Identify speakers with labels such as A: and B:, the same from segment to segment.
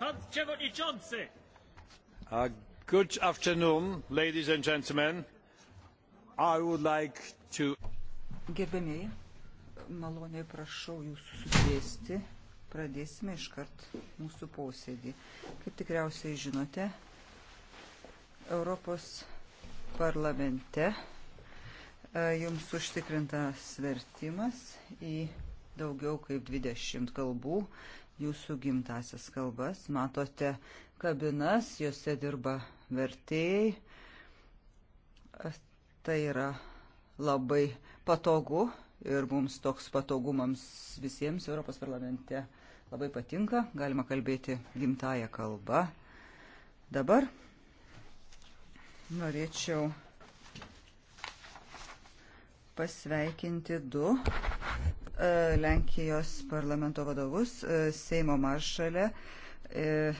A: Pan przewodniczący! Uh, good afternoon, ladies and gentlemen. I would like to...
B: Gerbėmiai, maloniai prašau jūsų susėsti. Pradėsime iškart mūsų posėdį. Kaip tikriausiai žinote, Europos parlamente uh, jums užtikrintas vertimas į daugiau kaip 20 kalbų jūsų gimtasias kalbas. Matote kabinas, juose dirba vertėjai. Tai yra labai patogu ir mums toks patogumams visiems Europos parlamente labai patinka. Galima kalbėti gimtają kalbą. Dabar norėčiau pasveikinti du E, Lenkijos parlamento vadovus, e, Seimo maršalę e,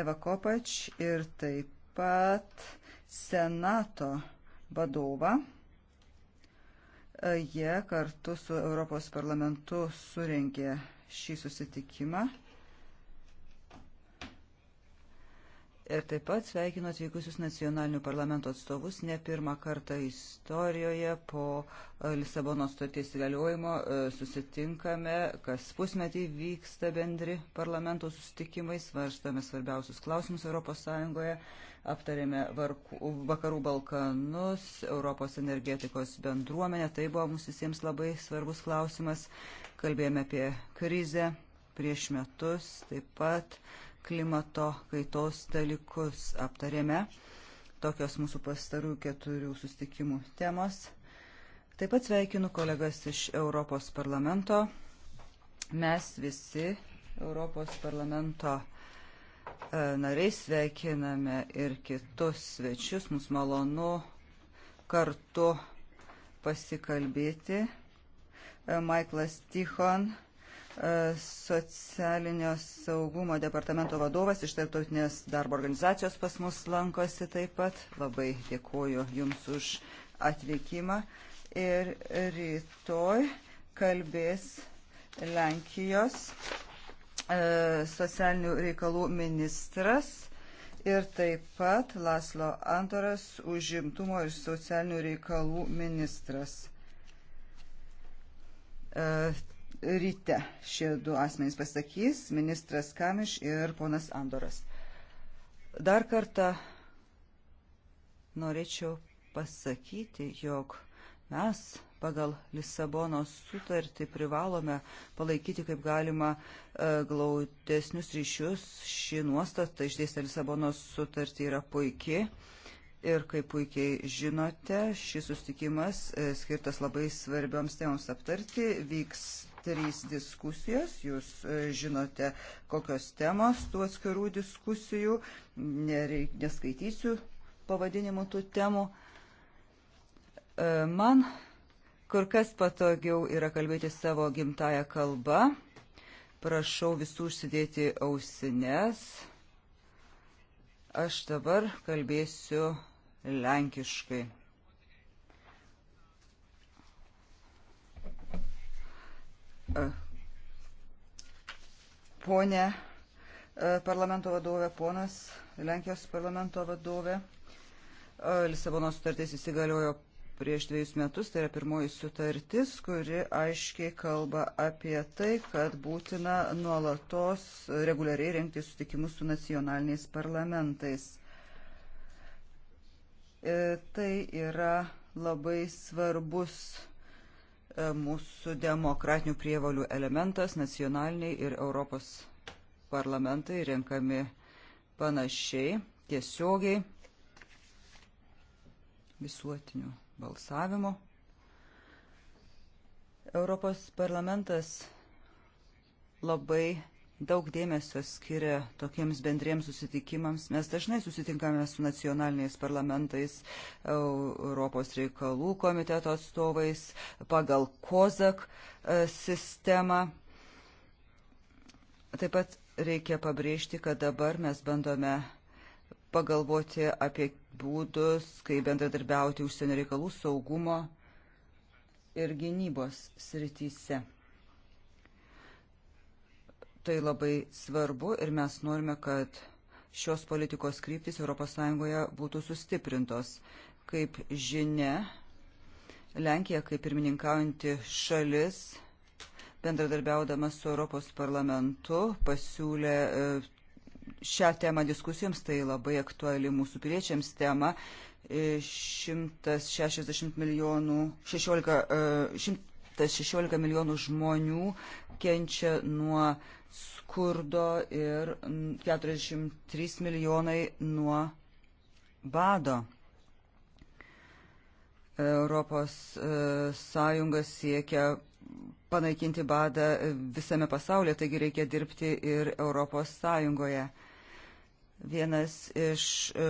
B: Eva Kopač ir taip pat Senato vadovą. Jie kartu su Europos parlamentu surengė šį susitikimą. Ir taip pat sveikinu atvykusius nacionalinių parlamento atstovus ne pirmą kartą istorijoje po e, Lisabono stoties įgaliojimo e, susitinkame, kas pusmetį vyksta bendri parlamento susitikimai, svarstame svarbiausius klausimus ES, aptarėme varkų, vakarų Balkanus, Europos energetikos bendruomenę, tai buvo mums visiems labai svarbus klausimas, kalbėjome apie krizę prieš metus, taip pat klimato kaitos dalykus aptarėme. Tokios mūsų pastarų keturių sustikimų temos. Taip pat sveikinu kolegas iš Europos parlamento. Mes visi Europos parlamento e, nariai sveikiname ir kitus svečius. Mums malonu kartu pasikalbėti. E, Maiklas Tichon socialinio saugumo departamento vadovas iš tarptautinės darbo organizacijos pas mus lankosi taip pat. Labai dėkuoju Jums už atvykimą. Ir rytoj kalbės Lenkijos e, socialinių reikalų ministras ir taip pat Laslo Antoras užimtumo ir socialinių reikalų ministras e, ryte šie du asmenys pasakys, ministras Kamiš ir ponas Andoras. Dar kartą norėčiau pasakyti, jog mes pagal Lisabonos sutartį privalome palaikyti kaip galima e, glaudesnius ryšius. Ši nuostata išdėstė Lisabonos sutartį yra puikiai. Ir kaip puikiai žinote, šis sustikimas e, skirtas labai svarbioms temams aptarti vyks trys diskusijos. Jūs e, žinote, kokios temos tų atskirų diskusijų. Nereik, neskaitysiu pavadinimų tų temų. E, man kur kas patogiau yra kalbėti savo gimtają kalbą. Prašau visų užsidėti ausines. Aš dabar kalbėsiu lenkiškai. E, Pone parlamento vadovė, ponas Lenkijos parlamento vadovė, e, Lisabonos sutartis įsigaliojo prieš dviejus metus, tai yra pirmoji sutartis, kuri aiškiai kalba apie tai, kad būtina nuolatos reguliariai rengti sutikimus su nacionaliniais parlamentais. E, tai yra labai svarbus E, mūsų demokratinių prievalių elementas, nacionaliniai ir Europos parlamentai renkami panašiai, tiesiogiai, visuotiniu balsavimu. Europos parlamentas labai daug dėmesio skiria tokiems bendriems susitikimams. Mes dažnai susitinkame su nacionaliniais parlamentais, Europos reikalų komiteto atstovais pagal COSAC e, sistemą. Taip pat reikia pabrėžti, kad dabar mes bandome pagalvoti apie būdus, kaip bendradarbiauti užsienio reikalų saugumo ir gynybos srityse. Tai labai svarbu ir mes norime, kad šios politikos kryptis ES būtų sustiprintos. Kaip žinia, Lenkija, kaip pirmininkaujanti šalis, bendradarbiaudama su Europos parlamentu, pasiūlė e, šią temą diskusijoms, tai labai aktuali mūsų piliečiams tema. 160 e, milijonų, 16, 116 e, milijonų žmonių kenčia nuo skurdo ir 43 milijonai nuo bado. Europos e, Sąjunga siekia panaikinti badą visame pasaulyje, taigi reikia dirbti ir Europos Sąjungoje. Vienas iš e,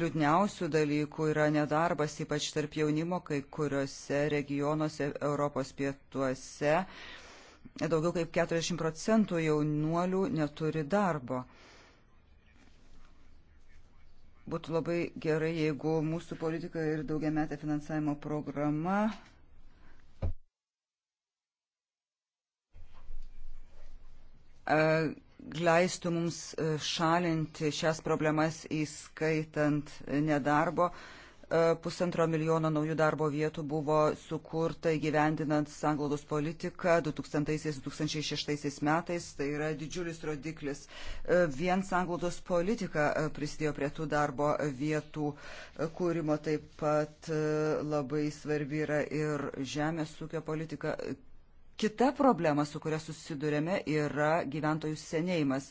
B: liūdniausių dalykų yra nedarbas, ypač tarp jaunimo, kai kuriuose regionuose Europos pietuose daugiau kaip 40 procentų jaunuolių neturi darbo. Būtų labai gerai, jeigu mūsų politika ir daugiametė finansavimo programa leistų mums šalinti šias problemas įskaitant e, nedarbo pusantro milijono naujų darbo vietų buvo sukurta gyvendinant sanglaudos politiką 2000-2006 metais. Tai yra didžiulis rodiklis. E, vien sanglaudos politika e, prisidėjo prie tų darbo vietų e, kūrimo. Taip pat labai svarbi yra ir žemės ūkio politika. Kita problema, su kuria susidurėme, yra gyventojų senėjimas.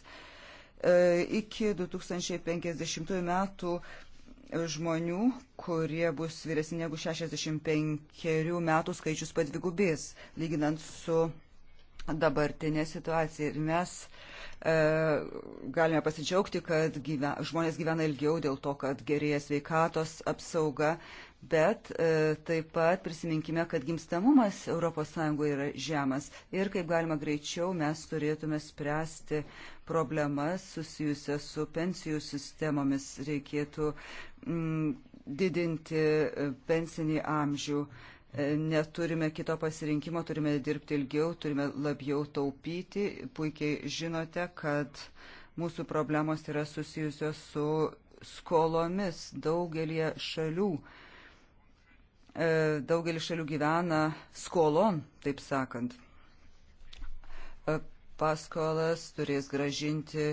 B: Iki 2050 metų žmonių, kurie bus vyresni negu 65 metų skaičius padvigubės, lyginant su dabartinė situacija. Ir mes e, galime pasidžiaugti, kad gyve, žmonės gyvena ilgiau dėl to, kad gerėja sveikatos apsauga bet e, taip pat prisiminkime, kad gimstamumas ES yra žemas ir kaip galima greičiau mes turėtume spręsti problemas susijusias su pensijų sistemomis. Reikėtų mm, didinti e, pensinį amžių. E, neturime kito pasirinkimo, turime dirbti ilgiau, turime labiau taupyti. Puikiai žinote, kad mūsų problemos yra susijusios su skolomis daugelie šalių. E, E, daugelis šalių gyvena skolon, taip sakant. E, paskolas turės gražinti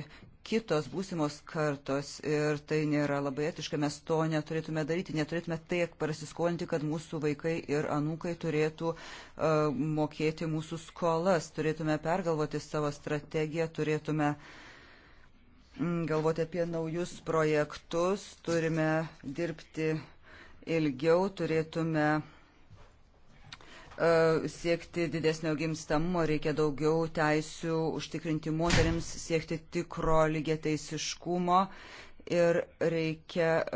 B: kitos būsimos kartos ir tai nėra labai etiška, mes to neturėtume daryti, neturėtume tiek prasiskolinti, kad mūsų vaikai ir anūkai turėtų uh, mokėti mūsų skolas, turėtume pergalvoti savo strategiją, turėtume mm, galvoti apie naujus projektus, turime dirbti ilgiau, turėtume e, siekti didesnio gimstamumo, reikia daugiau teisių užtikrinti moteriams, siekti tikro lygiateisiškumo ir reikia e,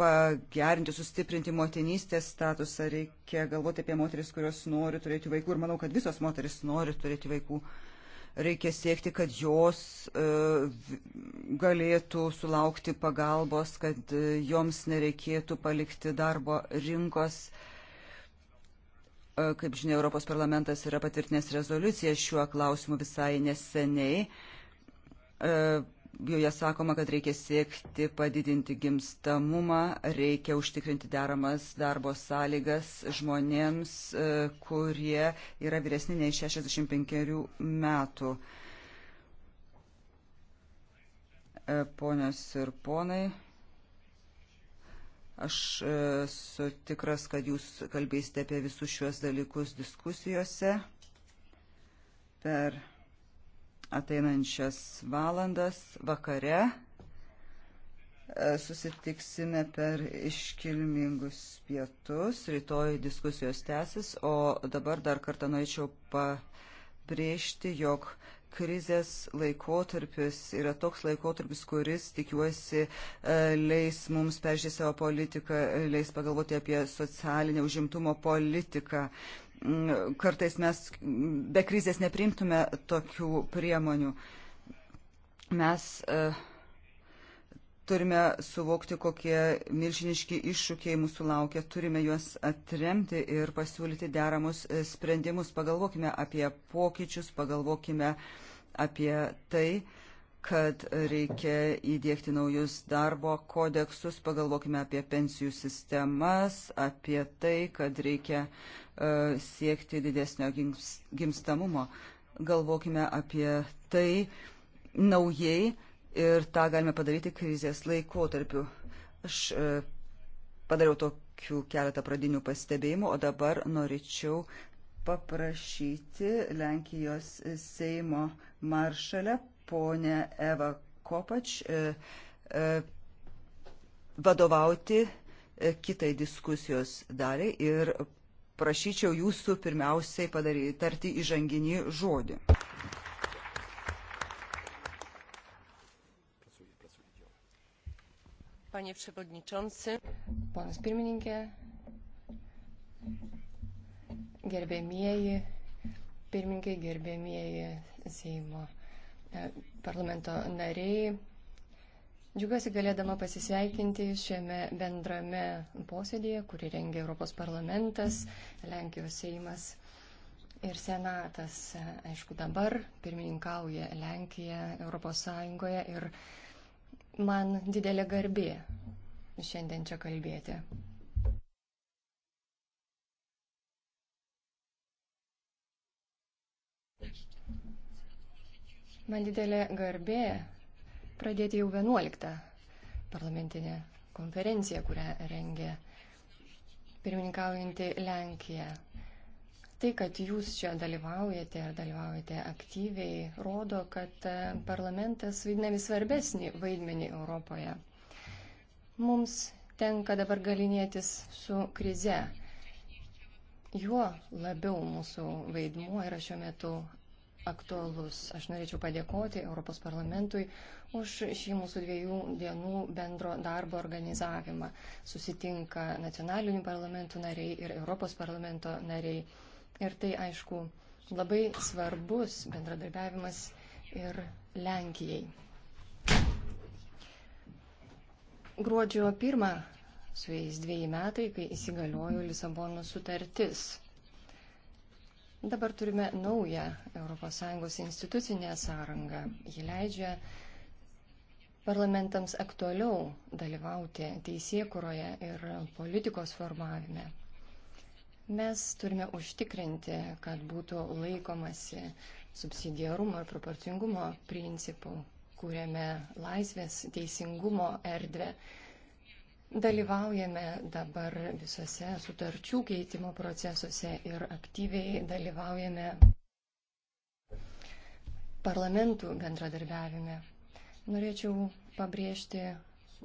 B: pagerinti, sustiprinti motinystės statusą, reikia galvoti apie moteris, kurios nori turėti vaikų ir manau, kad visos moteris nori turėti vaikų. Uh, reikia siekti, kad jos e, galėtų sulaukti pagalbos, kad e, joms nereikėtų palikti darbo rinkos. E, kaip žinia, Europos parlamentas yra patvirtinęs rezoliuciją šiuo klausimu visai neseniai joje sakoma, kad reikia siekti padidinti gimstamumą, reikia užtikrinti deramas darbo sąlygas žmonėms, e, kurie yra vyresni nei 65 metų. E, ponios ir ponai, aš e, esu tikras, kad jūs kalbėsite apie visus šiuos dalykus diskusijose per ateinančias valandas vakare. E, susitiksime per iškilmingus pietus, rytoj diskusijos tęsis, o dabar dar kartą norėčiau pabrėžti, jog krizės laikotarpis yra toks laikotarpis, kuris, tikiuosi, e, leis mums peržiūrėti savo politiką, leis pagalvoti apie socialinę užimtumo politiką kartais mes be krizės neprimtume tokių priemonių. Mes e, turime suvokti, kokie milžiniški iššūkiai mūsų laukia, turime juos atremti ir pasiūlyti deramus e, sprendimus. Pagalvokime apie pokyčius, pagalvokime apie tai, kad reikia įdėkti naujus darbo kodeksus, pagalvokime apie pensijų sistemas, apie tai, kad reikia uh, E, siekti didesnio gimstamumo. Galvokime apie tai naujai ir tą galime padaryti krizės laikotarpiu. Aš e, padariau tokių keletą pradinių pastebėjimų, o dabar norėčiau paprašyti Lenkijos Seimo maršalę ponę Eva Kopač e, vadovauti kitai diskusijos daliai ir prašyčiau jūsų pirmiausiai padaryti, tarti įžanginį žodį.
C: Panie Przewodniczący, Ponas Pirmininkė, gerbėmieji pirmininkai, gerbėmieji Seimo e, parlamento nariai, Džiugiuosi galėdama pasisveikinti šiame bendrame posėdėje, kurį rengia Europos parlamentas, Lenkijos Seimas ir Senatas. Aišku, dabar pirmininkauja Lenkija Europos Sąjungoje ir man didelė garbė šiandien čia kalbėti. Man didelė garbė pradėti jau 11 parlamentinę konferenciją, kurią rengia pirmininkaujanti Lenkija. Tai, kad jūs čia dalyvaujate ir dalyvaujate aktyviai, rodo, kad e, parlamentas vaidina vis svarbesnį vaidmenį Europoje. Mums tenka dabar galinėtis su krize. Juo labiau mūsų vaidmuo yra šiuo metu aktualus. Aš norėčiau padėkoti Europos parlamentui už šį mūsų dviejų dienų bendro darbo organizavimą. Susitinka nacionalinių parlamentų nariai ir Europos parlamento nariai. Ir tai, aišku, labai svarbus bendradarbiavimas ir Lenkijai. Gruodžio pirmą su jais dviejai metai, kai įsigaliojo Lisabono sutartis. Dabar turime naują ES institucinę sąrangą. Ji leidžia parlamentams aktualiau dalyvauti teisėkuroje ir politikos formavime. Mes turime užtikrinti, kad būtų laikomasi subsidiarumo ir proporcingumo principų, kūrėme laisvės teisingumo erdvę Dalyvaujame dabar visose sutarčių keitimo procesuose ir aktyviai dalyvaujame parlamentų bendradarbiavime. Norėčiau pabrėžti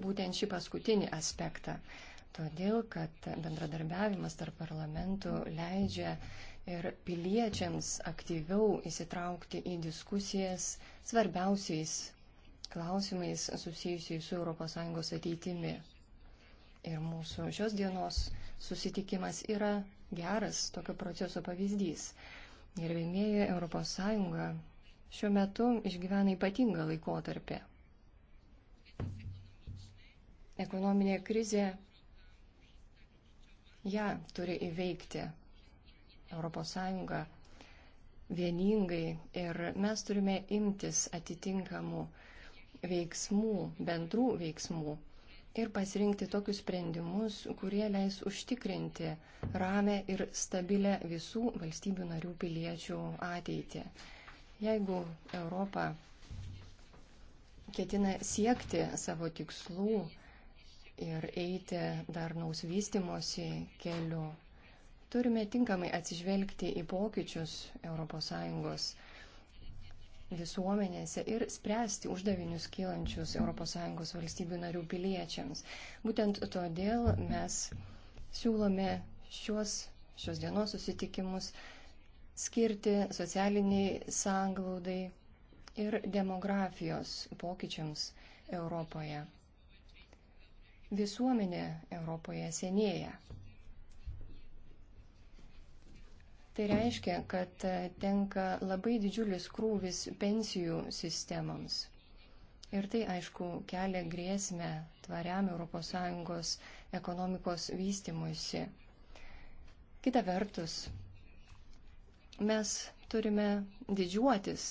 C: būtent šį paskutinį aspektą, todėl kad bendradarbiavimas tarp parlamentų leidžia ir piliečiams aktyviau įsitraukti į diskusijas svarbiausiais klausimais susijusiais su ES ateitimi. Ir mūsų šios dienos susitikimas yra geras tokio proceso pavyzdys. Gerbėmėji ES šiuo metu išgyvena ypatingą laikotarpį. Ekonominė krizė ją turi įveikti ES vieningai ir mes turime imtis atitinkamų veiksmų, bendrų veiksmų ir pasirinkti tokius sprendimus, kurie leis užtikrinti ramę ir stabilę visų valstybių narių piliečių ateitį. Jeigu Europa ketina siekti savo tikslų ir eiti darnaus vystimosi keliu, turime tinkamai atsižvelgti į pokyčius ES visuomenėse ir spręsti uždavinius kylančius ES valstybių narių piliečiams. Būtent todėl mes siūlome šios, šios dienos susitikimus skirti socialiniai sanglaudai ir demografijos pokyčiams Europoje. Visuomenė Europoje senėja. Tai reiškia, kad e, tenka labai didžiulis krūvis pensijų sistemoms. Ir tai, aišku, kelia grėsmę tvariam ES ekonomikos vystimuisi. Kita vertus, mes turime didžiuotis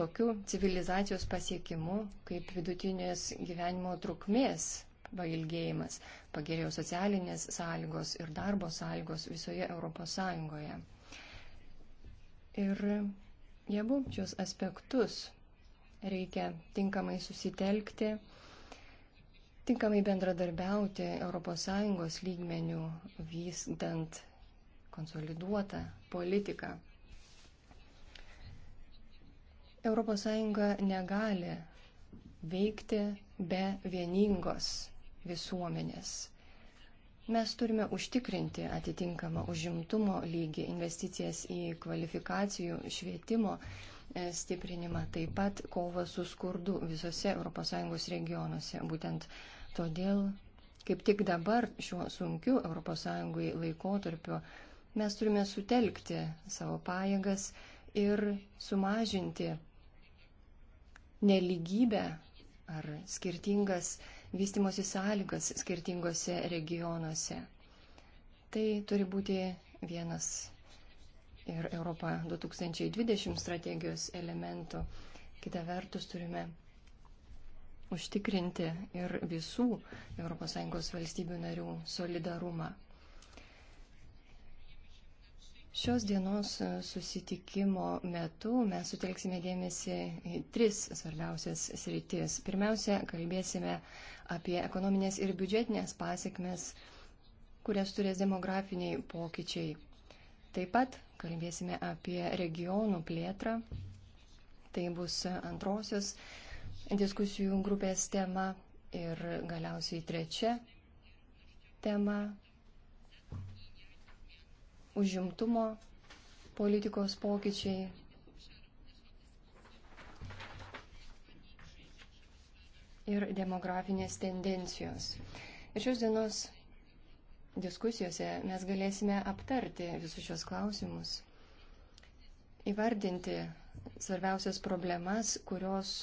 C: tokiu civilizacijos pasiekimu kaip vidutinės gyvenimo trukmės pailgėjimas, pagerėjo socialinės sąlygos ir darbo sąlygos visoje ES. Ir jeigu šios aspektus reikia tinkamai susitelkti, tinkamai bendradarbiauti ES lygmenių, vystant konsoliduotą politiką. ES negali veikti be vieningos visuomenės. Mes turime užtikrinti atitinkamą užimtumo lygį, investicijas į kvalifikacijų, švietimo e, stiprinimą, taip pat kovą su skurdu visose ES regionuose. Būtent todėl, kaip tik dabar šiuo sunkiu ES laikotarpiu, mes turime sutelkti savo pajėgas ir sumažinti neligybę ar skirtingas vystimosi sąlygas skirtingose regionuose. Tai turi būti vienas ir Europa 2020 strategijos elementų. Kita vertus turime užtikrinti ir visų ES valstybių narių solidarumą. Šios dienos e, susitikimo metu mes sutelksime dėmesį į tris svarbiausias sritis. Pirmiausia, kalbėsime apie ekonominės ir biudžetinės pasiekmes, kurias turės demografiniai pokyčiai. Taip pat kalbėsime apie regionų plėtrą. Tai bus antrosios diskusijų grupės tema ir galiausiai trečia tema užimtumo politikos pokyčiai. Ir demografinės tendencijos. Ir šios dienos diskusijose mes galėsime aptarti visus šios klausimus, įvardinti svarbiausias problemas, kurios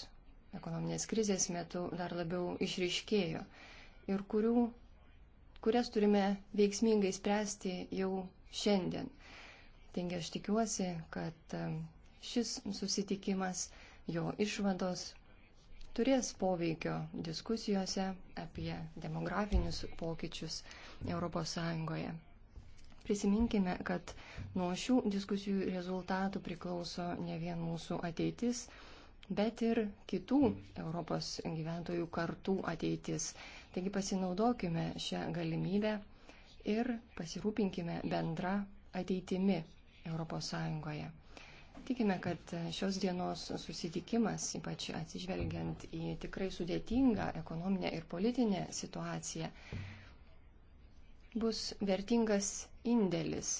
C: ekonominės krizės metu dar labiau išryškėjo ir kurių, kurias turime veiksmingai spręsti jau šiandien. Taigi aš tikiuosi, kad e, šis susitikimas, jo išvados turės poveikio diskusijose apie demografinius pokyčius ES. Prisiminkime, kad nuo šių diskusijų rezultatų priklauso ne vien mūsų ateitis, bet ir kitų Europos gyventojų kartų ateitis. Taigi pasinaudokime šią galimybę ir pasirūpinkime bendra ateitimi ES. Tikime, kad šios dienos susitikimas, ypač atsižvelgiant į tikrai sudėtingą ekonominę ir politinę situaciją, bus vertingas indėlis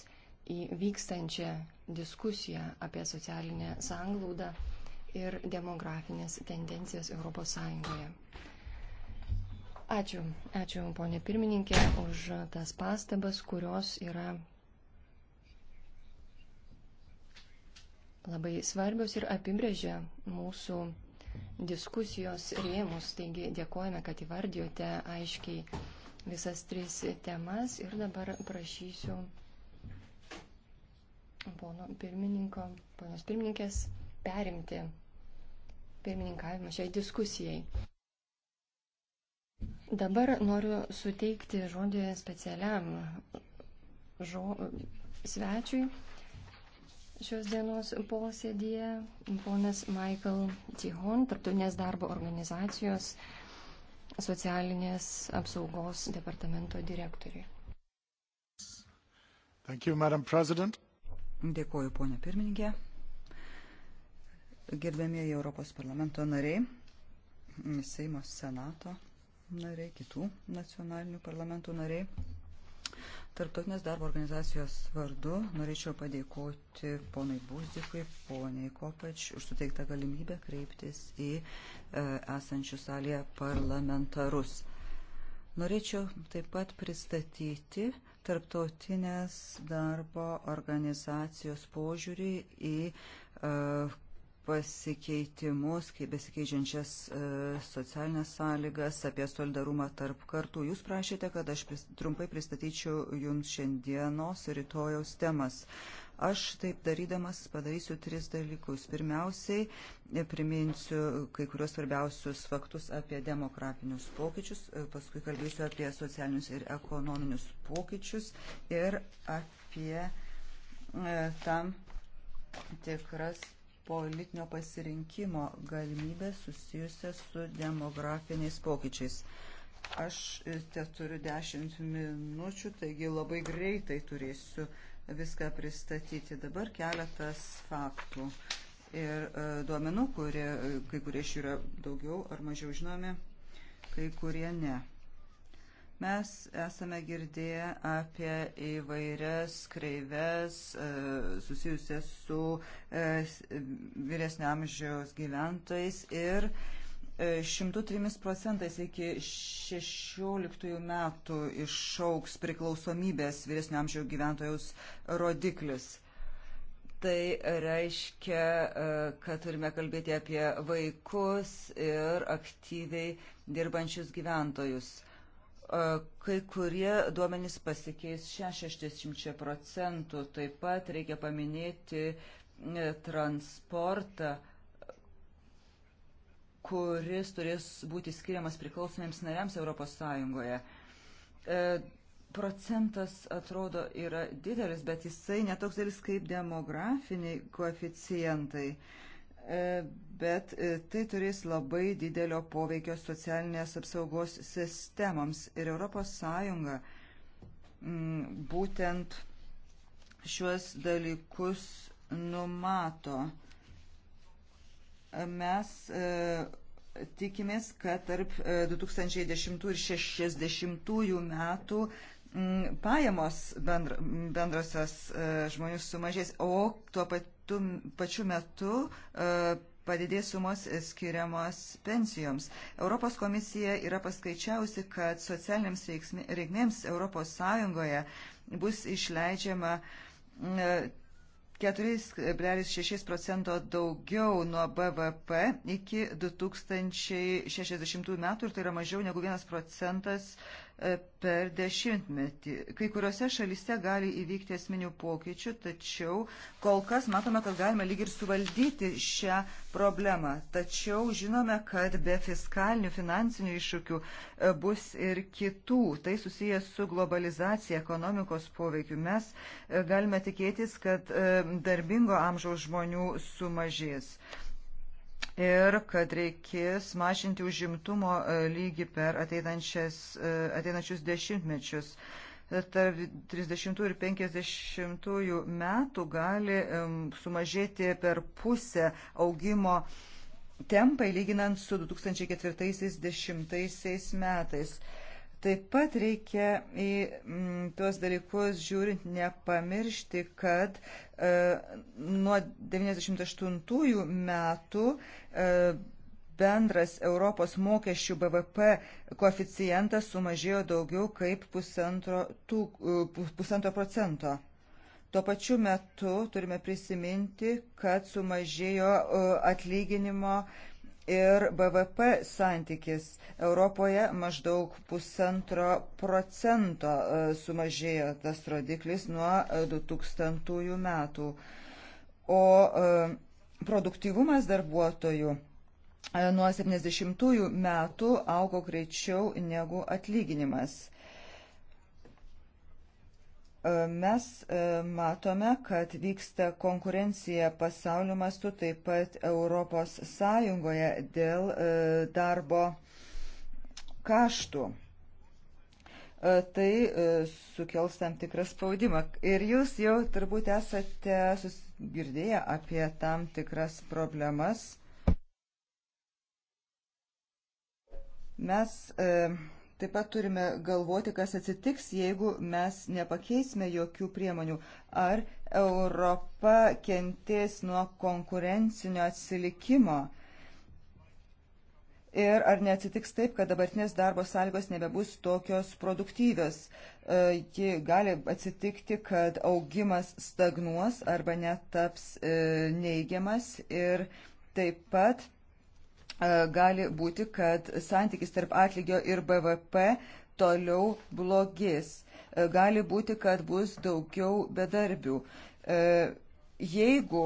C: į vykstančią diskusiją apie socialinę sanglaudą ir demografinės tendencijas ES. Ačiū, ačiū ponė pirmininkė už tas pastabas, kurios yra labai svarbios ir apibrėžia mūsų diskusijos rėmus. Taigi dėkojame, kad įvardijote aiškiai visas tris temas ir dabar prašysiu pono pirmininko, ponios pirmininkės perimti pirmininkavimą šiai diskusijai. Dabar noriu suteikti žodį specialiam žo... svečiui šios dienos posėdėje, ponas Michael Tihon, Tarptautinės darbo organizacijos socialinės apsaugos departamento direktoriui.
B: Thank you, Madam President. Dėkuoju, ponė pirmininkė. Gerbėmieji Europos parlamento nariai, Seimo senato nariai, kitų nacionalinių parlamentų nariai. Tarptautinės darbo organizacijos vardu norėčiau padėkoti ponai Būzdikui, poniai Kopač už suteiktą galimybę kreiptis į e, esančių salėje parlamentarus. Norėčiau taip pat pristatyti Tarptautinės darbo organizacijos požiūrį į e, pasikeitimus, kaip besikeičiančias e, socialinės sąlygas, apie solidarumą tarp kartų. Jūs prašėte, kad aš trumpai pristatyčiau jums šiandienos ir rytojaus temas. Aš taip darydamas padarysiu tris dalykus. Pirmiausiai e, priminsiu kai kurios svarbiausius faktus apie demografinius pokyčius, e, paskui kalbėsiu apie socialinius ir ekonominius pokyčius ir apie tam tikras politinio pasirinkimo galimybę susijusią su demografiniais pokyčiais. Aš te turiu dešimt minučių, taigi labai greitai turėsiu viską pristatyti. Dabar keletas faktų ir e, duomenų, kurie, kai kurie iš jų yra daugiau ar mažiau žinomi, kai kurie ne. Mes esame girdėję apie įvairias kreives e, susijusias su e, e, vyresnio amžiaus gyventojais ir 103 procentais iki 16 metų išauks priklausomybės vyresnio amžiaus gyventojus rodiklis. Tai reiškia, kad turime kalbėti apie vaikus ir aktyviai dirbančius gyventojus. E, kai kurie duomenys pasikeis 60 procentų. Taip pat reikia paminėti e, transportą, kuris turės būti skiriamas priklausomiems nariams Europos Sąjungoje. E, procentas atrodo yra didelis, bet jisai netoks didelis kaip demografiniai koeficientai. E, E, bet e, tai turės labai didelio poveikio socialinės apsaugos sistemams. Ir ES mm, būtent šiuos dalykus numato. Mes e, tikimės, kad tarp 2010 ir 60 metų mm, pajamos bendrosios žmonių sumažės, o tuo pat metu, pačiu metu e, padidės sumos skiriamos pensijoms. Europos komisija yra paskaičiausi, kad socialiniams reikmėms Europos Sąjungoje bus išleidžiama 4,6 e, procento daugiau nuo BVP iki 2060 metų ir tai yra mažiau negu 1 procentas per dešimtmetį. Kai kuriuose šalyse gali įvykti esminių pokyčių, tačiau kol kas matome, kad galime lyg ir suvaldyti šią problemą. Tačiau žinome, kad be fiskalinių finansinių iššūkių e, bus ir kitų. Tai susijęs su globalizacija, ekonomikos poveikiu. Mes e, galime tikėtis, kad e, darbingo amžiaus žmonių sumažės ir kad reikės mažinti užimtumo e, lygį per e, ateinančius dešimtmečius. E, tarp 30 ir 50 metų gali sumažėti per pusę augimo tempai lyginant su 2040 metais. Taip pat reikia į m, mm, tuos dalykus žiūrint nepamiršti, kad e, nuo 98 metų e, bendras Europos mokesčių BVP koeficientas sumažėjo daugiau kaip pusantro, tų, e, pusantro procento. Tuo pačiu metu turime prisiminti, kad sumažėjo e, atlyginimo e, ir BVP santykis Europoje maždaug pusantro procento e, sumažėjo tas rodiklis nuo 2000 e, metų. O e, produktyvumas darbuotojų nuo 70 metų augo greičiau negu atlyginimas. E, mes e, matome, kad vyksta konkurencija pasaulio mastu, taip pat Europos Sąjungoje dėl e, darbo kaštų tai sukels tam tikrą spaudimą. Ir jūs jau turbūt esate girdėję apie tam tikras problemas. Mes e, Taip pat turime galvoti, kas atsitiks, jeigu mes nepakeisime jokių priemonių. Ar Europa kentės nuo konkurencinio atsilikimo? ir ar neatsitiks taip, kad dabartinės darbo sąlygos nebebus tokios produktyvios. E, ji gali atsitikti, kad augimas stagnuos arba netaps e, neigiamas ir taip pat E, gali būti, kad santykis tarp atlygio ir BVP toliau blogės. E, gali būti, kad bus daugiau bedarbių. E, jeigu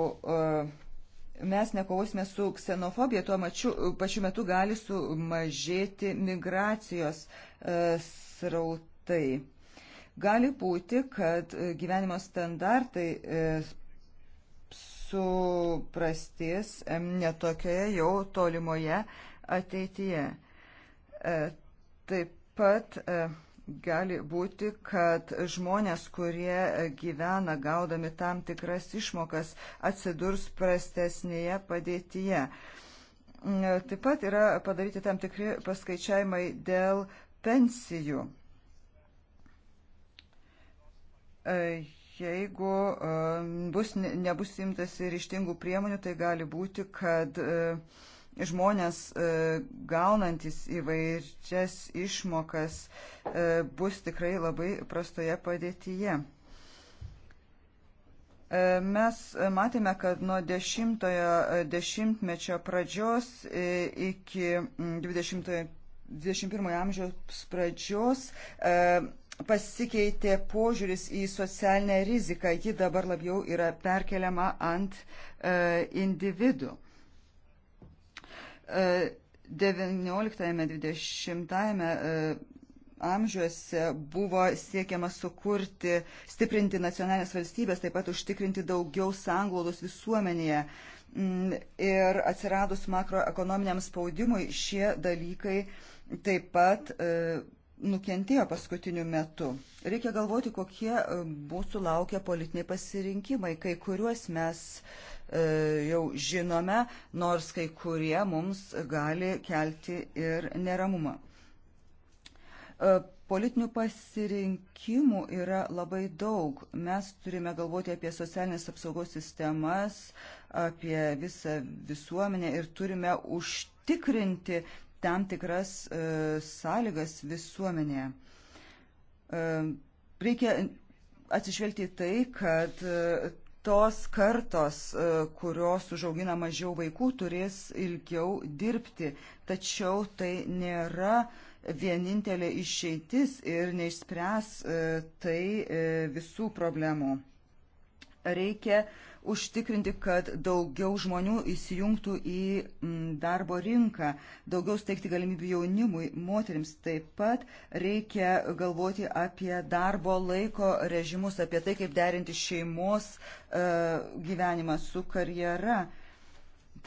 B: mes nekovosime su ksenofobija, tuo mačiu, pačiu metu gali sumažėti migracijos srautai. Gali būti, kad gyvenimo standartai suprastės netokioje jau tolimoje ateityje. E, taip pat e, gali būti, kad žmonės, kurie gyvena gaudami tam tikras išmokas, atsidurs prastesnėje padėtyje. E, taip pat yra padaryti tam tikri paskaičiavimai dėl pensijų Jeigu e, bus, nebus imtasi ryštingų priemonių, tai gali būti, kad e, žmonės e, gaunantis įvairias išmokas bus tikrai labai prastoje padėtyje. Mes matėme, kad nuo 10-ojo dešimtmečio pradžios iki 20-ojo 21 amžiaus pradžios pasikeitė požiūris į socialinę riziką, ji dabar labiau yra perkeliama ant e, individų. E, 19-20 e, amžiuose buvo siekiama sukurti, stiprinti nacionalinės valstybės, taip pat užtikrinti daugiau sanglaudos visuomenėje. Mm, ir atsiradus makroekonominiam spaudimui šie dalykai taip pat e, nukentėjo paskutiniu metu. Reikia galvoti, kokie mūsų e, laukia politiniai pasirinkimai, kai kuriuos mes e, jau žinome, nors kai kurie mums gali kelti ir neramumą. E, politinių pasirinkimų yra labai daug. Mes turime galvoti apie socialinės apsaugos sistemas, apie visą visuomenę ir turime užtikrinti tam tikras e, sąlygas visuomenėje. E, reikia atsižvelgti į tai, kad e, tos kartos, e, kurios užaugina mažiau vaikų, turės ilgiau dirbti. Tačiau tai nėra vienintelė išeitis ir neišspręs e, tai e, visų problemų. Reikia e, užtikrinti, kad daugiau žmonių įsijungtų į mm, darbo rinką, daugiau steigti galimybių jaunimui, moteriams. Taip pat reikia galvoti apie darbo laiko režimus, apie tai, kaip derinti šeimos e, gyvenimą su karjera.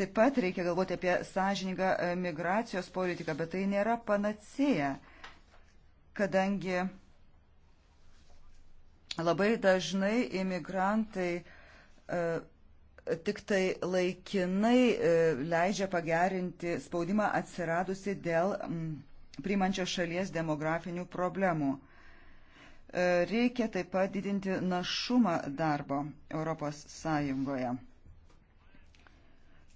B: Taip pat reikia galvoti apie sąžiningą e, migracijos politiką, bet tai nėra panacėja, kadangi labai dažnai imigrantai uh, E, tik tai laikinai e, leidžia pagerinti spaudimą atsiradusi dėl priimančios šalies demografinių problemų. E, reikia taip pat didinti našumą darbo Europos Sąjungoje.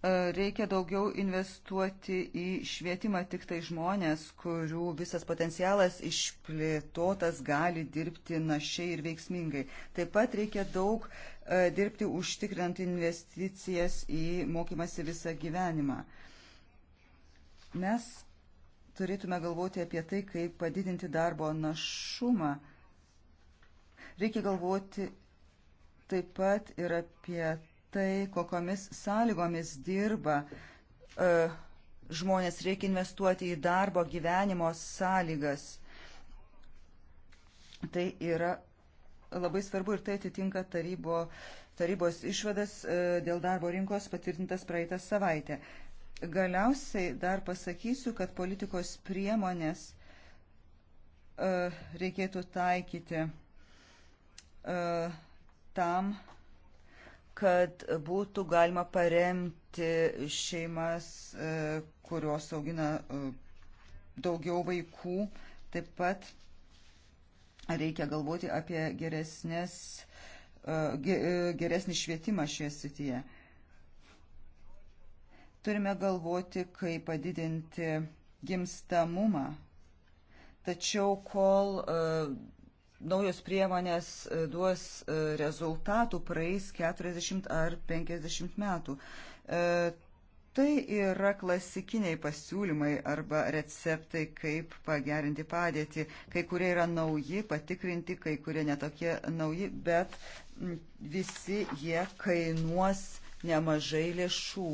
B: E, reikia daugiau investuoti į švietimą tik tai žmonės, kurių visas potencialas išplėtotas gali dirbti našiai ir veiksmingai. Taip pat reikia daug e, dirbti užtikrinant investicijas į mokymasi visą gyvenimą. Mes turėtume galvoti apie tai, kaip padidinti darbo našumą. Reikia galvoti taip pat ir apie tai, kokomis sąlygomis dirba e, žmonės, reikia investuoti į darbo gyvenimo sąlygas. Tai yra labai svarbu ir tai atitinka tarybo, tarybos išvadas e, dėl darbo rinkos patvirtintas praeitą savaitę. Galiausiai dar pasakysiu, kad politikos priemonės e, reikėtų taikyti tam kad būtų galima paremti šeimas, e, kurios augina e, daugiau vaikų. Taip pat reikia galvoti apie geresnės, e, geresnį švietimą šioje srityje. Turime galvoti, kaip padidinti gimstamumą. Tačiau kol uh, naujos priemonės e, duos e, rezultatų praeis 40 ar 50 metų. E, tai yra klasikiniai pasiūlymai arba receptai, kaip pagerinti padėtį. Kai kurie yra nauji, patikrinti, kai kurie netokie nauji, bet visi jie kainuos nemažai lėšų.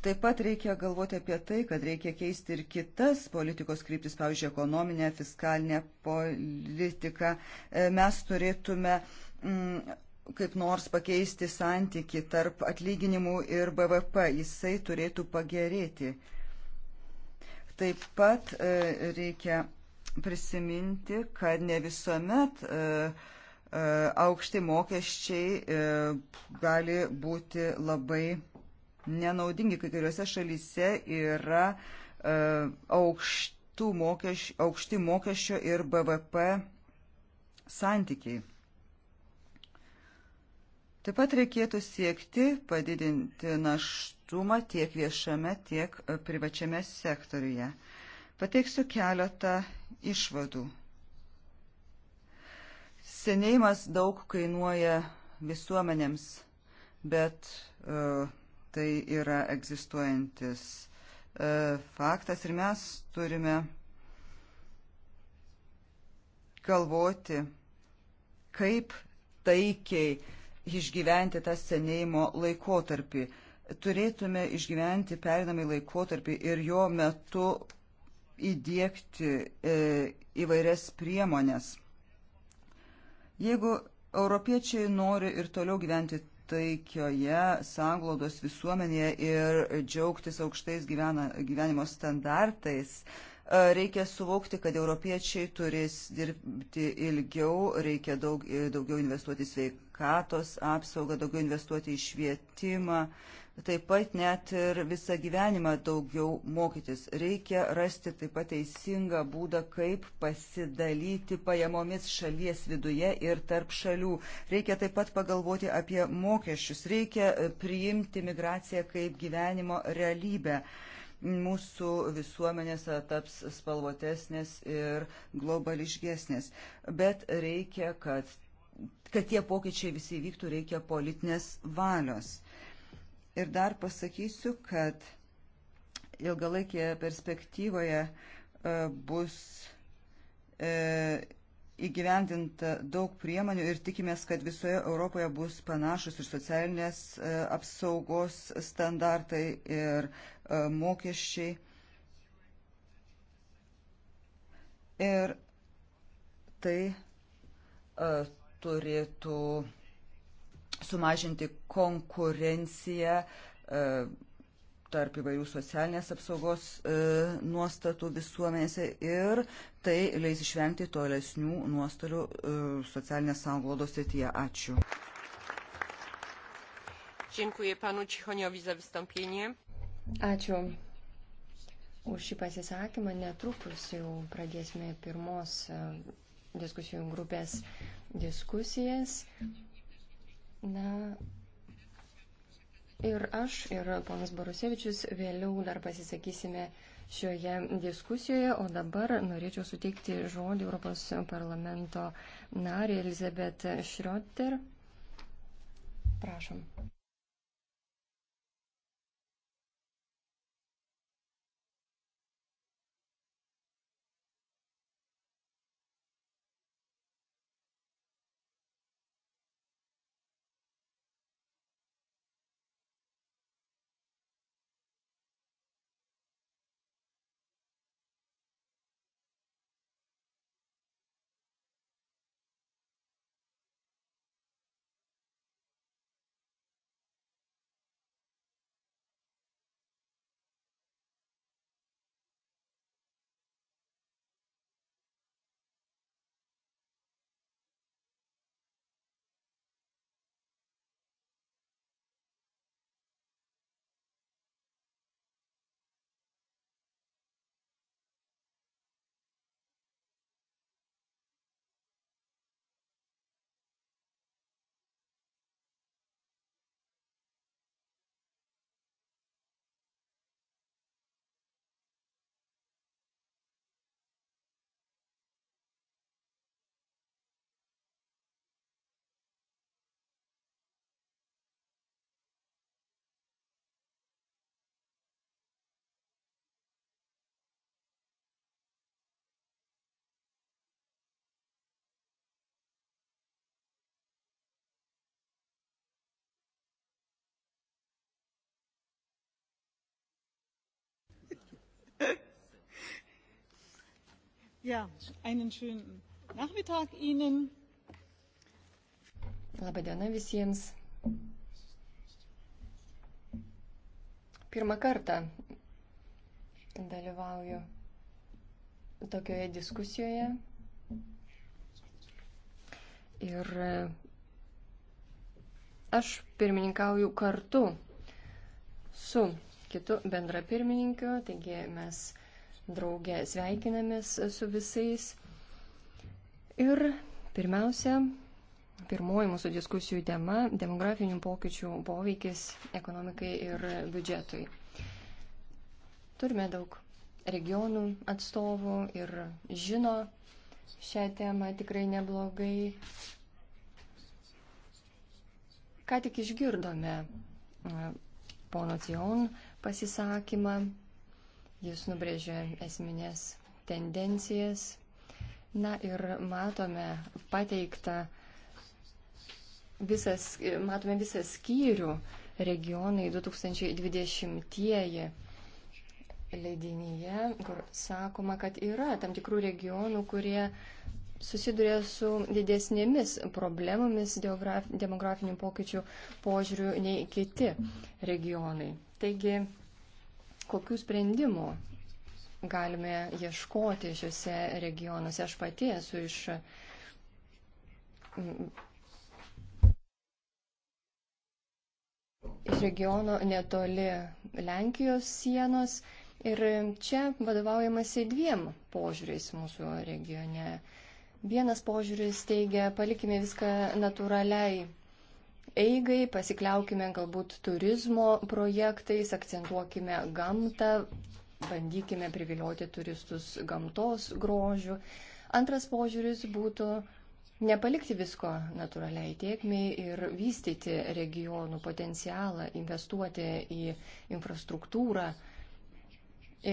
B: Taip pat reikia galvoti apie tai, kad reikia keisti ir kitas politikos kryptis, pavyzdžiui, ekonominę, fiskalinę politiką. E, mes turėtume mm, kaip nors pakeisti santyki tarp atlyginimų ir BVP. Jisai turėtų pagerėti. Taip pat e, reikia prisiminti, kad ne visuomet e, aukšti mokesčiai gali būti labai nenaudingi kai kuriuose šalyse yra e, aukštų mokeš, aukšti mokesčio ir BVP santykiai. Taip pat reikėtų siekti padidinti naštumą tiek viešame, tiek e, privačiame sektoriuje. Pateiksiu keletą išvadų. Senėjimas daug kainuoja visuomenėms, bet uh, Tai yra egzistuojantis e, faktas ir mes turime galvoti, kaip taikiai išgyventi tą senėjimo laikotarpį. Turėtume išgyventi perinamai laikotarpį ir jo metu įdėkti e, įvairias priemonės. Jeigu europiečiai nori ir toliau gyventi taikioje sanglaudos visuomenėje ir džiaugtis aukštais gyvena, gyvenimo standartais. E, reikia suvokti, kad europiečiai turės dirbti ilgiau, reikia daug, daugiau investuoti į sveikatos apsaugą, daugiau investuoti į švietimą. Uh, taip pat net ir visą gyvenimą daugiau mokytis. Reikia rasti taip pat teisingą būdą, kaip pasidalyti pajamomis šalies viduje ir tarp šalių. Reikia taip pat pagalvoti apie mokesčius. Reikia e, priimti migraciją kaip gyvenimo realybę. Mūsų visuomenės taps spalvotesnės ir globališkesnės. Bet reikia, kad, kad tie pokyčiai visi vyktų, reikia politinės valios Ir dar pasakysiu, kad ilgalaikėje perspektyvoje e, bus e, įgyvendinta daug priemonių ir tikimės, kad visoje Europoje bus panašus ir socialinės e, apsaugos standartai ir mokesčiai. Ir tai turėtų sumažinti konkurenciją e, tarp įvairių socialinės apsaugos e, nuostatų visuomenėse ir tai leis išvengti tolesnių nuostolių e, socialinės sąnglaudos srityje. Ačiū. Dziękuję panu Cichoniowi za wystąpienie.
C: Ačiū už šį pasisakymą. Netrukus jau pradėsime pirmos diskusijų grupės diskusijas. Mm -hmm. Na, ir aš, ir ponas Barusevičius vėliau dar pasisakysime šioje diskusijoje, o dabar norėčiau suteikti žodį Europos parlamento narį Elizabet Šrioter. Prašom.
B: Ja, einen
C: schönen Nachmittag Ihnen. Labadiena visiems. Pirmą kartą dalyvauju tokioje diskusijoje. Ir e, aš pirmininkauju kartu su kitu bendrapirmininkiu, taigi mes draugė sveikinamės su visais. Ir pirmiausia, pirmoji mūsų diskusijų tema - demografinių pokyčių poveikis ekonomikai ir biudžetui. Turime daug regionų atstovų ir žino šią temą tikrai neblogai. Ką tik išgirdome pono Cion pasisakymą Jis nubrėžė esminės tendencijas. Na ir matome pateiktą visas, matome visą skyrių regionai 2020-ieji leidinyje, kur sakoma, kad yra tam tikrų regionų, kurie susiduria su didesnėmis problemomis demografinių pokyčių požiūrių nei kiti regionai. Taigi kokių sprendimų galime ieškoti šiuose regionuose. Aš pati esu iš. Iš regiono netoli Lenkijos sienos ir čia vadovaujamasi dviem požiūriais mūsų regione. Vienas požiūris teigia, palikime viską natūraliai eigai, pasikliaukime galbūt turizmo projektais, akcentuokime gamtą, bandykime privilioti turistus gamtos grožių. Antras požiūris būtų nepalikti visko natūraliai tiekmiai ir vystyti regionų potencialą, investuoti į infrastruktūrą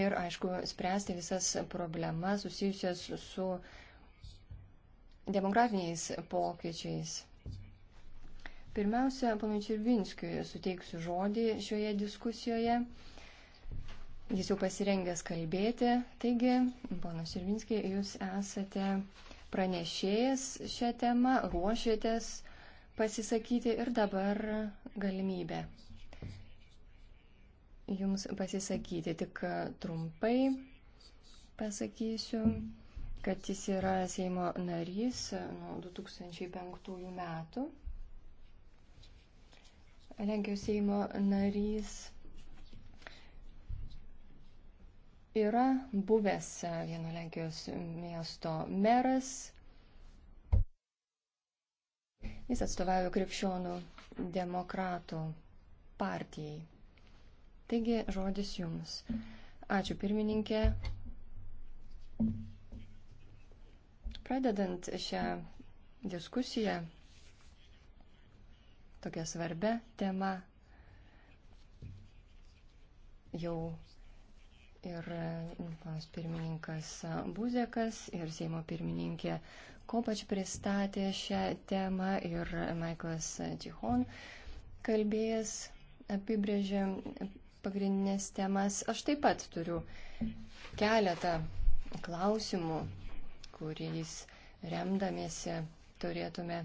C: ir, aišku, spręsti visas problemas susijusias su demografiniais pokyčiais. Pirmiausia, panui Čirvinskiui suteiksiu žodį šioje diskusijoje. Jis jau pasirengęs kalbėti. Taigi, panas Čirvinskiai, jūs esate pranešėjas šią temą, ruošiatės pasisakyti ir dabar galimybė jums pasisakyti. Tik trumpai pasakysiu, kad jis yra Seimo narys nuo 2005 metų. Lenkijos Seimo narys yra buvęs vieno Lenkijos miesto meras. Jis atstovavo krikščionų demokratų partijai. Taigi žodis jums. Ačiū pirmininkė. Pradedant šią diskusiją, tokia svarbia tema. Jau ir panas pirmininkas Buzekas ir Seimo pirmininkė Kopač pristatė šią temą ir Michaelas Čihon kalbėjęs apibrėžė pagrindinės temas. Aš taip pat turiu keletą klausimų, kuriais remdamiesi turėtume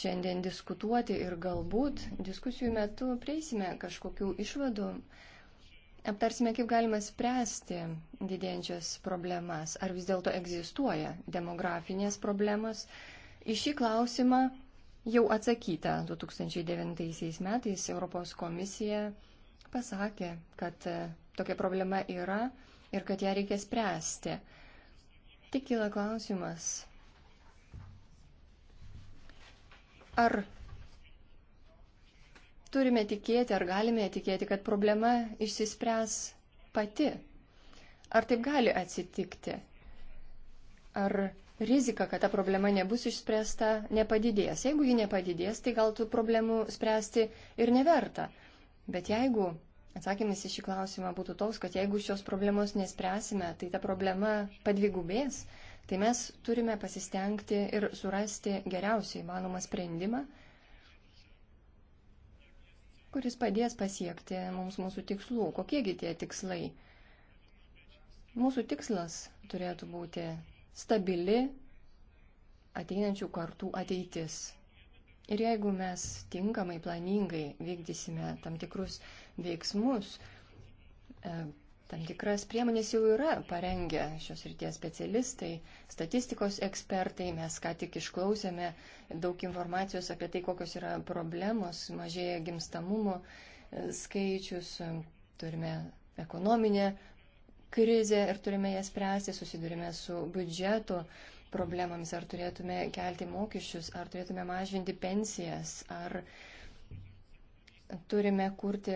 C: šiandien diskutuoti ir galbūt diskusijų metu prieisime kažkokių išvadų, aptarsime, kaip galima spręsti didėjančias problemas, ar vis dėlto egzistuoja demografinės problemos. Į šį klausimą jau atsakyta 2009 metais Europos komisija pasakė, kad e, tokia problema yra ir kad ją reikia spręsti. Tik kyla klausimas, Ar turime tikėti, ar galime tikėti, kad problema išsispręs pati? Ar taip gali atsitikti? Ar rizika, kad ta problema nebus išspręsta, nepadidės? Jeigu ji nepadidės, tai gal tų problemų spręsti ir neverta. Bet jeigu atsakymas į šį klausimą būtų toks, kad jeigu šios problemos nespręsime, tai ta problema padvigubės, tai mes turime pasistengti ir surasti geriausią įmanomą sprendimą, kuris padės pasiekti mums mūsų tikslų. Kokiegi tie tikslai? Mūsų tikslas turėtų būti stabili ateinančių kartų ateitis. Ir jeigu mes tinkamai, planingai vykdysime tam tikrus veiksmus, e, Tam tikras priemonės jau yra parengę šios ryties specialistai, statistikos ekspertai. Mes ką tik išklausėme daug informacijos apie tai, kokios yra problemos, mažėja gimstamumo e, skaičius, e, turime ekonominę krizę ir turime ją spręsti, susidurime su biudžetu problemams, ar turėtume kelti mokesčius, ar turėtume mažinti pensijas, ar uh, turime kurti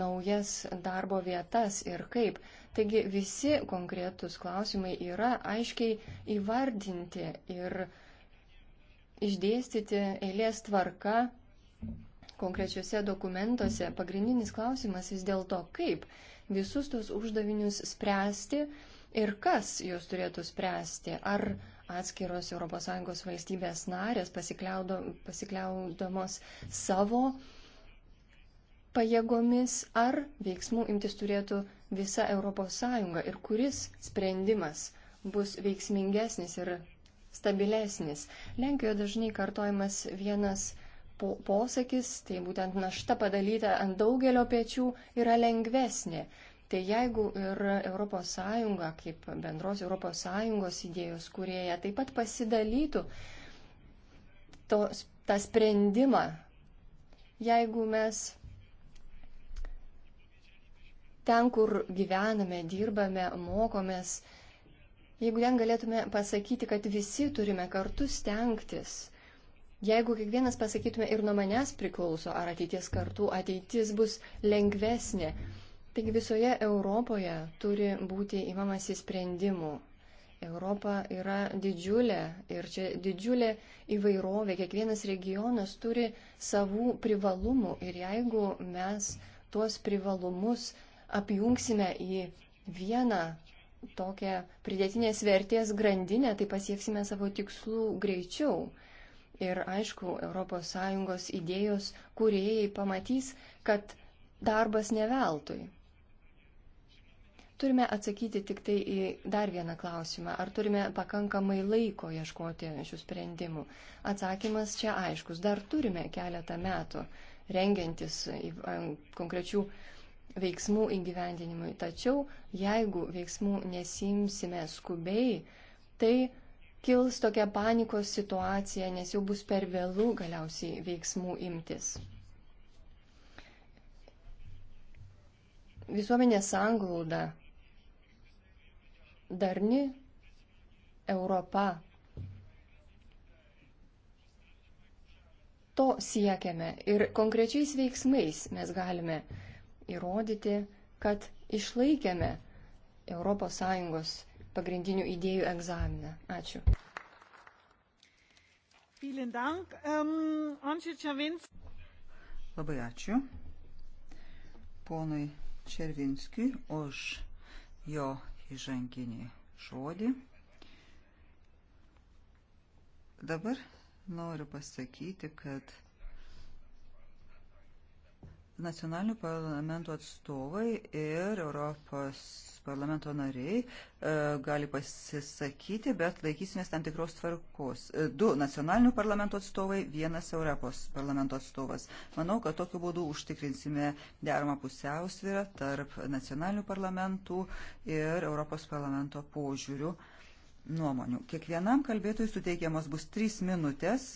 C: naujas darbo vietas ir kaip. Taigi visi konkretus klausimai yra aiškiai įvardinti ir išdėstyti eilės tvarka konkrečiuose dokumentuose. Pagrindinis klausimas vis dėlto, kaip visus tos uždavinius spręsti ir kas juos turėtų spręsti. Ar atskiros ES valstybės narės pasikliaudamos savo pajėgomis, ar veiksmų imtis turėtų visa ES ir kuris sprendimas bus veiksmingesnis ir stabilesnis. Lenkijoje dažnai kartojamas vienas po posakis, tai būtent našta padalyta ant daugelio pečių yra lengvesnė. Tai jeigu ir ES, kaip bendros ES idėjos kurieja, taip pat pasidalytų to, tą sprendimą, jeigu mes ten, kur gyvename, dirbame, mokomės, jeigu ten galėtume pasakyti, kad visi turime kartu stengtis, jeigu kiekvienas pasakytume ir nuo manęs priklauso, ar ateities kartų ateitis bus lengvesnė, taigi visoje Europoje turi būti įmamasi sprendimų. Europa yra didžiulė ir čia didžiulė įvairovė, kiekvienas regionas turi savų privalumų ir jeigu mes tuos privalumus apjungsime į vieną tokią pridėtinės vertės grandinę, tai pasieksime savo tikslų greičiau. Ir aišku, ES idėjos kuriejai pamatys, kad darbas neveltui. Turime atsakyti tik tai į dar vieną klausimą. Ar turime pakankamai laiko ieškoti šių sprendimų? Atsakymas čia aiškus. Dar turime keletą metų rengiantis konkrečių veiksmų įgyvendinimui. Tačiau jeigu veiksmų nesimsime skubiai, tai kils tokia panikos situacija, nes jau bus per vėlų galiausiai veiksmų imtis. Visuomenės sanglauda, darni Europa. To siekiame ir konkrečiais veiksmais mes galime įrodyti, kad išlaikėme ES pagrindinių idėjų egzaminą. Ačiū.
B: Ähm, Labai ačiū ponui Červinskiui už jo įžanginį žodį. Dabar noriu pasakyti, kad nacionalinių parlamentų atstovai ir Europos parlamento nariai e, gali pasisakyti, bet laikysimės tam tikros tvarkos. E, du nacionalinių parlamento atstovai, vienas Europos parlamento atstovas. Manau, kad tokiu būdu užtikrinsime deramą pusiausvyrą tarp nacionalinių parlamentų ir Europos parlamento požiūrių nuomonių. Kiekvienam kalbėtojui suteikiamos bus trys minutės.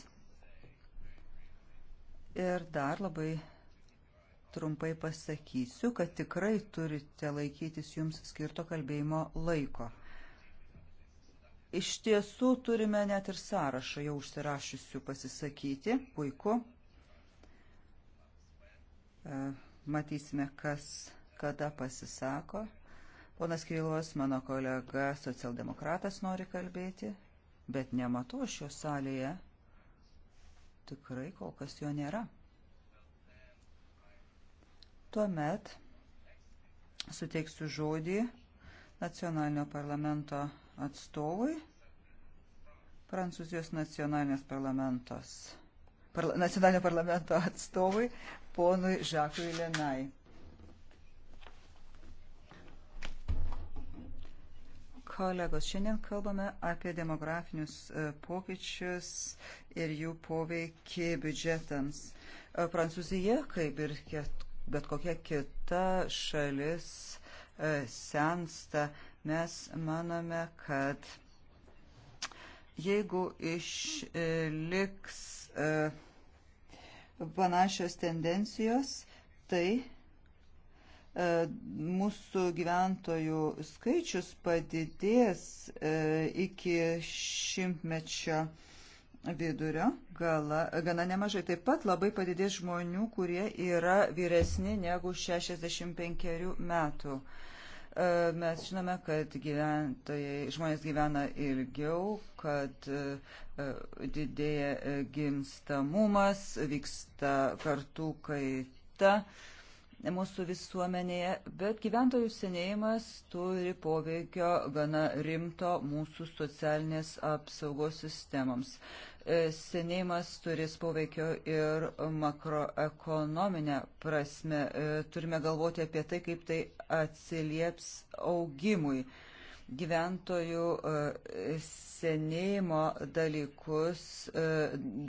B: Ir dar labai trumpai pasakysiu, kad tikrai turite laikytis jums skirto kalbėjimo laiko. Iš tiesų turime net ir sąrašą jau užsirašysiu pasisakyti. Puiku. E, matysime, kas kada pasisako. Ponas Kirilovas, mano kolega socialdemokratas, nori kalbėti, bet nematau šio salėje. Tikrai kol kas jo nėra. Tuomet suteiksiu žodį nacionalinio parlamento atstovui, Prancūzijos nacionalinės parlamentos, parla, nacionalinio parlamento atstovui, ponui Žakui Lenai. kolegos, šiandien kalbame apie demografinius e, pokyčius ir jų poveikį biudžetams. E, Prancūzija, kaip ir kiet bet kokia kita šalis e, sensta, mes manome, kad jeigu išliks e, panašios tendencijos, tai e, mūsų gyventojų skaičius padidės iki šimtmečio vidurio gala, gana nemažai. Taip pat labai padidės žmonių, kurie yra vyresni negu 65 metų. E, mes žinome, kad gyventojai, žmonės gyvena ilgiau, kad e, didėja e, gimstamumas, vyksta kartų kaita mūsų visuomenėje, bet gyventojų senėjimas turi poveikio gana rimto mūsų socialinės apsaugos sistemoms. E, senėjimas turės poveikio ir makroekonominę prasme. E, turime galvoti apie tai, kaip tai atsilieps augimui. Gyventojų e, senėjimo dalykus,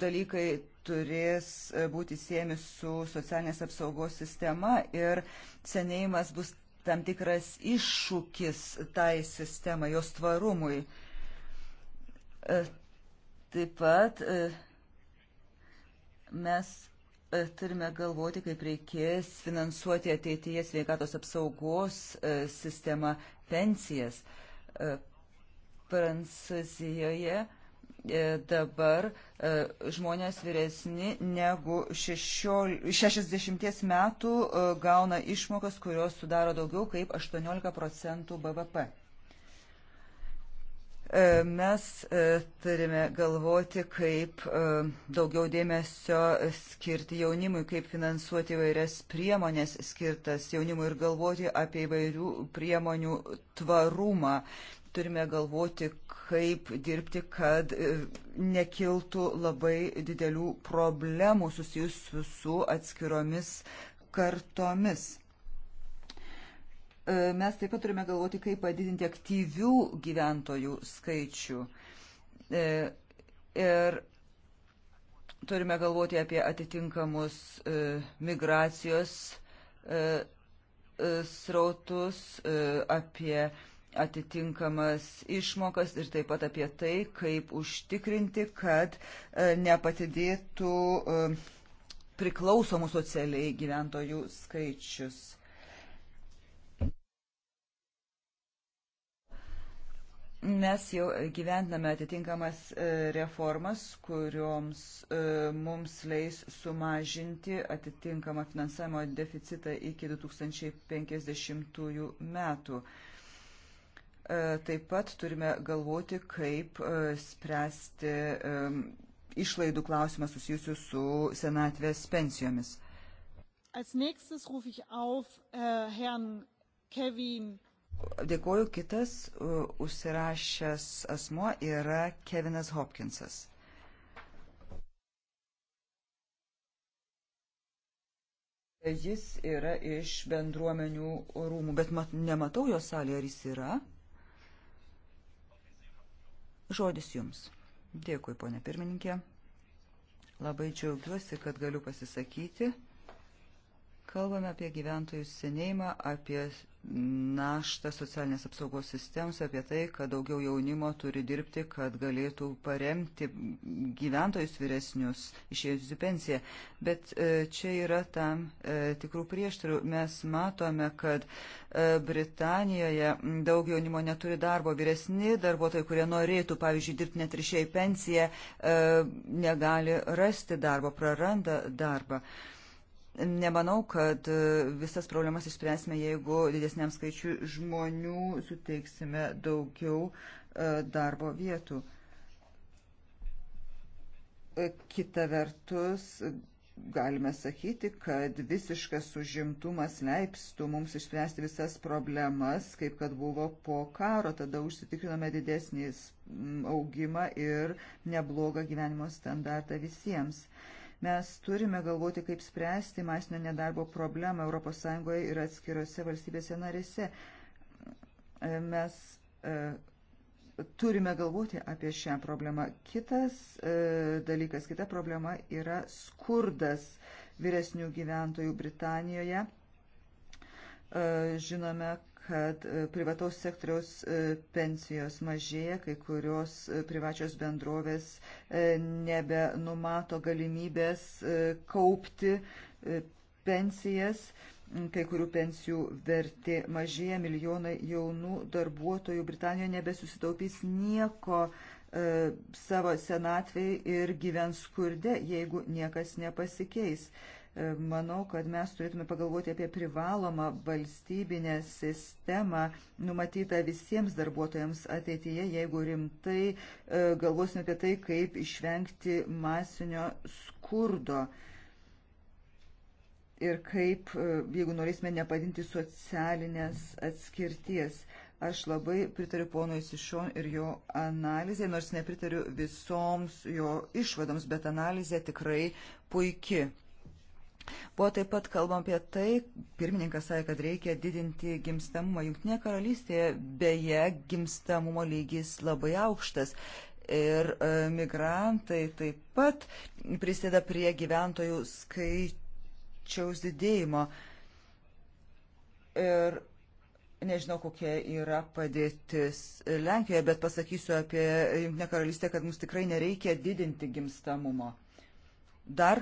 B: dalykai turės būti siejami su socialinės apsaugos sistema ir senėjimas bus tam tikras iššūkis tai sistemai, jos tvarumui Taip pat e, mes e, turime galvoti, kaip reikės finansuoti ateityje sveikatos apsaugos e, sistemą pensijas. Prancūzijoje dabar žmonės vyresni negu 60 metų gauna išmokas, kurios sudaro daugiau kaip 18 procentų BVP. E, mes e, turime galvoti, kaip e, daugiau dėmesio skirti jaunimui, kaip finansuoti įvairias priemonės skirtas jaunimui ir galvoti apie įvairių priemonių tvarumą. Turime galvoti, kaip dirbti, kad nekiltų labai didelių problemų susijusių su atskiromis kartomis. E, mes taip pat turime galvoti, kaip padidinti aktyvių gyventojų skaičių. E, ir turime galvoti apie atitinkamus e, migracijos srautus, apie atitinkamas išmokas ir taip pat apie tai, kaip užtikrinti, kad nepatidėtų priklausomų socialiai gyventojų skaičius. Mes jau gyvendame atitinkamas e, reformas, kurioms e, mums leis sumažinti atitinkamą finansavimo deficitą iki 2050 metų e, taip pat turime galvoti, kaip spręsti išlaidų klausimą susijusiu su senatvės pensijomis. Als nächstes rufe ich auf äh, Herrn Kevin Dėkuoju, kitas užsirašęs asmo yra Kevinas Hopkinsas. Jis yra iš bendruomenių rūmų, bet mat, nematau jo salėje, ar jis yra. Žodis jums. Dėkui, ponė pirmininkė. Labai džiaugiuosi, kad galiu pasisakyti. Kalbame apie gyventojų senėjimą, apie naštą socialinės apsaugos sistemos, apie tai, kad daugiau jaunimo turi dirbti, kad galėtų paremti gyventojus vyresnius išėjus į pensiją. Bet e, čia yra tam e, tikrų prieštarų. Mes matome, kad e, Britanijoje daug jaunimo neturi darbo. Vyresni darbuotojai, kurie norėtų, pavyzdžiui, dirbti net ir išėjai pensiją, negali rasti darbo, praranda darbą. darbą Nemanau, kad e, visas problemas išspręsime, jeigu didesniam skaičiu žmonių suteiksime daugiau e, darbo vietų. E, kita vertus, galime sakyti, kad visiškas užimtumas leipstų mums išspręsti visas problemas, kaip kad buvo po karo, tada užsitikrinome didesnį augimą ir neblogą gyvenimo standartą visiems. Uh, Mes turime galvoti, kaip spręsti masinio nedarbo problemą ES ir atskirose valstybėse narėse. E, mes e, turime galvoti apie šią problemą. Kitas e, dalykas, kita problema yra skurdas vyresnių gyventojų Britanijoje. E, žinome, kad e, privataus sektoriaus e, pensijos mažėja, kai kurios e, privačios bendrovės nebenumato galimybės kaupti pensijas, mm, kai kurių pensijų vertė mažėja, milijonai jaunų darbuotojų Britanijoje nebesusitaupys nieko savo senatvėj ir gyvens skurde, jeigu niekas nepasikeis. Manau, kad mes turėtume pagalvoti apie privalomą valstybinę sistemą numatytą visiems darbuotojams ateityje, jeigu rimtai e, galvosime apie tai, kaip išvengti masinio skurdo. Ir kaip, e, jeigu norėsime nepadinti socialinės atskirties. Aš labai pritariu ponui Sišon ir jo analizė, nors nepritariu visoms jo išvadoms, bet analizė tikrai puiki. Buvo taip pat kalbam apie tai, pirmininkas sakė, kad reikia didinti gimstamumą. Junktinė karalystėje beje gimstamumo lygis labai aukštas. Ir e, migrantai taip pat prisideda prie gyventojų skaičiaus didėjimo. Ir nežinau, kokia yra padėtis Lenkijoje, bet pasakysiu apie Junktinę karalystę, kad mums tikrai nereikia didinti gimstamumo. Dar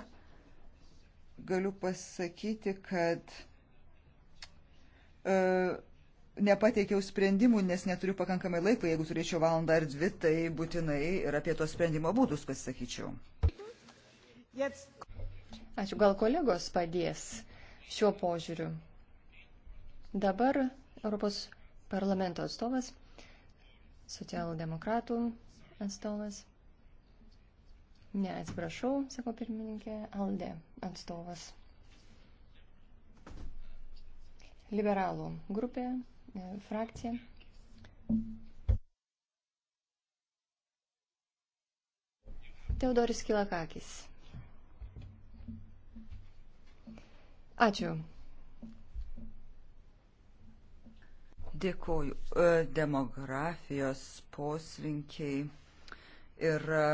B: galiu pasakyti, kad e, nepateikiau sprendimų, nes neturiu pakankamai laiko. Jeigu turėčiau valandą ar dvi, tai būtinai ir apie to sprendimo būdus pasisakyčiau.
C: Ačiū, gal kolegos padės šiuo požiūriu. Dabar Europos parlamento atstovas, socialdemokratų atstovas, Ne, atsiprašau, sako pirmininkė, Alde atstovas. Liberalų grupė, e, frakcija. Teodoris Kilakakis. Ačiū. Dėkoju.
B: E, demografijos poslinkiai yra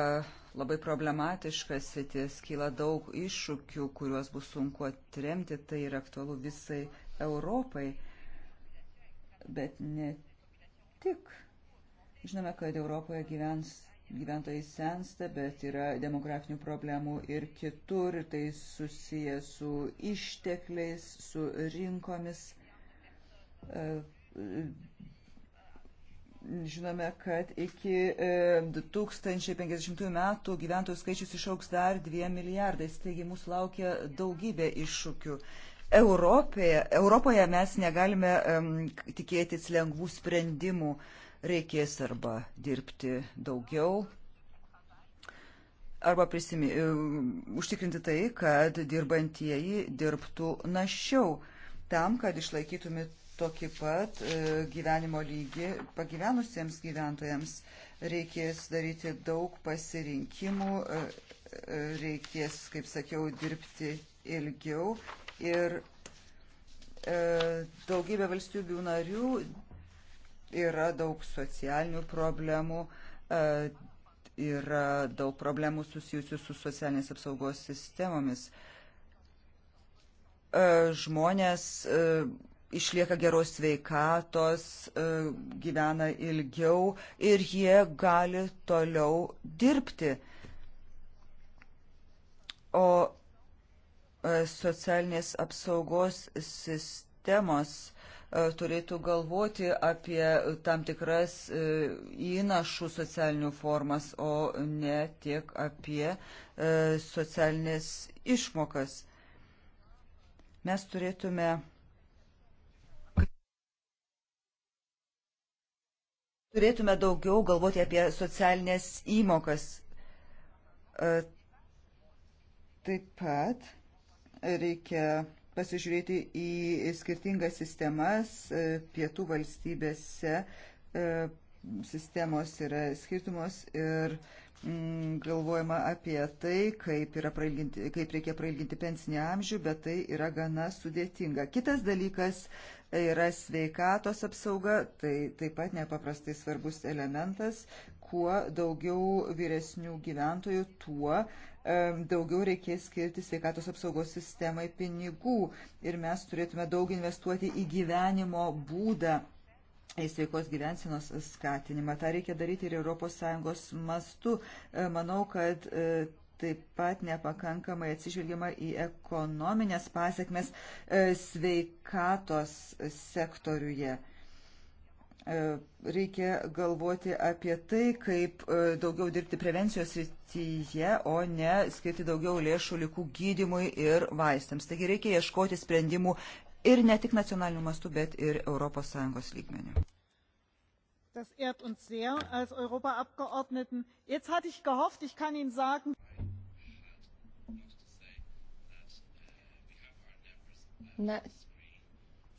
B: labai problematiškas sitis, kyla daug iššūkių, kuriuos bus sunku atremti, tai yra aktualu visai Europai, bet ne tik. Žinome, kad Europoje gyvens, gyventojai sensta, bet yra demografinių problemų ir kitur, ir tai susiję su ištekliais, su rinkomis. E, Žinome, kad iki 2050 e, metų gyventojų skaičius išauks dar 2 milijardais, taigi mūsų laukia daugybė iššūkių. Europėje, Europoje mes negalime um, tikėtis lengvų sprendimų, reikės arba dirbti daugiau, arba prisimi, e, užtikrinti tai, kad dirbantieji dirbtų našiau, tam, kad išlaikytumėt tokį pat e, gyvenimo lygį pagyvenusiems gyventojams. Reikės daryti daug pasirinkimų, e, e, reikės, kaip sakiau, dirbti ilgiau ir daugybė valstybių narių yra daug socialinių problemų, yra daug problemų susijusių su socialinės apsaugos sistemomis. Žmonės išlieka geros sveikatos, e, gyvena ilgiau ir jie gali toliau dirbti. O e, socialinės apsaugos sistemos e, turėtų galvoti apie tam tikras įnašų socialinių formas, o ne tiek apie socialinės išmokas. Mes turėtume Turėtume daugiau galvoti apie socialinės įmokas. E, taip pat reikia pasižiūrėti į skirtingas sistemas e, pietų valstybėse. E, sistemos yra skirtumos ir mm, galvojama apie tai, kaip, kaip reikia prailginti pensinį amžių, bet tai yra gana sudėtinga. Kitas dalykas yra sveikatos apsauga, tai taip pat nepaprastai svarbus elementas, kuo daugiau vyresnių gyventojų, tuo daugiau reikės skirti sveikatos apsaugos sistemai pinigų ir mes turėtume daug investuoti į gyvenimo būdą. Į sveikos gyvensinos skatinimą. Ta reikia daryti ir ES mastu. E, manau, kad e, taip pat nepakankamai atsižvelgiama į ekonominės pasiekmes e, sveikatos sektoriuje. E, reikia galvoti apie tai, kaip e, daugiau dirbti prevencijos rytyje, o ne skirti daugiau lėšų likų gydimui ir vaistams. Taigi reikia ieškoti sprendimų ir ne tik nacionaliniu mastu, bet ir ES lygmeniu. Das ehrt uns sehr als Europaabgeordneten. Jetzt hatte ich gehofft, ich kann
C: Ihnen sagen, Na,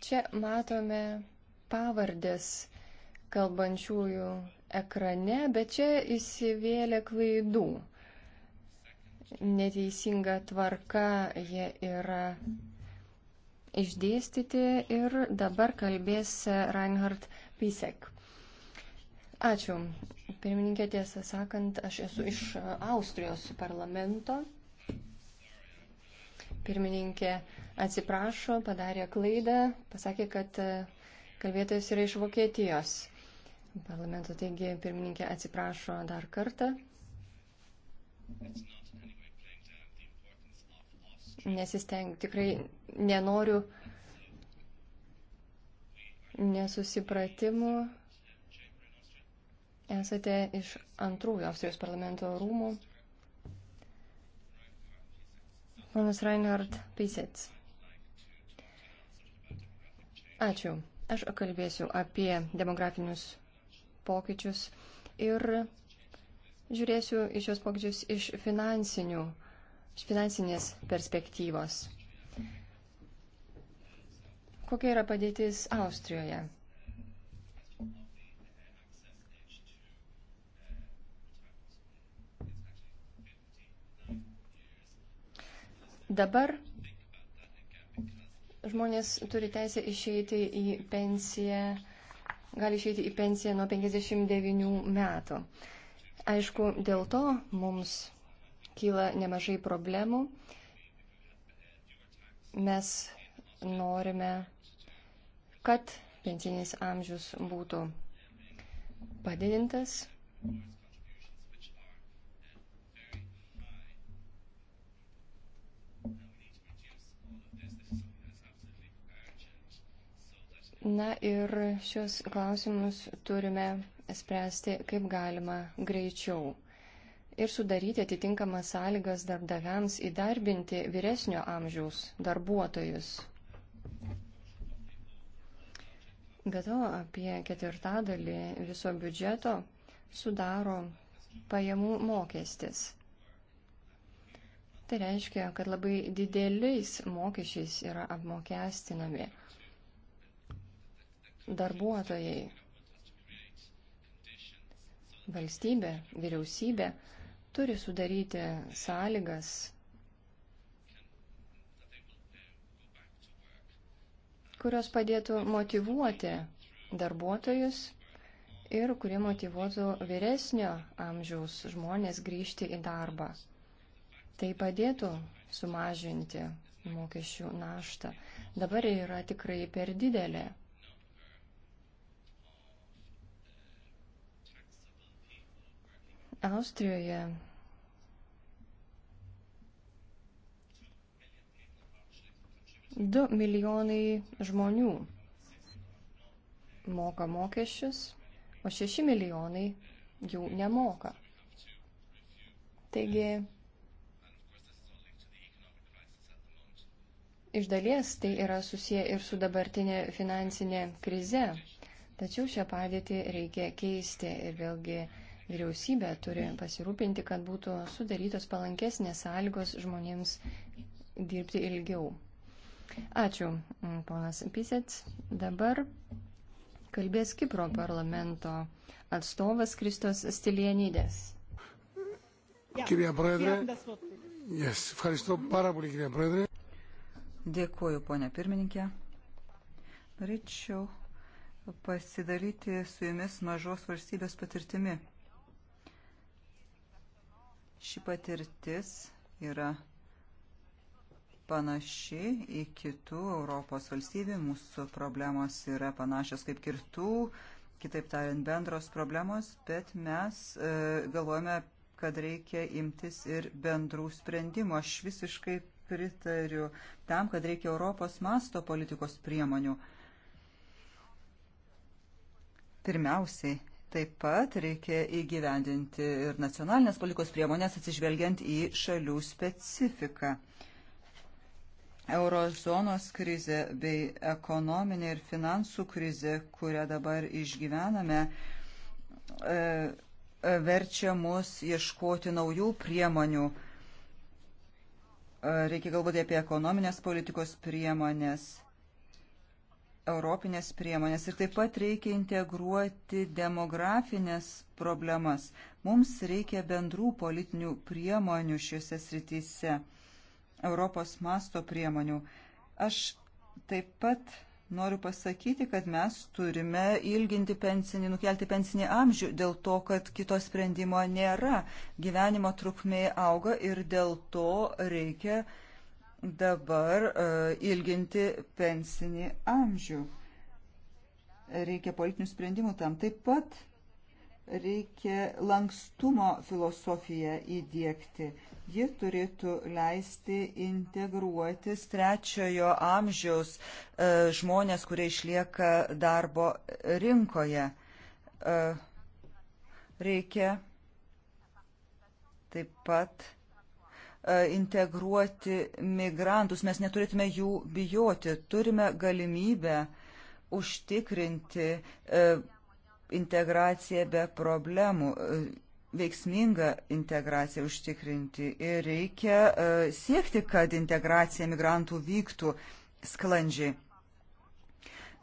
C: čia matome pavardės kalbančiųjų ekrane, bet čia įsivėlė klaidų. Neteisinga tvarka jie yra išdėstyti ir dabar kalbės Reinhard Pisek. Ačiū. Pirmininkė, tiesą sakant, aš esu iš e, Austrijos parlamento. Pirmininkė atsiprašo, padarė klaidą, pasakė, kad e, kalbėtojas yra iš Vokietijos parlamento, taigi pirmininkė atsiprašo dar kartą. Nesisteng, tikrai nenoriu nesusipratimų Esate iš antrųjų Austrijos parlamento rūmų. Ponas Reinhard Peisets. Ačiū. Aš kalbėsiu apie demografinius pokyčius ir žiūrėsiu iš šios pokyčius iš, iš finansinės perspektyvos. Kokia yra padėtis Austrijoje? Dabar žmonės turi teisę išeiti į pensiją, gali išeiti į pensiją nuo 59 metų. Aišku, dėl to mums kyla nemažai problemų. Mes norime, kad pensinis amžius būtų padidintas. Na ir šios klausimus turime spręsti kaip galima greičiau ir sudaryti atitinkamas sąlygas darbdaviams įdarbinti vyresnio amžiaus darbuotojus. Be to, apie ketvirtadalį viso biudžeto sudaro pajamų mokestis. Tai reiškia, kad labai dideliais mokesčiais yra apmokestinami darbuotojai, valstybė, vyriausybė turi sudaryti sąlygas kurios padėtų motivuoti darbuotojus ir kurie motivuotų vyresnio amžiaus žmonės grįžti į darbą. Tai padėtų sumažinti mokesčių naštą. Dabar yra tikrai per didelė. Austrijoje du milijonai žmonių moka mokesčius, o šeši milijonai jų nemoka. Taigi, iš dalies tai yra susiję ir su dabartinė finansinė krize, tačiau šią padėtį reikia keisti ir vėlgi vyriausybė turi pasirūpinti, kad būtų sudarytos palankesnės sąlygos žmonėms dirbti ilgiau. Ačiū, ponas Pisets. Dabar kalbės Kipro parlamento atstovas Kristos Stilienydės. Kirie
B: Pradrė. Yes, Haristo Parabulį, kirie Pradrė. Dėkuoju, ponia pirmininkė. Norėčiau pasidalyti su jumis mažos valstybės patirtimi. Ši patirtis yra panaši į kitų Europos valstybių. Mūsų problemos yra panašios kaip kirtų, kitaip tariant, bendros problemos, bet mes e, galvojame, kad reikia imtis ir bendrų sprendimų. Aš visiškai pritariu tam, kad reikia Europos masto politikos priemonių. Pirmiausiai Taip pat reikia įgyvendinti ir nacionalinės politikos priemonės atsižvelgiant į šalių specifiką. Eurozonos krizė bei ekonominė ir finansų krizė, kurią dabar išgyvename, e, e, verčia mus ieškoti naujų priemonių. E, reikia galvoti apie ekonominės politikos priemonės europinės priemonės ir taip pat reikia integruoti demografinės problemas. Mums reikia bendrų politinių priemonių šiuose srityse, Europos masto priemonių. Aš taip pat noriu pasakyti, kad mes turime ilginti pensinį, nukelti pensinį amžių dėl to, kad kito sprendimo nėra. Gyvenimo trukmė auga ir dėl to reikia uh, dabar e, ilginti pensinį amžių. Reikia politinių sprendimų tam. Taip pat reikia lankstumo filosofiją įdėkti. Ji turėtų leisti integruotis trečiojo amžiaus e, žmonės, kurie išlieka darbo rinkoje. E, reikia taip pat E, integruoti migrantus, mes neturėtume jų bijoti, turime galimybę užtikrinti e, integraciją be problemų, e, veiksmingą integraciją užtikrinti ir reikia siekti, kad integracija migrantų vyktų sklandžiai.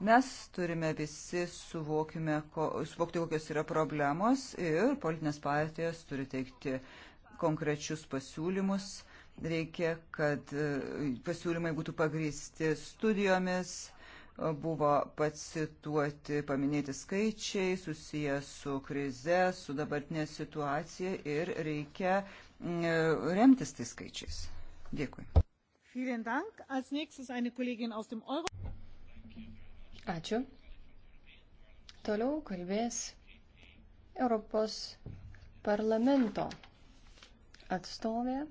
B: Mes turime visi suvokime, ko, suvokti, kokios yra problemos ir politinės partijos turi teikti konkrečius pasiūlymus. Reikia, kad e, pasiūlymai būtų pagrįsti studijomis, buvo pacituoti paminėti skaičiai susiję su krize, su dabartinė situacija ir reikia mm, e, remtis tais skaičiais. Dėkui.
C: Ačiū. Toliau kalbės Europos parlamento atstovė.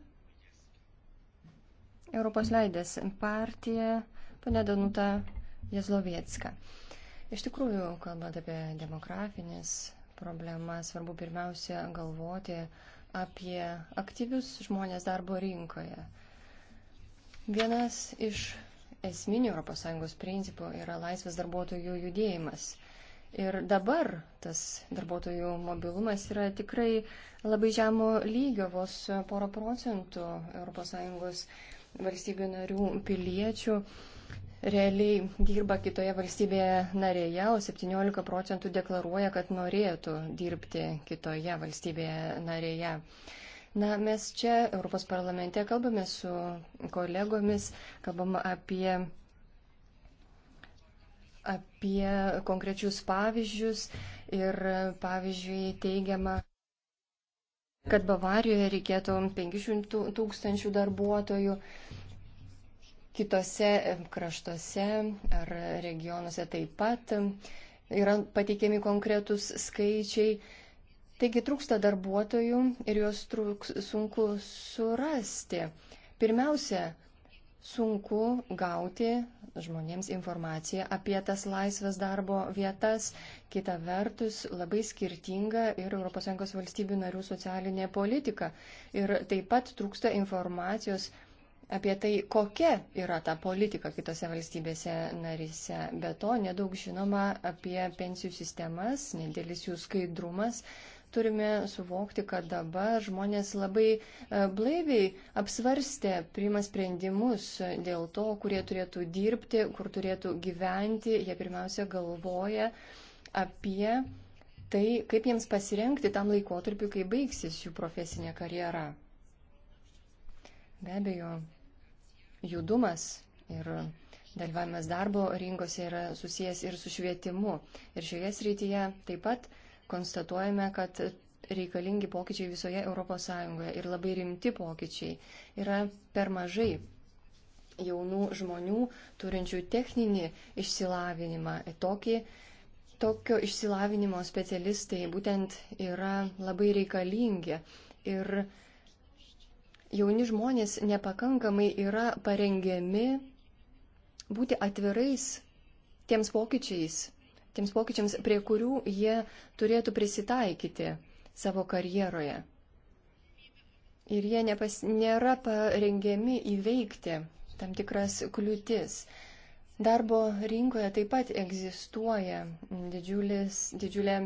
C: Europos leidės partija, ponė Danuta Jezlovietska. Iš tikrųjų, kalbant apie demografinės problemas, svarbu pirmiausia galvoti apie aktyvius žmonės darbo rinkoje. Vienas iš esminių ES principų yra laisvas darbuotojų judėjimas. Ir dabar tas darbuotojų mobilumas yra tikrai labai žemo lygio, vos poro procentų ES valstybių narių piliečių realiai dirba kitoje valstybėje narėje, o 17 procentų deklaruoja, kad norėtų dirbti kitoje valstybėje narėje. Na, mes čia Europos parlamente kalbame su kolegomis, kalbam apie apie konkrečius pavyzdžius ir, pavyzdžiui, teigiama, kad Bavarijoje reikėtų 500 tūkstančių darbuotojų, kitose e, kraštuose ar regionuose taip pat yra pateikiami konkretus skaičiai. Taigi trūksta darbuotojų ir juos trūks, sunku surasti. Pirmiausia, sunku gauti žmonėms informaciją apie tas laisvas darbo vietas. Kita vertus, labai skirtinga ir ES valstybių narių socialinė politika. Ir taip pat trūksta informacijos apie tai, kokia yra ta politika kitose valstybėse narise. Be to, nedaug žinoma apie pensijų sistemas, nedėlis jų skaidrumas turime suvokti, kad dabar žmonės labai e, blaiviai apsvarstė, priima sprendimus dėl to, kurie turėtų dirbti, kur turėtų gyventi. Jie pirmiausia galvoja apie tai, kaip jiems pasirenkti tam laikotarpiu, kai baigsis jų profesinė karjera. Be abejo, judumas ir dalyvavimas darbo rinkose yra susijęs ir su švietimu. Ir šioje srityje taip pat konstatuojame, kad reikalingi pokyčiai visoje ES ir labai rimti pokyčiai. Yra per mažai jaunų žmonių turinčių techninį išsilavinimą. Tokį, tokio išsilavinimo specialistai būtent yra labai reikalingi. Ir jauni žmonės nepakankamai yra parengiami būti atvirais tiems pokyčiais, tiems pokyčiams, prie kurių jie turėtų prisitaikyti savo karjeroje. Ir jie nepas, nėra parengiami įveikti tam tikras kliūtis. Darbo rinkoje taip pat egzistuoja didžiulis, didžiulė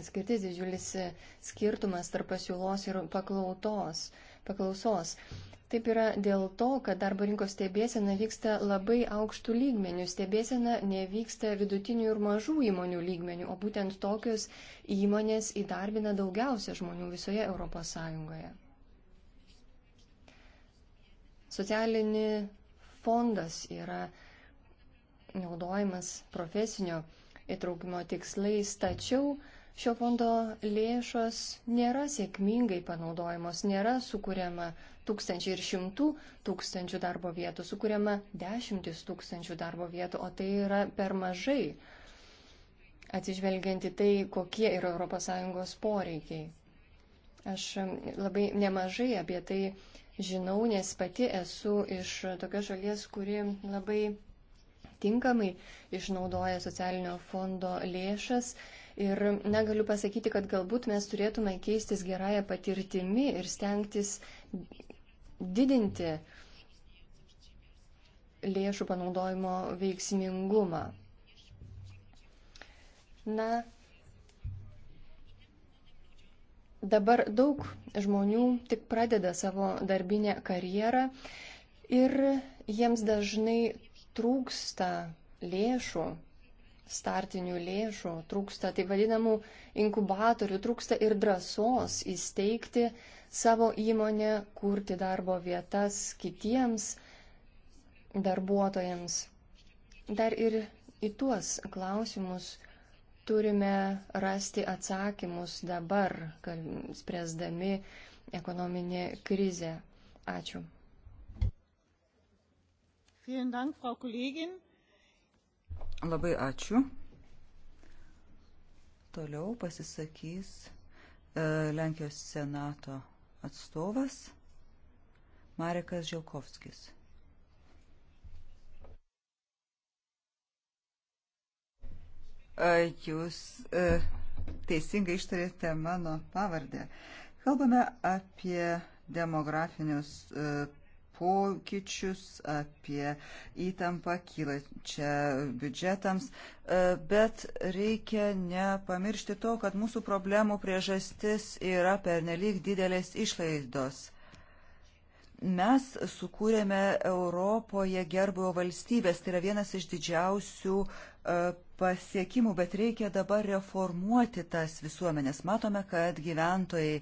C: atskirtis, didžiulis skirtumas tarp pasiūlos ir paklautos, paklausos. Taip yra dėl to, kad darbo rinkos stebėsena vyksta labai aukštų lygmenių. Stebėsena nevyksta vidutinių ir mažų įmonių lygmenių, o būtent tokios įmonės įdarbina daugiausia žmonių visoje Europos Sąjungoje. Socialinį fondas yra naudojimas profesinio įtraukimo tikslais, tačiau šio fondo lėšos nėra sėkmingai panaudojamos, nėra sukūriama tūkstančiai ir šimtų tūkstančių darbo vietų, sukūriama dešimtis tūkstančių darbo vietų, o tai yra per mažai, atsižvelgianti tai, kokie yra ES poreikiai. Aš um, labai nemažai apie tai žinau, nes pati esu iš tokios šalies, kuri labai tinkamai išnaudoja socialinio fondo lėšas. Ir negaliu pasakyti, kad galbūt mes turėtume keistis gerąją patirtimi ir stengtis didinti lėšų panaudojimo veiksmingumą. Na, dabar daug žmonių tik pradeda savo darbinę karjerą ir jiems dažnai trūksta lėšų, startinių lėšų, trūksta taip vadinamų inkubatorių, trūksta ir drąsos įsteigti uh, savo įmonę, kurti darbo vietas kitiems darbuotojams. Dar ir į tuos klausimus turime rasti atsakymus dabar, spręsdami ekonominį krizę. Ačiū. Dank, Frau Labai ačiū.
B: Toliau pasisakys e, Lenkijos senato atstovas Marekas Žiaukovskis. Jūs e, teisingai ištarėte mano pavardę. Kalbame apie demografinius e, pokyčius, apie įtampą kylančią biudžetams, e, bet reikia nepamiršti to, kad mūsų problemų priežastis yra pernelyg didelės išlaidos Mes sukūrėme Europoje gerbojo valstybės, tai yra vienas iš didžiausių e, pasiekimų, bet reikia dabar reformuoti tas visuomenės. Matome, kad gyventojai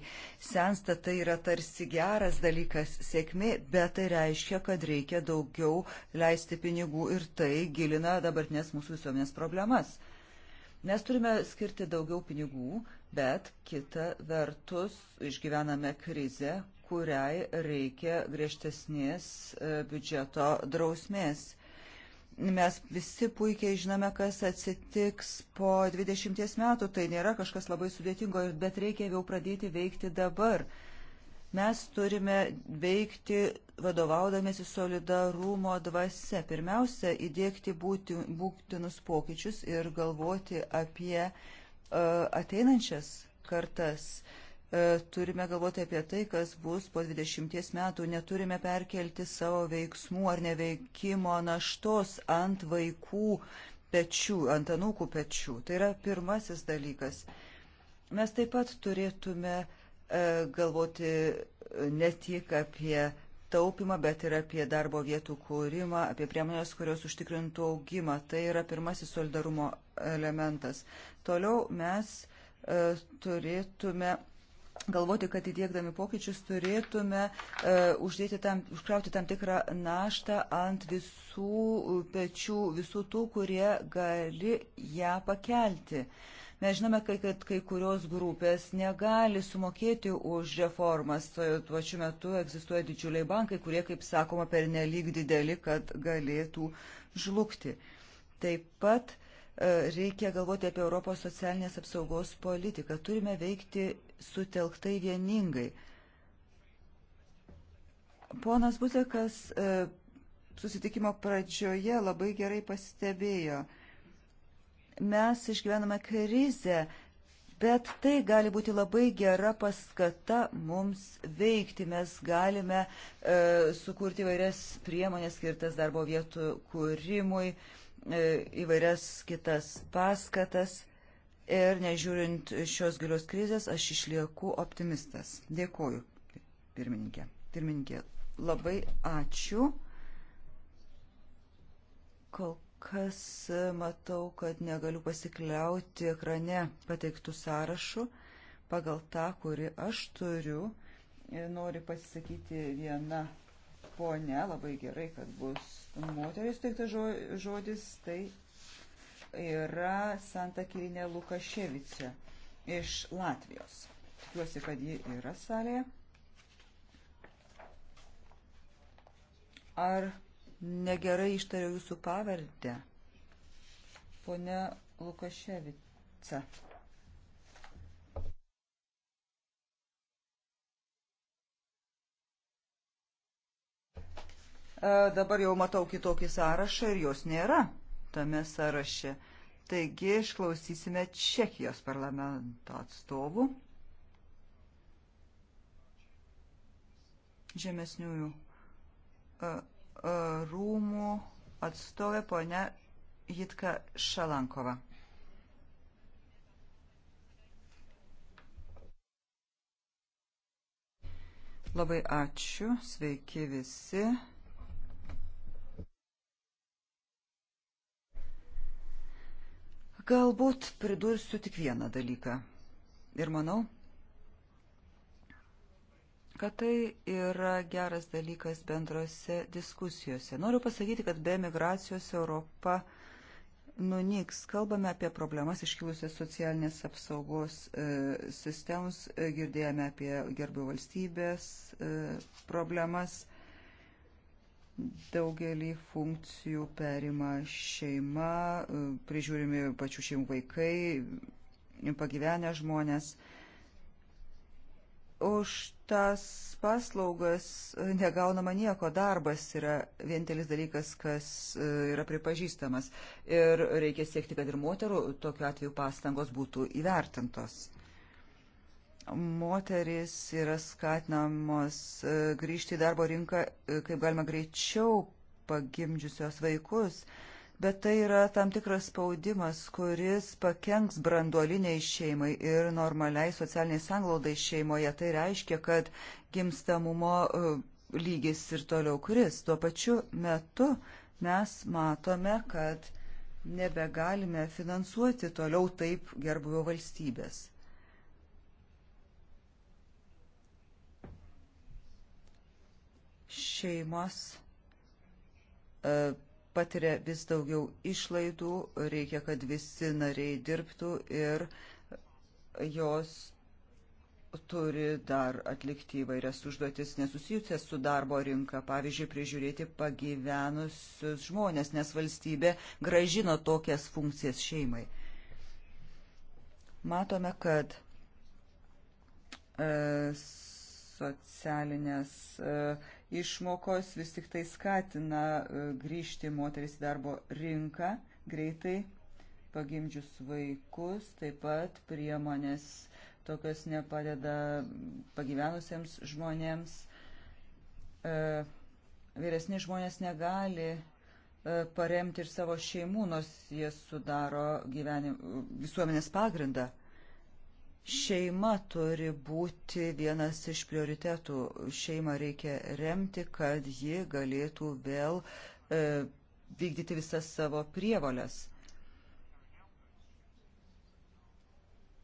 B: sensta, tai yra tarsi geras dalykas sėkmė, bet tai reiškia, kad reikia daugiau leisti pinigų ir tai gilina dabartinės mūsų visuomenės problemas. Mes turime skirti daugiau pinigų, bet kita vertus išgyvename krizę, kuriai reikia griežtesnės e, biudžeto drausmės. Mes visi puikiai žinome, kas atsitiks po 20 metų, tai nėra kažkas labai sudėtingo, bet reikia jau pradėti veikti dabar. Mes turime veikti vadovaudamėsi solidarumo dvasia. Pirmiausia, įdėkti būti, būtinus pokyčius ir galvoti apie uh, ateinančias kartas. Uh, E, turime galvoti apie tai, kas bus po 20 metų. Neturime perkelti savo veiksmų ar neveikimo naštos ant vaikų pečių, ant anūkų pečių. Tai yra pirmasis dalykas. Mes taip pat turėtume e, galvoti e, ne tik apie taupimą, bet ir apie darbo vietų kūrimą, apie priemonės, kurios užtikrintų augimą. Tai yra pirmasis solidarumo elementas. Toliau mes turėtume galvoti, kad įdėkdami pokyčius turėtume uh, uždėti tam, užkrauti tam tikrą naštą ant visų pečių, visų tų, kurie gali ją pakelti. Mes žinome, kad, kad kai kurios grupės negali sumokėti už reformas. Tuo pačiu metu egzistuoja didžiuliai bankai, kurie, kaip sakoma, per nelik dideli, kad galėtų žlugti. Taip pat uh, E, reikia galvoti apie Europos socialinės apsaugos politiką. Turime veikti sutelktai vieningai. Ponas Buzekas e, susitikimo pradžioje labai gerai pastebėjo. Mes išgyvename krizę, bet tai gali būti labai gera paskata mums veikti. Mes galime e, sukurti vairias priemonės skirtas darbo vietų kūrimui. E, E, įvairias kitas paskatas. Ir nežiūrint šios gilios krizės, aš išlieku optimistas. Dėkoju, pirmininkė. Pirmininkė, labai ačiū. Kol kas matau, kad negaliu pasikliauti ekrane pateiktų sąrašų pagal tą, kurį aš turiu. E, Noriu pasisakyti vieną ponia, labai gerai, kad bus moteris teiktas žodis, tai yra Santa Kirinė Lukaševičia iš Latvijos. Tikiuosi, kad ji yra salėje. Ar negerai ištariau jūsų pavardę? Pone Lukaševica. E, dabar jau matau kitokį sąrašą ir jos nėra tame sąraše. Taigi išklausysime Čekijos parlamento atstovų. Žemesniųjų e, e, rūmų atstovė ponia Jitka Šalankova. Labai ačiū, sveiki visi. Galbūt pridursiu tik vieną dalyką. Ir manau, kad tai yra geras dalykas bendrose diskusijose. Noriu pasakyti, kad be migracijos Europa nuniks. Kalbame apie problemas iškilusias socialinės apsaugos e, sistemus, e, girdėjome apie gerbių valstybės e, problemas. E, Daugelį funkcijų perima šeima, e, prižiūrimi pačių šeimų vaikai, pagyvenę žmonės. Už tas paslaugas negaunama nieko, darbas yra vienintelis dalykas, kas e, yra pripažįstamas. Ir reikia siekti, kad ir moterų tokiu atveju pastangos būtų įvertintos moteris yra skatinamos e, grįžti į darbo rinką e, kaip galima greičiau pagimdžiusios vaikus, bet tai yra tam tikras spaudimas, kuris pakenks branduoliniai šeimai ir normaliai socialiniai sanglaudai šeimoje. Tai reiškia, kad gimstamumo e, lygis ir toliau kris. Tuo pačiu metu mes matome, kad nebegalime finansuoti toliau taip gerbuvio valstybės. šeimos e, patiria vis daugiau išlaidų, reikia, kad visi nariai dirbtų ir jos turi dar atlikti įvairias užduotis nesusijusias su darbo rinka, pavyzdžiui, prižiūrėti pagyvenusius žmonės, nes valstybė gražino tokias funkcijas šeimai. Matome, kad e, socialinės e, išmokos vis tik tai skatina e, grįžti moteris į darbo rinką greitai pagimdžius vaikus, taip pat priemonės tokios nepadeda pagyvenusiems žmonėms. E, vyresni žmonės negali e, paremti ir savo šeimų, nors jie sudaro gyvenim, visuomenės pagrindą. Šeima turi būti vienas iš prioritetų. Šeimą reikia remti, kad ji galėtų vėl e, vykdyti visas savo prievolės.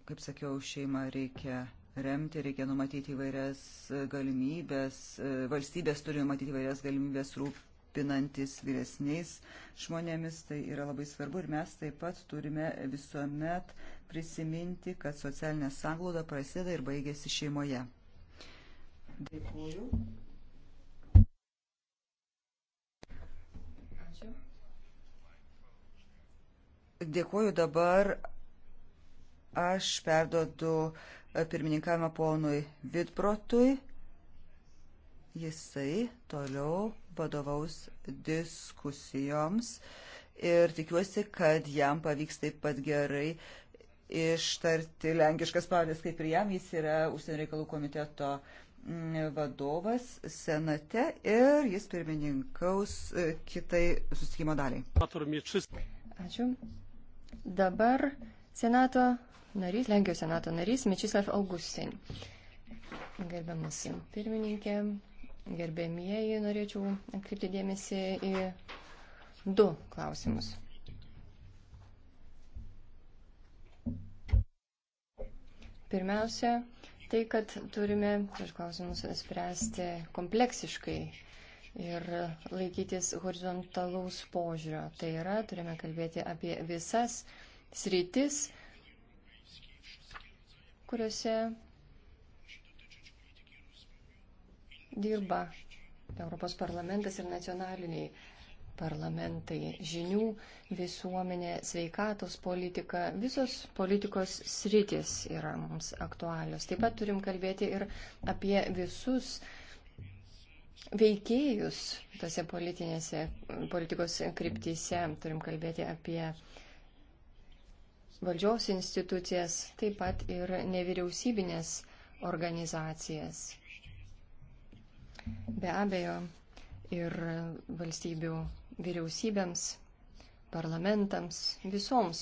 B: Kaip sakiau, šeimą reikia remti, reikia numatyti įvairias galimybės, e, valstybės turi numatyti įvairias galimybės rūpinantis vyresniais žmonėmis, tai yra labai svarbu ir mes taip pat turime visuomet prisiminti, kad socialinė sanglauda prasideda ir baigėsi šeimoje.
C: Dėkuoju. Ačiū.
B: Dėkuoju dabar. Aš perduodu pirmininkavimą ponui Vidprotui. Jisai toliau vadovaus diskusijoms ir tikiuosi, kad jam pavyks taip pat gerai uh, ištarti lenkiškas pavardes kaip ir jam. Jis yra užsienio reikalų komiteto mm, vadovas senate ir jis pirmininkaus e, kitai susitikimo daliai.
C: Ačiū. Dabar senato narys, Lenkijos senato narys Mečislav Augustin. Gerbiamas pirmininkė, gerbėmieji, norėčiau atkreipti dėmesį į du klausimus. Pirmiausia, tai, kad turime šios klausimus spręsti kompleksiškai ir laikytis horizontalaus požiūrio. Tai yra, turime kalbėti apie visas sritis, kuriuose dirba Europos parlamentas ir nacionaliniai parlamentai, žinių visuomenė, sveikatos politika, visos politikos sritis yra mums aktualios. Taip pat turim kalbėti ir apie visus veikėjus tose politinėse, politikos kryptyse. Turim kalbėti apie valdžios institucijas, taip pat ir nevyriausybinės organizacijas. Be abejo, ir valstybių vyriausybėms, parlamentams, visoms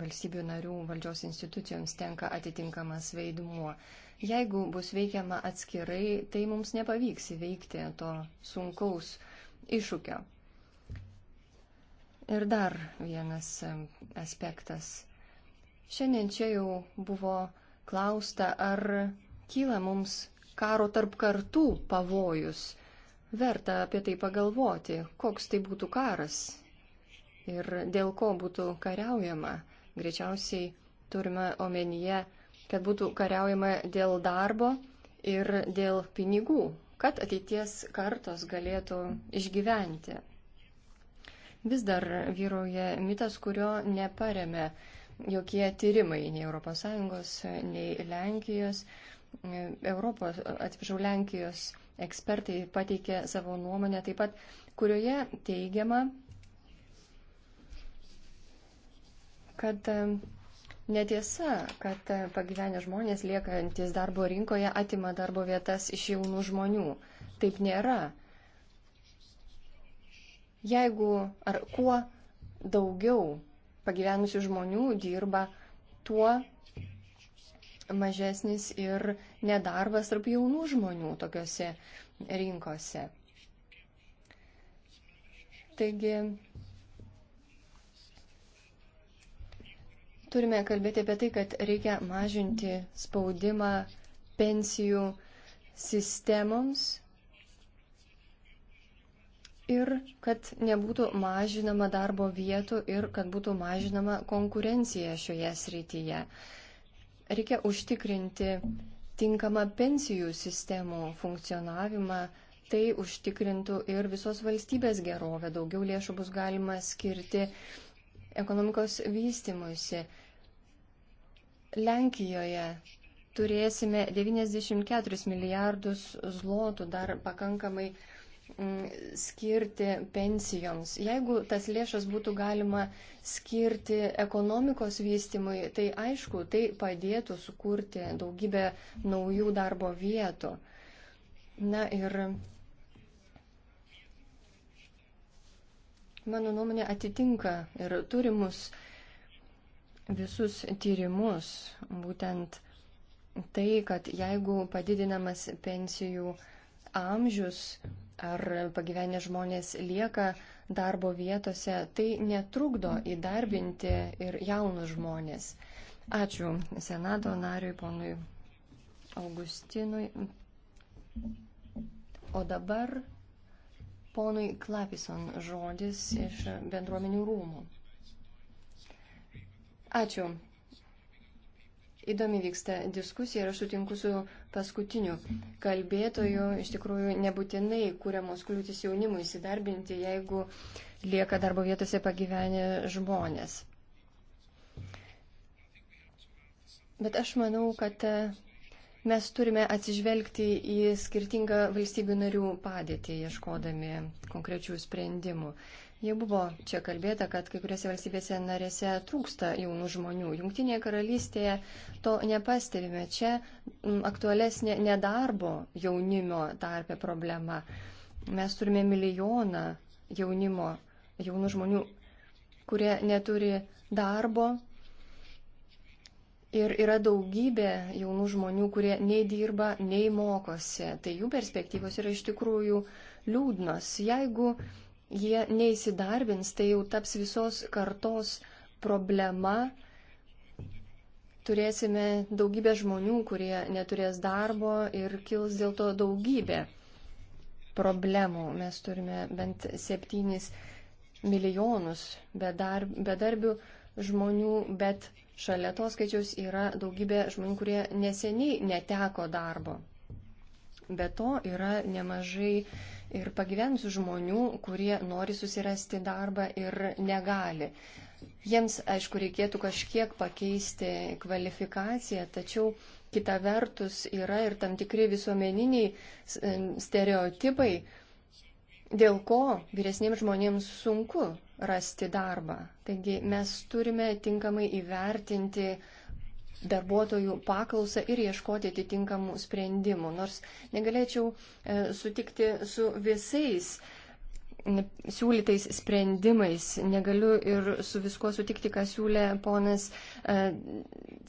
C: valstybių narių valdžios institucijoms tenka atitinkamas vaidmuo. Jeigu bus veikiama atskirai, tai mums nepavyks įveikti to sunkaus iššūkio. Ir dar vienas aspektas. Šiandien čia jau buvo klausta, ar kyla mums karo tarp kartų pavojus Verta apie tai pagalvoti, koks tai būtų karas ir dėl ko būtų kariaujama. Greičiausiai turime omenyje, kad būtų kariaujama dėl darbo ir dėl pinigų, kad ateities kartos galėtų išgyventi. Vis dar vyrauja mitas, kurio neparemė jokie tyrimai nei ES, nei Lenkijos, Europos, atsiprašau, Lenkijos ekspertai pateikė savo nuomonę taip pat, kurioje teigiama, kad e, netiesa, kad e, pagyvenę žmonės liekantis darbo rinkoje atima darbo vietas iš jaunų žmonių. Taip nėra. Jeigu ar kuo daugiau pagyvenusių žmonių dirba, tuo mažesnis ir nedarbas tarp jaunų žmonių tokiuose rinkose. Taigi turime kalbėti apie tai, kad reikia mažinti spaudimą pensijų sistemoms ir kad nebūtų mažinama darbo vietų ir kad būtų mažinama konkurencija šioje srityje. Reikia užtikrinti tinkamą pensijų sistemų funkcionavimą, tai užtikrintų ir visos valstybės gerovę. Daugiau lėšų bus galima skirti ekonomikos vystimuisi. Lenkijoje turėsime 94 milijardus zlotų dar pakankamai Mm, skirti pensijoms. Jeigu tas lėšas būtų galima skirti ekonomikos vystimui, tai aišku, tai padėtų sukurti daugybę naujų darbo vietų. Na ir mano nuomonė atitinka ir turimus visus tyrimus, būtent tai, kad jeigu padidinamas pensijų amžius, ar pagyvenę žmonės lieka darbo vietose, tai netrukdo įdarbinti ir jaunus žmonės. Ačiū Senato nariui, ponui Augustinui. O dabar ponui Klapison žodis iš bendruomenių rūmų. Ačiū, Įdomi vyksta diskusija ir aš sutinku su paskutiniu kalbėtoju. Iš tikrųjų, nebūtinai kūriamos kliūtis jaunimui įsidarbinti, jeigu lieka darbo vietose pagyvenę žmonės. Bet aš manau, kad e, mes turime atsižvelgti į skirtingą valstybių narių padėtį, ieškodami konkrečių sprendimų. Jau buvo čia kalbėta, kad kai kuriuose valstybėse narėse trūksta jaunų žmonių. Junktinėje karalystėje to nepastebime. Čia mm, aktualesnė nedarbo jaunimo tarpė problema. Mes turime milijoną jaunimo, jaunų žmonių, kurie neturi darbo. Ir yra daugybė jaunų žmonių, kurie nei dirba, nei mokosi. Tai jų perspektyvos yra iš tikrųjų liūdnos. Jeigu uh, jie neįsidarbins, tai jau taps visos kartos problema. Turėsime daugybę žmonių, kurie neturės darbo ir kils dėl to daugybė problemų. Mes turime bent septynis milijonus bedarbių žmonių, bet šalia to skaičiaus yra daugybė žmonių, kurie neseniai neteko darbo. Be to yra nemažai ir pagyvensių žmonių, kurie nori susirasti darbą ir negali. Jiems, aišku, reikėtų kažkiek pakeisti kvalifikaciją, tačiau kita vertus yra ir tam tikri visuomeniniai stereotipai, dėl ko vyresniems žmonėms sunku rasti darbą. Taigi mes turime tinkamai įvertinti uh, darbuotojų paklausą ir ieškoti atitinkamų sprendimų. Nors negalėčiau e, sutikti su visais siūlytais sprendimais, negaliu ir su viskuo sutikti, ką siūlė ponas e,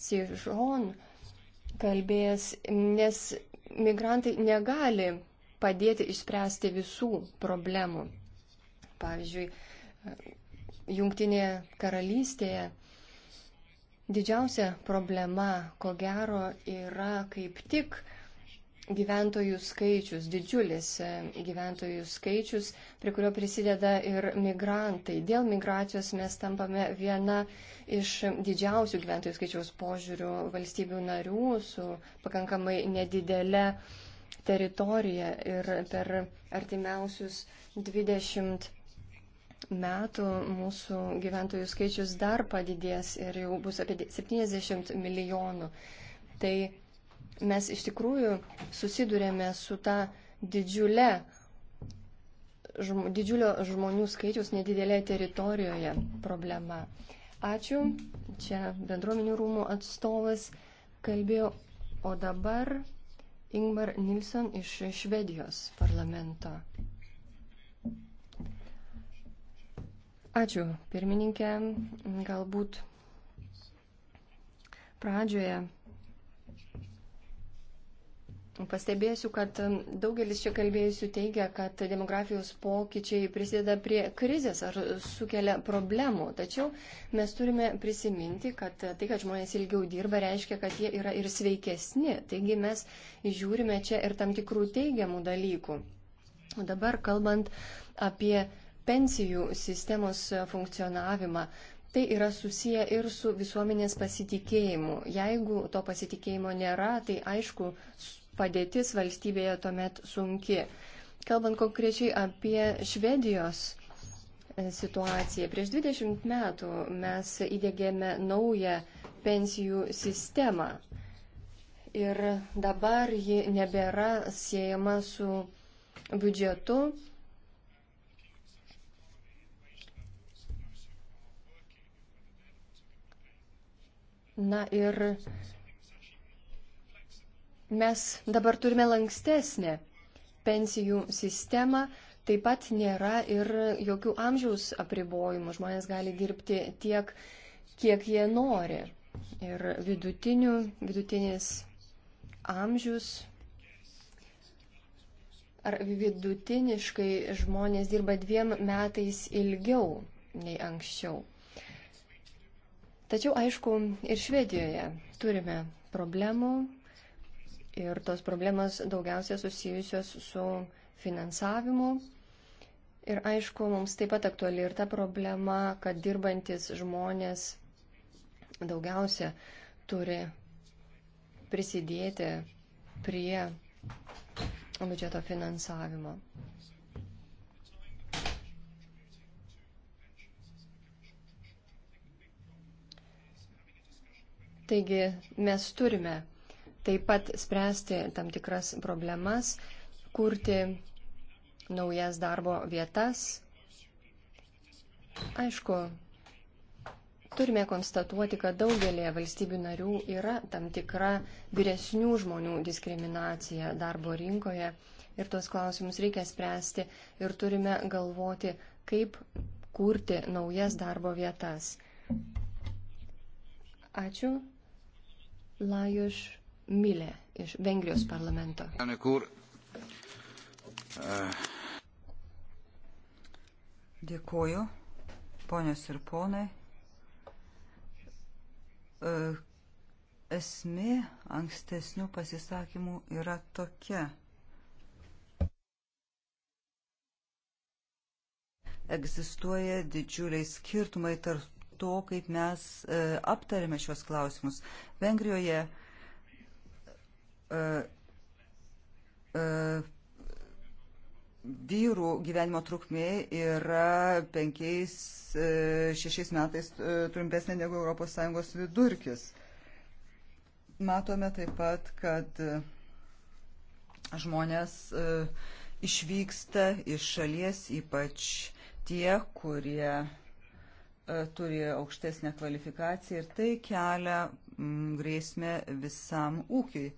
C: Cižon kalbėjęs, nes migrantai negali padėti išspręsti visų problemų. Pavyzdžiui, e, Jungtinėje karalystėje Didžiausia problema, ko gero, yra kaip tik gyventojų skaičius, didžiulis e, gyventojų skaičius, prie kurio prisideda ir migrantai. Dėl migracijos mes tampame viena iš didžiausių gyventojų skaičiaus požiūrių valstybių narių su pakankamai nedidele teritorija ir per artimiausius 20 metų mūsų gyventojų skaičius dar padidės ir jau bus apie 70 milijonų. Tai mes iš tikrųjų susidurėme su ta didžiulė, žm, didžiulio žmonių skaičiaus nedidelėje teritorijoje problema. Ačiū. Čia bendruomenių rūmų atstovas kalbėjo, o dabar Ingmar Nilsson iš Švedijos parlamento. Ačiū, pirmininkė. Galbūt pradžioje Pastebėsiu, kad daugelis čia kalbėjusių teigia, kad demografijos pokyčiai prisideda prie krizės ar sukelia problemų. Tačiau mes turime prisiminti, kad tai, kad žmonės ilgiau dirba, reiškia, kad jie yra ir sveikesni. Taigi mes žiūrime čia ir tam tikrų teigiamų dalykų. O dabar kalbant apie pensijų sistemos funkcionavimą. Tai yra susiję ir su visuomenės pasitikėjimu. Jeigu to pasitikėjimo nėra, tai aišku, padėtis valstybėje tuomet sunki. Kalbant konkrečiai apie Švedijos e, situaciją, prieš 20 metų mes įdėgėme naują pensijų sistemą. Ir dabar ji nebėra siejama su biudžetu, Na ir mes dabar turime lankstesnę pensijų sistemą, taip pat nėra ir jokių amžiaus apribojimų. Žmonės gali dirbti tiek, kiek jie nori. Ir vidutinių, vidutinis amžius ar vidutiniškai žmonės dirba dviem metais ilgiau nei anksčiau. Tačiau, aišku, ir Švedijoje turime problemų ir tos problemas daugiausia susijusios su finansavimu. Ir aišku, mums taip pat aktuali ir ta problema, kad dirbantis žmonės daugiausia turi prisidėti prie biudžeto finansavimo. Taigi mes turime taip pat spręsti tam tikras problemas, kurti naujas darbo vietas. Aišku, turime konstatuoti, kad daugelėje valstybių narių yra tam tikra vyresnių žmonių diskriminacija darbo rinkoje ir tuos klausimus reikia spręsti ir turime galvoti, kaip kurti naujas darbo vietas. Ačiū. Lajos Mile iš Vengrijos parlamento. E, Dėkuoju,
B: ponios ir ponai. E, esmė ankstesnių pasisakymų yra tokia. Egzistuoja didžiuliai skirtumai tarp to, kaip mes e, aptarėme šios klausimus. Vengrijoje e, e, vyrų gyvenimo trukmė yra penkiais, šešiais metais trumpesnė negu ES vidurkis. Matome taip pat, kad žmonės išvyksta iš šalies, ypač tie, kurie E, turi aukštesnę kvalifikaciją ir tai kelia grėsmę visam ūkiui.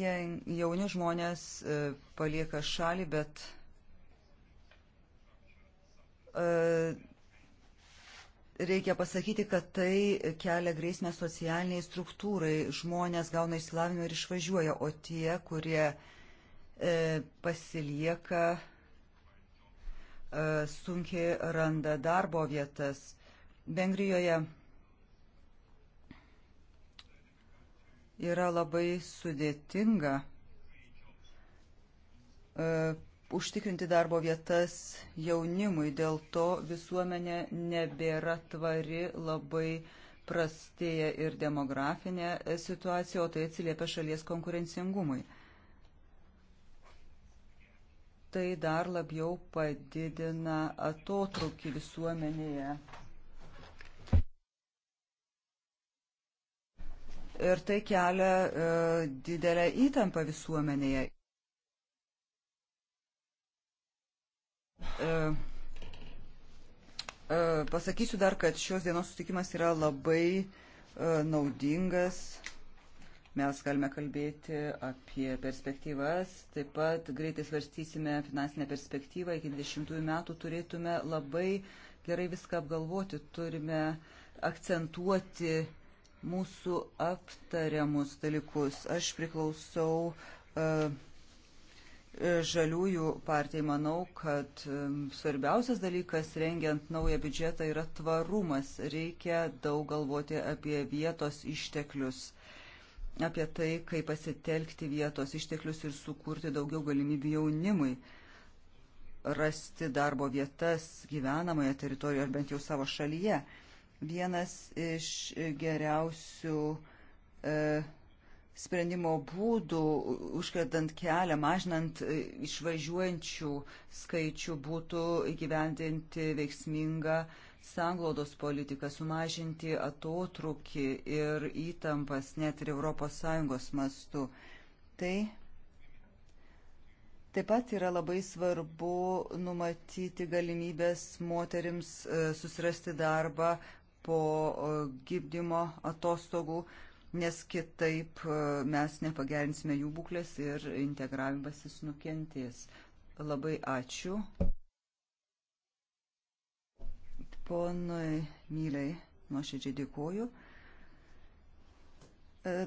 B: Jie jauni žmonės e, palieka šalį, bet e, reikia pasakyti, kad tai kelia grėsmę socialiniai struktūrai. Žmonės gauna išsilavinimą ir išvažiuoja, o tie, kurie pasilieka, E, sunkiai randa darbo vietas. Vengrijoje yra labai sudėtinga uh, užtikrinti darbo vietas jaunimui, dėl to visuomenė nebėra tvari, labai prastėja ir demografinė situacija, o tai atsiliepia šalies konkurencingumui tai dar labiau padidina atotrukį visuomenėje. Ir tai kelia e, didelę įtampą visuomenėje. E, e, pasakysiu dar, kad šios dienos sutikimas yra labai e, naudingas Mes galime kalbėti apie perspektyvas, taip pat greitai svarstysime finansinę perspektyvą, iki 20 metų turėtume labai gerai viską apgalvoti, turime akcentuoti mūsų aptariamus dalykus. Aš priklausau uh, žaliųjų partijai manau, kad e, svarbiausias dalykas rengiant naują biudžetą yra tvarumas. Reikia daug galvoti apie vietos išteklius apie tai, kaip pasitelkti vietos išteklius ir sukurti daugiau galimybių jaunimui rasti darbo vietas gyvenamoje teritorijoje ar bent jau savo šalyje. Vienas iš geriausių e, sprendimo būdų, užkardant kelią, mažinant e, išvažiuojančių skaičių, būtų įgyvendinti veiksmingą e, sanglaudos politiką, sumažinti atotrukį ir įtampas net ir ES mastu. Tai taip pat yra labai svarbu numatyti galimybės moterims e, susirasti darbą po e, gimdymo atostogų, nes kitaip e, mes nepagerinsime jų būklės ir integravimasis nukentės. Labai ačiū. Ponui Myliai nuoširdžiai dėkuoju. E,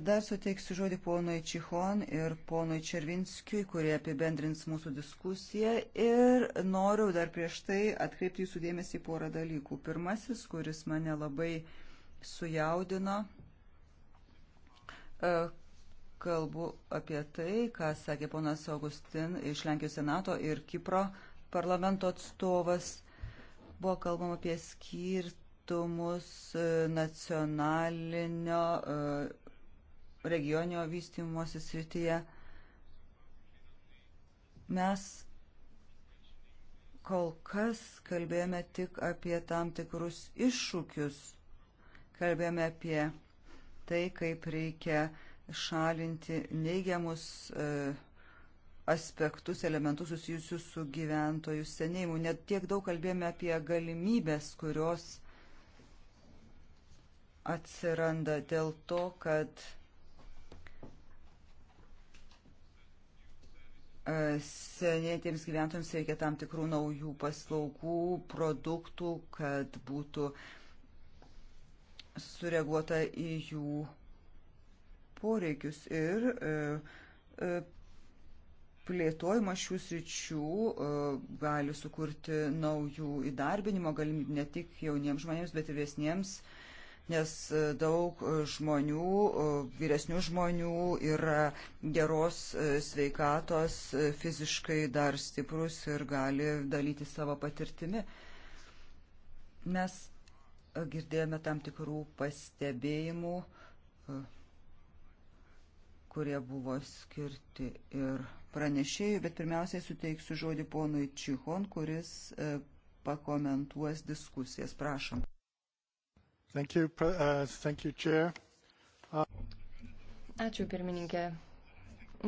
B: dar suteiksiu žodį ponui Čihon ir ponui Červinskijui, kurie apibendrins mūsų diskusiją. Ir noriu dar prieš tai atkreipti jūsų dėmesį į porą dalykų. Pirmasis, kuris mane labai sujaudino, e, kalbu apie tai, ką sakė ponas Augustin iš Lenkijos Senato ir Kipro parlamento atstovas Buvo kalbama apie skirtumus e, nacionalinio e, regioninio vystymosi srityje. Mes kol kas kalbėjome tik apie tam tikrus iššūkius, kalbėjome apie tai, kaip reikia šalinti neigiamus e, aspektus, elementus susijusius su gyventojų senėjimu. Net tiek daug kalbėjome apie galimybės, kurios atsiranda dėl to, kad e, senėtiems gyventojams reikia tam tikrų naujų paslaugų, produktų, kad būtų sureaguota į jų poreikius ir e, e, plėtojimas šių sričių e, gali sukurti naujų įdarbinimo galimybių ne tik jauniems žmonėms, bet ir viesniems, nes e, daug e, žmonių, vyresnių žmonių yra geros sveikatos, fiziškai dar stiprus ir gali dalyti savo patirtimi. Mes girdėjome tam tikrų pastebėjimų kurie buvo skirti ir pranešėjų, bet pirmiausiai suteiksiu žodį ponui Čihon, kuris e, pakomentuos diskusijas. Prašom. Thank you, uh, thank you, chair.
C: Uh... Ačiū pirmininkė.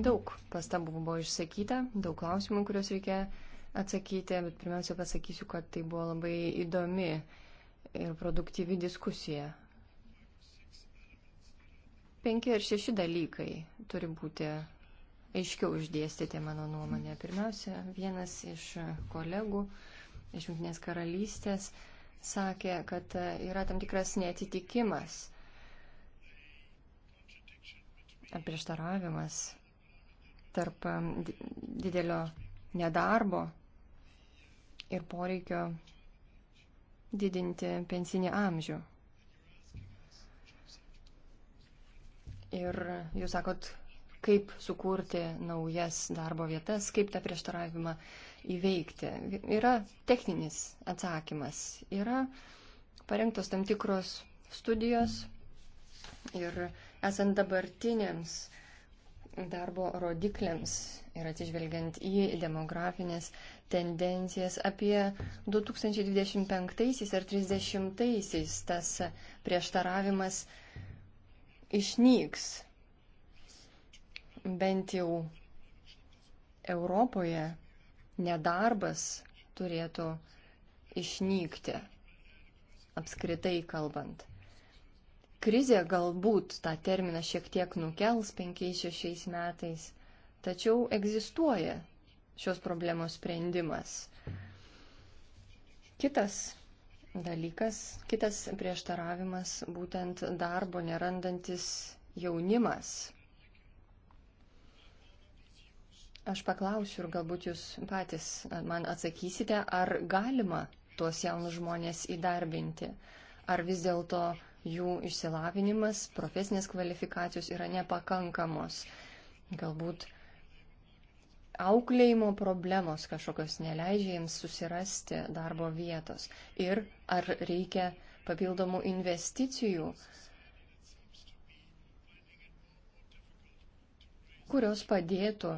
C: Daug pastabų buvo išsakyta, daug klausimų, kuriuos reikia atsakyti, bet pirmiausia pasakysiu, kad tai buvo labai įdomi ir produktyvi diskusija. Penki ar šeši dalykai turi būti aiškiau išdėstyti mano nuomonę. Pirmiausia, vienas iš kolegų iš Junktinės karalystės sakė, kad yra tam tikras netitikimas, prieštaravimas tarp didelio nedarbo ir poreikio didinti pensinį amžių. Ir jūs sakot, kaip sukurti naujas darbo vietas, kaip tą prieštaravimą įveikti. Yra techninis atsakymas, yra parengtos tam tikros studijos ir esant dabartinėms darbo rodikliams ir atsižvelgiant į demografinės tendencijas apie 2025 ar 30 tas prieštaravimas išnyks bent jau Europoje nedarbas turėtų išnykti, apskritai kalbant. Krizė galbūt tą terminą šiek tiek nukels 5-6 metais, tačiau egzistuoja šios problemos sprendimas. Kitas dalykas, kitas prieštaravimas būtent darbo nerandantis jaunimas. Aš paklausiu ir galbūt jūs patys man atsakysite, ar galima tuos jaunus žmonės įdarbinti, ar vis dėlto jų išsilavinimas, profesinės kvalifikacijos yra nepakankamos. Galbūt auklėjimo problemos kažkokios neleidžia jiems susirasti darbo vietos ir ar reikia papildomų investicijų, kurios padėtų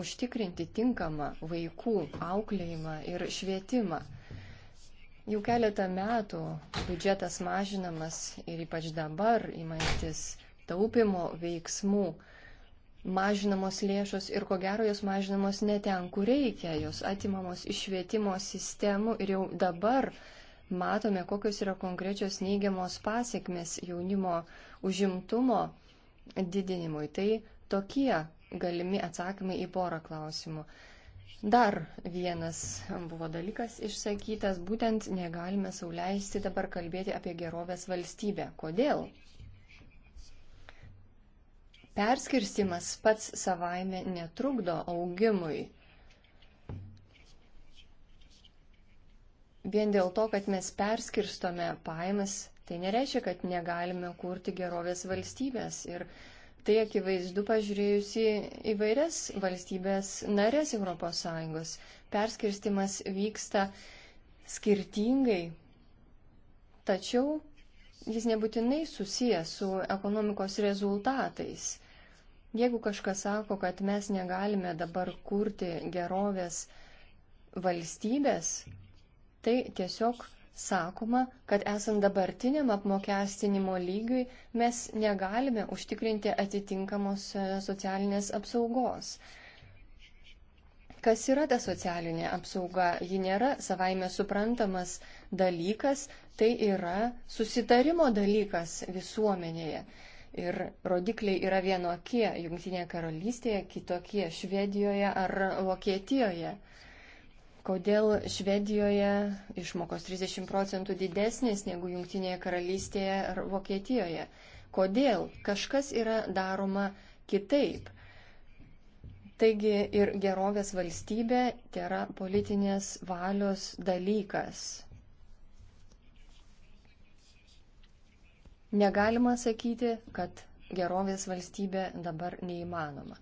C: užtikrinti tinkamą vaikų auklėjimą ir švietimą. Jau keletą metų biudžetas mažinamas ir ypač dabar įmantis taupimo veiksmų mažinamos lėšos ir ko gero jos mažinamos ne ten, kur reikia, jos atimamos iš švietimo sistemų ir jau dabar matome, kokios yra konkrečios neigiamos pasiekmes jaunimo užimtumo didinimui. Tai tokie galimi atsakymai į porą klausimų. Dar vienas buvo dalykas išsakytas, būtent negalime sauliaisti dabar kalbėti apie gerovės valstybę. Kodėl? Perskirstimas pats savaime netrukdo augimui. Vien dėl to, kad mes perskirstome paėmas, tai nereiškia, kad negalime kurti gerovės valstybės. Ir uh, Tai akivaizdu pažiūrėjus į įvairias valstybės narės ES. Perskirstimas vyksta skirtingai, tačiau jis nebūtinai susijęs su ekonomikos rezultatais. Jeigu kažkas sako, kad mes negalime dabar kurti gerovės valstybės, tai tiesiog sakoma, kad esant dabartiniam apmokestinimo lygiui mes negalime užtikrinti atitinkamos e, socialinės apsaugos. Kas yra ta socialinė apsauga? Ji nėra savaime suprantamas dalykas, tai yra susitarimo dalykas visuomenėje. Ir rodikliai yra vienokie Junktinėje karalystėje, kitokie Švedijoje ar Vokietijoje kodėl Švedijoje išmokos 30 procentų didesnės negu Junktinėje karalystėje ar Vokietijoje. Kodėl kažkas yra daroma kitaip. Taigi ir gerovės valstybė tai yra politinės valios dalykas. Negalima sakyti, kad gerovės valstybė dabar neįmanoma.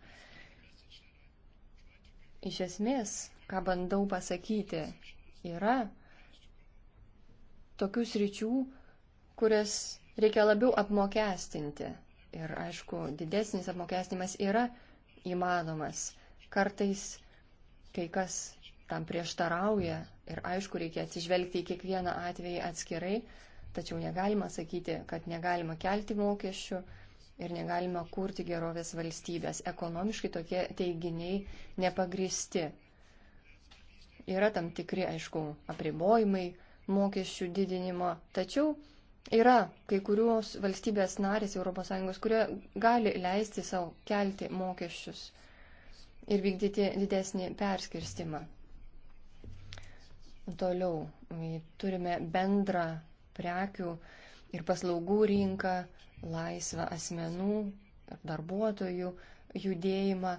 C: Iš esmės, ką bandau pasakyti, yra tokių sričių, kurias reikia labiau apmokestinti. Ir aišku, didesnis apmokestinimas yra įmanomas. Kartais kai kas tam prieštarauja ir aišku, reikia atsižvelgti į kiekvieną atvejį atskirai, tačiau negalima sakyti, kad negalima kelti mokesčių ir negalima kurti gerovės valstybės. Ekonomiškai tokie teiginiai nepagristi. Yra tam tikri, aišku, apribojimai mokesčių didinimo, tačiau yra kai kurios valstybės narės ES, kurie gali leisti savo kelti mokesčius ir vykdyti didesnį perskirstimą. Toliau turime bendrą prekių ir paslaugų rinką, laisvą asmenų ir darbuotojų judėjimą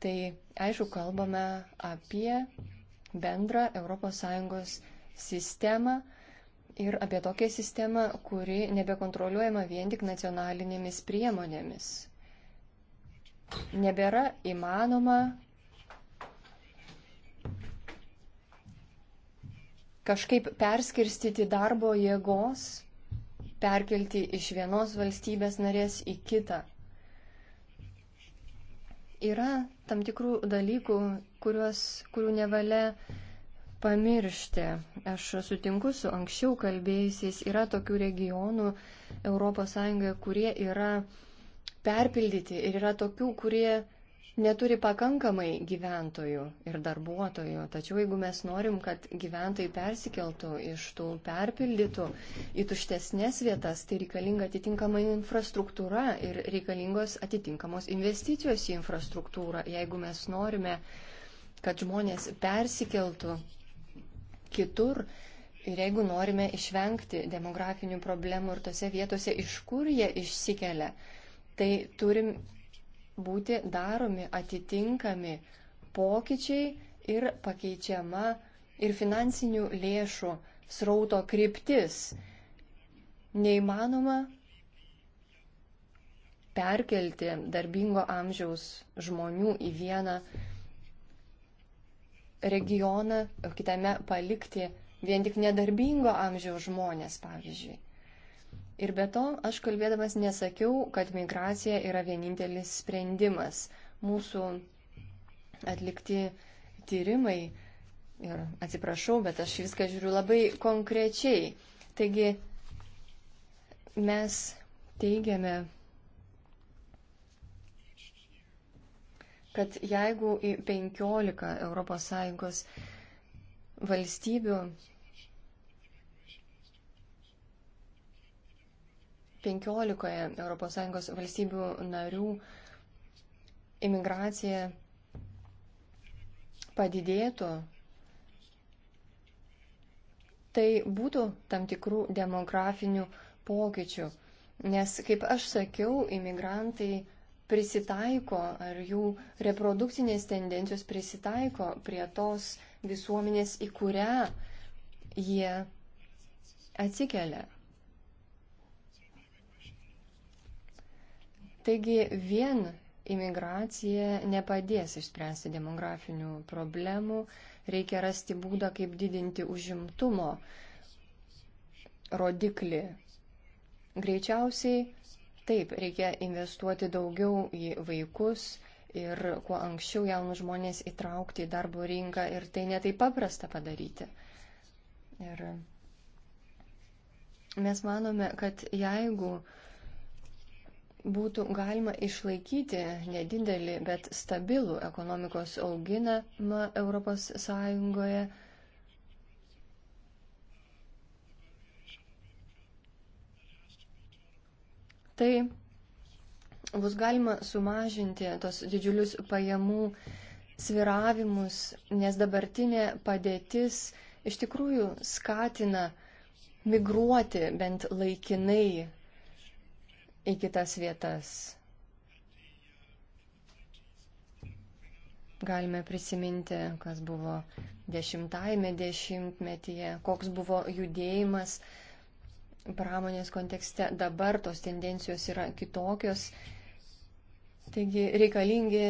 C: tai aišku kalbame apie bendrą ES sistemą ir apie tokią sistemą, kuri nebekontroliuojama vien tik nacionalinėmis priemonėmis. Nebėra įmanoma kažkaip perskirstyti darbo jėgos, perkelti iš vienos valstybės narės į kitą. Yra tam tikrų dalykų, kuriuos, kurių nevalia pamiršti. Aš sutinku su anksčiau kalbėjusiais, yra tokių regionų ES, kurie yra perpildyti ir yra tokių, kurie neturi pakankamai gyventojų ir darbuotojų. Tačiau jeigu mes norim, kad gyventojai persikeltų iš tų perpildytų į tuštesnės vietas, tai reikalinga atitinkama infrastruktūra ir reikalingos atitinkamos investicijos į infrastruktūrą. Jeigu mes norime, kad žmonės persikeltų kitur, Ir jeigu norime išvengti demografinių problemų ir tose vietose, iš kur jie išsikelia, tai turim būti daromi atitinkami pokyčiai ir pakeičiama ir finansinių lėšų srauto kryptis. Neįmanoma perkelti darbingo amžiaus žmonių į vieną regioną, o kitame palikti vien tik nedarbingo amžiaus žmonės, pavyzdžiui. Ir be to, aš kalbėdamas nesakiau, kad migracija yra vienintelis sprendimas. Mūsų atlikti tyrimai, ir atsiprašau, bet aš viską žiūriu labai konkrečiai. Taigi, mes teigiame, kad jeigu į 15 ES valstybių 15 ES valstybių narių imigracija padidėtų, tai būtų tam tikrų demografinių pokyčių. Nes, kaip aš sakiau, imigrantai prisitaiko ar jų reprodukcinės tendencijos prisitaiko prie tos visuomenės, į kurią jie atsikelia. Taigi vien imigracija nepadės išspręsti demografinių problemų, reikia rasti būdą, kaip didinti užimtumo rodiklį. Greičiausiai taip, reikia investuoti daugiau į vaikus ir kuo anksčiau jaunus žmonės įtraukti į darbo rinką ir tai netai paprasta padaryti. Ir mes manome, kad jeigu uh, būtų galima išlaikyti nedidelį, bet stabilų ekonomikos auginimą Europos Sąjungoje. Tai bus galima sumažinti tos didžiulius pajamų sviravimus, nes dabartinė padėtis iš tikrųjų skatina migruoti bent laikinai į kitas vietas. Galime prisiminti, kas buvo dešimtajame dešimtmetyje, koks buvo judėjimas pramonės kontekste. Dabar tos tendencijos yra kitokios. Taigi reikalingi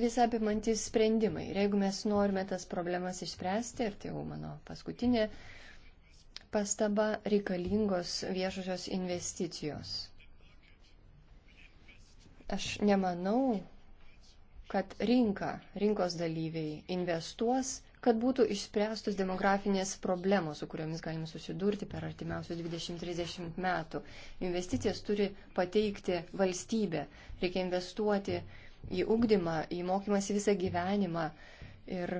C: visą apimantis sprendimai. Ir jeigu mes norime tas problemas išspręsti, ir tai jau mano paskutinė pastaba, reikalingos viešosios investicijos. Aš nemanau, kad rinka, rinkos dalyviai investuos, kad būtų išspręstos demografinės problemos, su kuriomis galime susidurti per artimiausius 20-30 metų. Investicijas turi pateikti valstybė. Reikia investuoti į ugdymą, į mokymąsi visą gyvenimą. Ir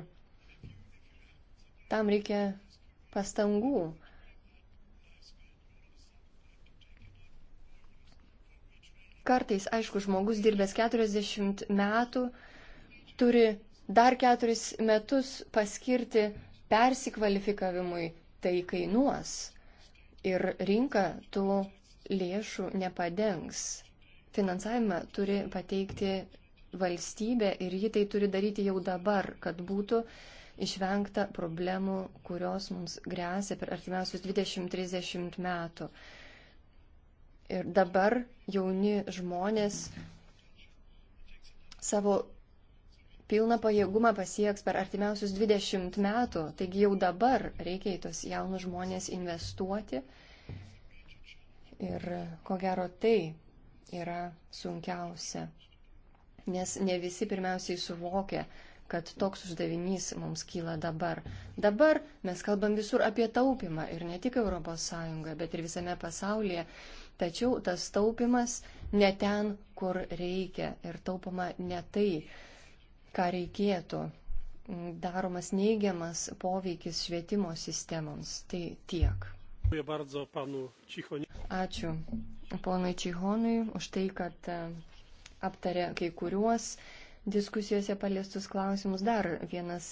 C: tam reikia pastangų. kartais, aišku, žmogus dirbęs 40 metų turi dar keturis metus paskirti persikvalifikavimui, tai kainuos. Ir rinka tų lėšų nepadengs. Finansavimą turi pateikti valstybė ir ji tai turi daryti jau dabar, kad būtų išvengta problemų, kurios mums grėsia per artimiausius 20-30 metų. Ir dabar jauni žmonės savo pilną pajėgumą pasieks per artimiausius 20 metų. Taigi jau dabar reikia į tos jaunus žmonės investuoti. Ir ko gero tai yra sunkiausia. Nes ne visi pirmiausiai suvokia, kad toks uždavinys mums kyla dabar. Dabar mes kalbam visur apie taupimą ir ne tik ES, bet ir visame pasaulyje. Tačiau tas taupimas ne ten, kur reikia ir taupama ne tai, ką reikėtų. Daromas neigiamas poveikis švietimo sistemoms. Tai tiek. Ačiū ponui Čihonui už tai, kad e, aptarė kai kuriuos diskusijose paliestus klausimus. Dar vienas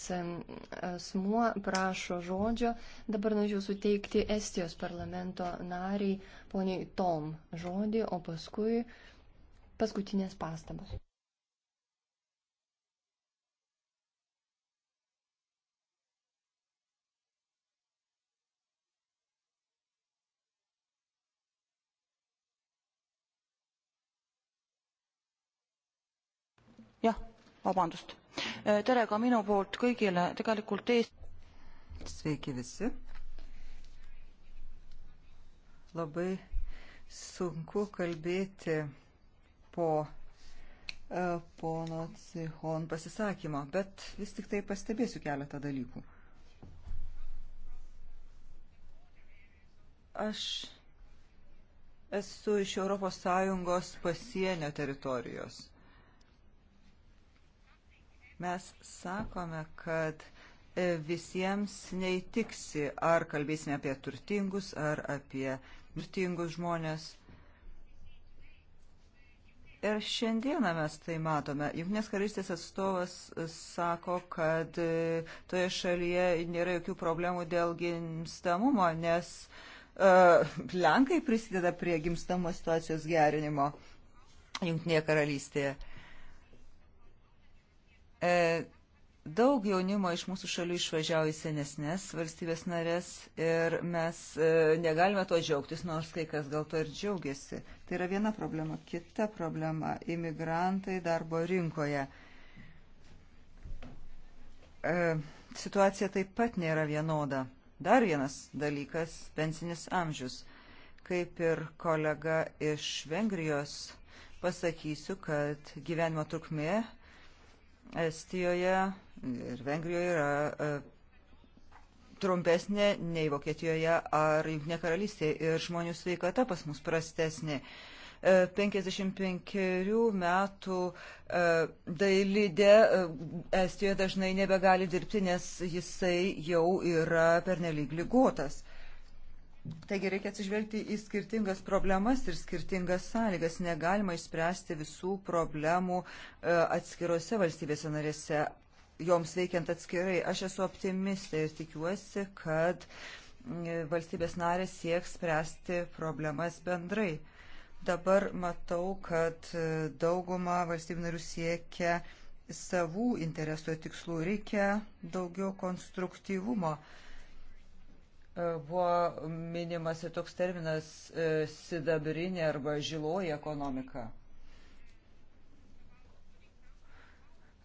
C: asmuo prašo žodžio. Dabar norėčiau suteikti Estijos parlamento nariai poniai Tom žodį, o paskui paskutinės pastabos.
B: jah, vabandust. Äh, tere ka minu poolt kõigile, tegelikult ees-. sveiki visi. labai sunku kalbėti po e, pono Cihon pasisakymą, bet vis tik tai pastebėsiu keletą dalykų. Aš esu iš Europos Sąjungos pasienio teritorijos Mes sakome, kad e, visiems neįtiksi, ar kalbėsime apie turtingus, ar apie turtingus žmonės. Ir šiandieną mes tai matome. Junknės karalystės atstovas e, sako, kad e, toje šalyje nėra jokių problemų dėl gimstamumo, nes uh, Lenkai prisideda prie gimstamo situacijos gerinimo Junknėje karalystėje. E, daug jaunimo iš mūsų šalių išvažiavo į senesnės valstybės narės ir mes e, negalime to džiaugtis, nors kai kas gal to ir džiaugiasi. Tai yra viena problema. Kita problema - imigrantai darbo rinkoje. E, situacija taip pat nėra vienoda. Dar vienas dalykas - pensinis amžius. Kaip ir kolega iš Vengrijos pasakysiu, kad gyvenimo trukmė Estijoje ir Vengrijoje yra e, trumpesnė nei Vokietijoje ar Junktinė karalystė ir žmonių sveikata pas mus prastesnė. 55 e, metų e, dailidė Estijoje dažnai nebegali dirbti, nes jisai jau yra pernelyg lygotas. Taigi reikia atsižvelgti į skirtingas problemas ir skirtingas sąlygas. Negalima išspręsti visų problemų e, atskirose valstybėse narėse, joms veikiant atskirai. Aš esu optimistė ir tikiuosi, kad e, valstybės narės sieks spręsti problemas bendrai. Dabar matau, kad e, dauguma valstybių narių siekia savų interesų tikslų. Reikia daugiau konstruktyvumo. Uh, buvo minimas ir toks terminas e, sidabrinė arba žiloji ekonomika.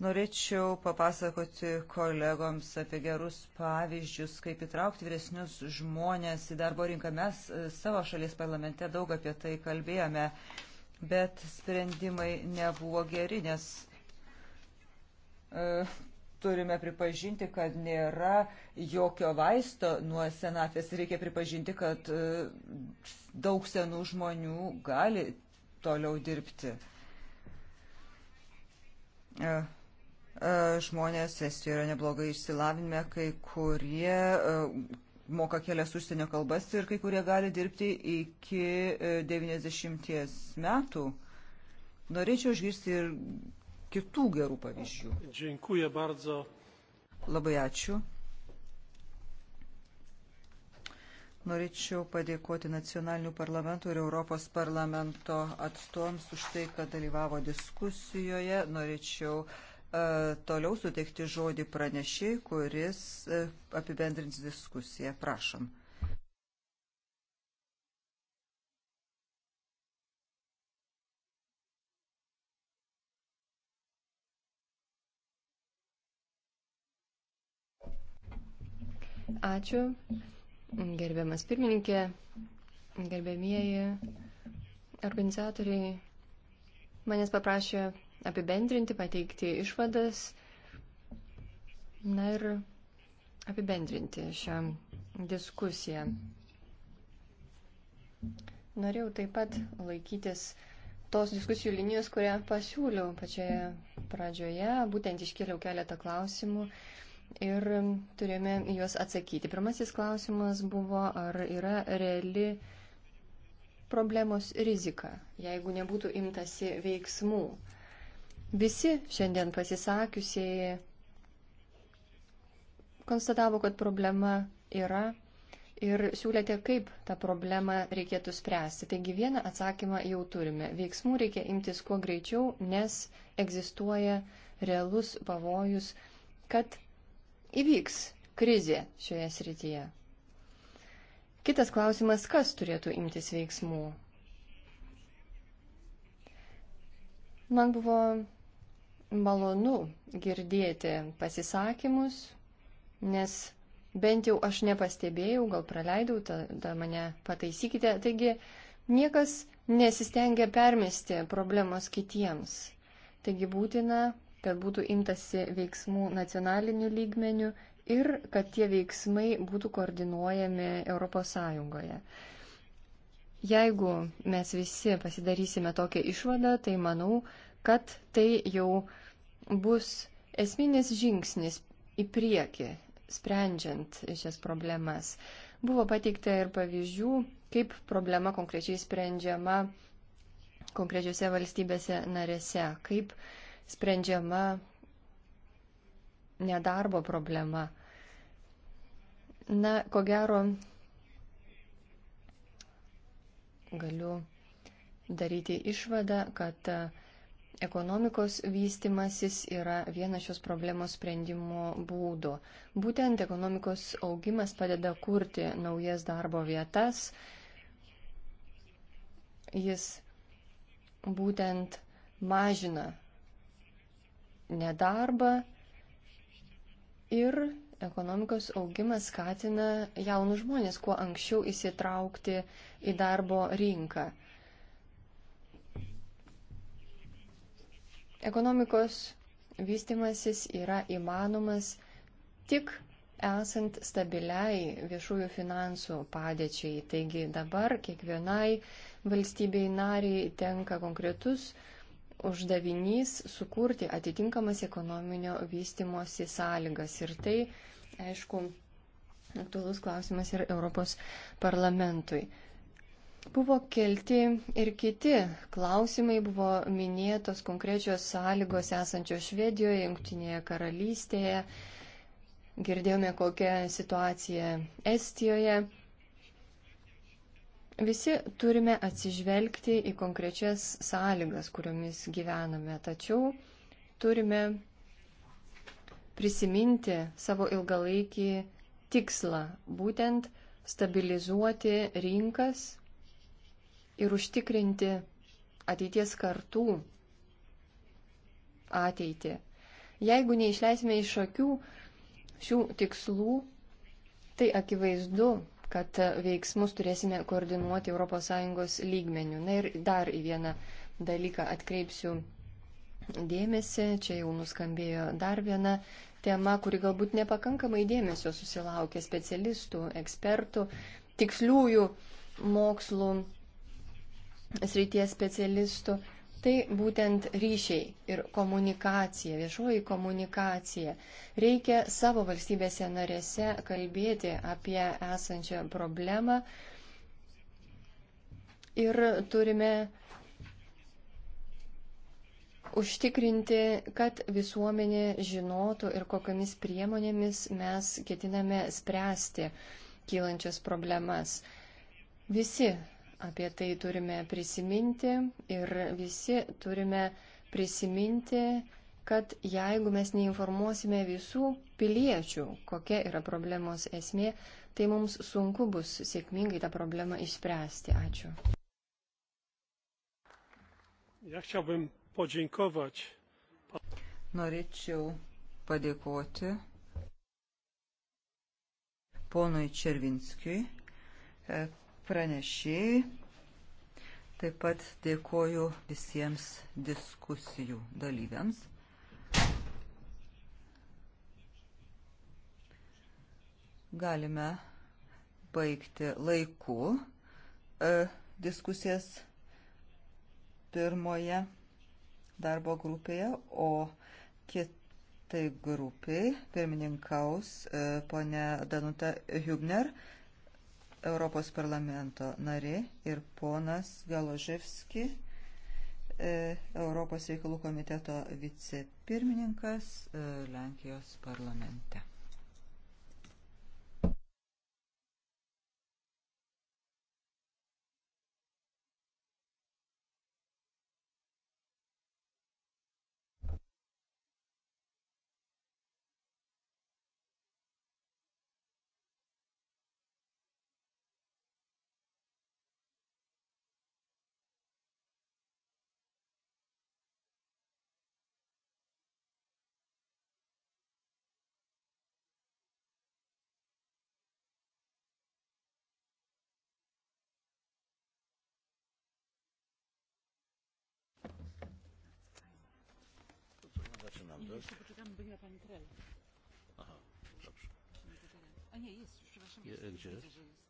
B: Norėčiau papasakoti kolegoms apie gerus pavyzdžius, kaip įtraukti vyresnius žmonės į darbo rinką. Mes e, savo šalies parlamente daug apie tai kalbėjome, bet sprendimai nebuvo geri, nes e, turime pripažinti, kad nėra jokio vaisto nuo senatvės. Reikia pripažinti, kad e, daug senų žmonių gali toliau dirbti. E, e, žmonės Estijoje yra neblogai išsilavinę, kai kurie moka kelias užsienio kalbas ir kai kurie gali dirbti iki 90 metų. Norėčiau išgirsti ir kitų gerų pavyzdžių. Dziękuję bardzo. Labai ačiū. Norėčiau padėkoti nacionalinių parlamentų ir Europos parlamento atstovams už tai, kad dalyvavo diskusijoje. Norėčiau uh, toliau suteikti žodį pranešiai, kuris uh, apibendrins diskusiją. Prašom.
C: Ačiū. Gerbiamas pirmininkė, gerbėmieji organizatoriai manęs paprašė apibendrinti, pateikti išvadas. Na ir apibendrinti šią diskusiją. Norėjau taip pat laikytis tos diskusijų linijos, kurią pasiūliau pačioje pradžioje. Būtent iškėliau keletą klausimų ir turėjome juos atsakyti. Pirmasis klausimas buvo, ar yra reali problemos rizika, jeigu nebūtų imtasi veiksmų. Visi šiandien pasisakiusieji konstatavo, kad problema yra ir siūlėte, kaip tą problemą reikėtų spręsti. Taigi vieną atsakymą jau turime. Veiksmų reikia imtis kuo greičiau, nes egzistuoja realus pavojus, kad įvyks krizė šioje srityje. Kitas klausimas, kas turėtų imtis veiksmų? Man buvo malonu girdėti pasisakymus, nes bent jau aš nepastebėjau, gal praleidau, tada mane pataisykite. Taigi niekas nesistengia permesti problemos kitiems. Taigi būtina kad būtų imtasi veiksmų nacionaliniu lygmeniu ir kad tie veiksmai būtų koordinuojami ES. Jeigu mes visi pasidarysime tokią išvadą, tai manau, kad tai jau bus esminis žingsnis į priekį, sprendžiant šias problemas. Buvo pateikta ir pavyzdžių, kaip problema konkrečiai sprendžiama konkrečiose valstybėse narėse, kaip uh, sprendžiama nedarbo problema. Na, ko gero, galiu daryti išvadą, kad ekonomikos vystimasis yra vienas šios problemos sprendimo būdų. Būtent ekonomikos augimas padeda kurti naujas darbo vietas. Jis būtent mažina nedarbą ir ekonomikos augimas skatina jaunus žmonės kuo anksčiau įsitraukti į darbo rinką. Ekonomikos vystimasis yra įmanomas tik esant stabiliai viešųjų finansų padėčiai. Taigi dabar kiekvienai valstybei nariai tenka konkretus uždavinys sukurti atitinkamas ekonominio vystimosi sąlygas. Ir tai, aišku, aktualus klausimas ir Europos parlamentui. Buvo kelti ir kiti klausimai, buvo minėtos konkrečios sąlygos esančios Švedijoje, Junktinėje karalystėje, girdėjome kokią situaciją Estijoje. Visi turime atsižvelgti į konkrečias sąlygas, kuriomis gyvename, tačiau turime prisiminti savo ilgalaikį tikslą - būtent stabilizuoti rinkas ir užtikrinti ateities kartų ateitį. Jeigu neišleisime iš akių šių tikslų, tai akivaizdu, kad veiksmus turėsime koordinuoti ES lygmenių. Na ir dar į vieną dalyką atkreipsiu dėmesį. Čia jau nuskambėjo dar viena tema, kuri galbūt nepakankamai dėmesio susilaukia specialistų, ekspertų, tiksliųjų mokslų srities specialistų. Tai būtent ryšiai ir komunikacija, viešoji komunikacija. Reikia savo valstybėse narėse kalbėti apie esančią problemą ir turime užtikrinti, kad visuomenė žinotų ir kokiamis priemonėmis mes ketiname spręsti kylančias problemas. Visi Apie tai turime prisiminti ir visi turime prisiminti, kad jeigu mes neinformuosime visų piliečių, kokia yra problemos esmė, tai mums sunku bus sėkmingai tą problemą išspręsti. Ačiū.
D: Ja chciałbym podziękować.
C: Norėčiau
B: padėkoti ponui Červinskijui, pranešėjai. Taip pat dėkoju visiems diskusijų dalyviams. Galime baigti laiku e, diskusijas pirmoje darbo grupėje, o kitai grupiai pirmininkaus e, ponė Danuta Hübner. Europos parlamento narė ir ponas Galoževski, e, Europos reikalų komiteto vicepirmininkas e, Lenkijos parlamente. nam też. Jeszcze poczekamy, bo nie ma pani Trel.
A: Aha, dobrze.
B: A nie, jest już, przepraszam. Je, jest, gdzie? Widzę, że jest.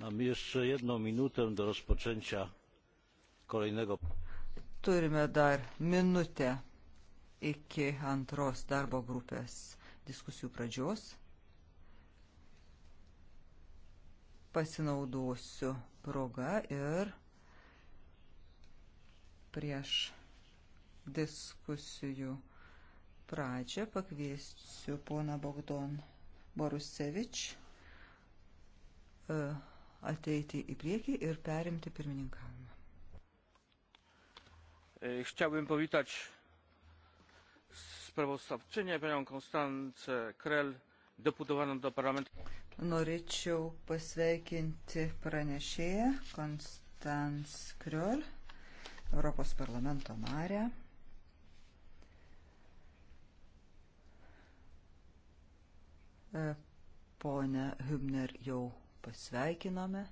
A: Mamy jeszcze jedną minutę do rozpoczęcia kolejnego.
B: Turime dar minutę iki antros darbo grupės diskusijų pradžios. Pasinaudosiu progą ir prieš diskusijų pradžią pakviesiu poną Bogdan Borusevič e, ateiti į priekį ir perimti pirmininkavimą.
A: E, chciałbym powitać sprawozdawczynię, panią Konstancę Krell, deputowaną do parlamentu.
B: Norėčiau pasveikinti pranešėją Konstanc Krell. Europos parlamento narę. E, Pone Hübner jau pasveikinome.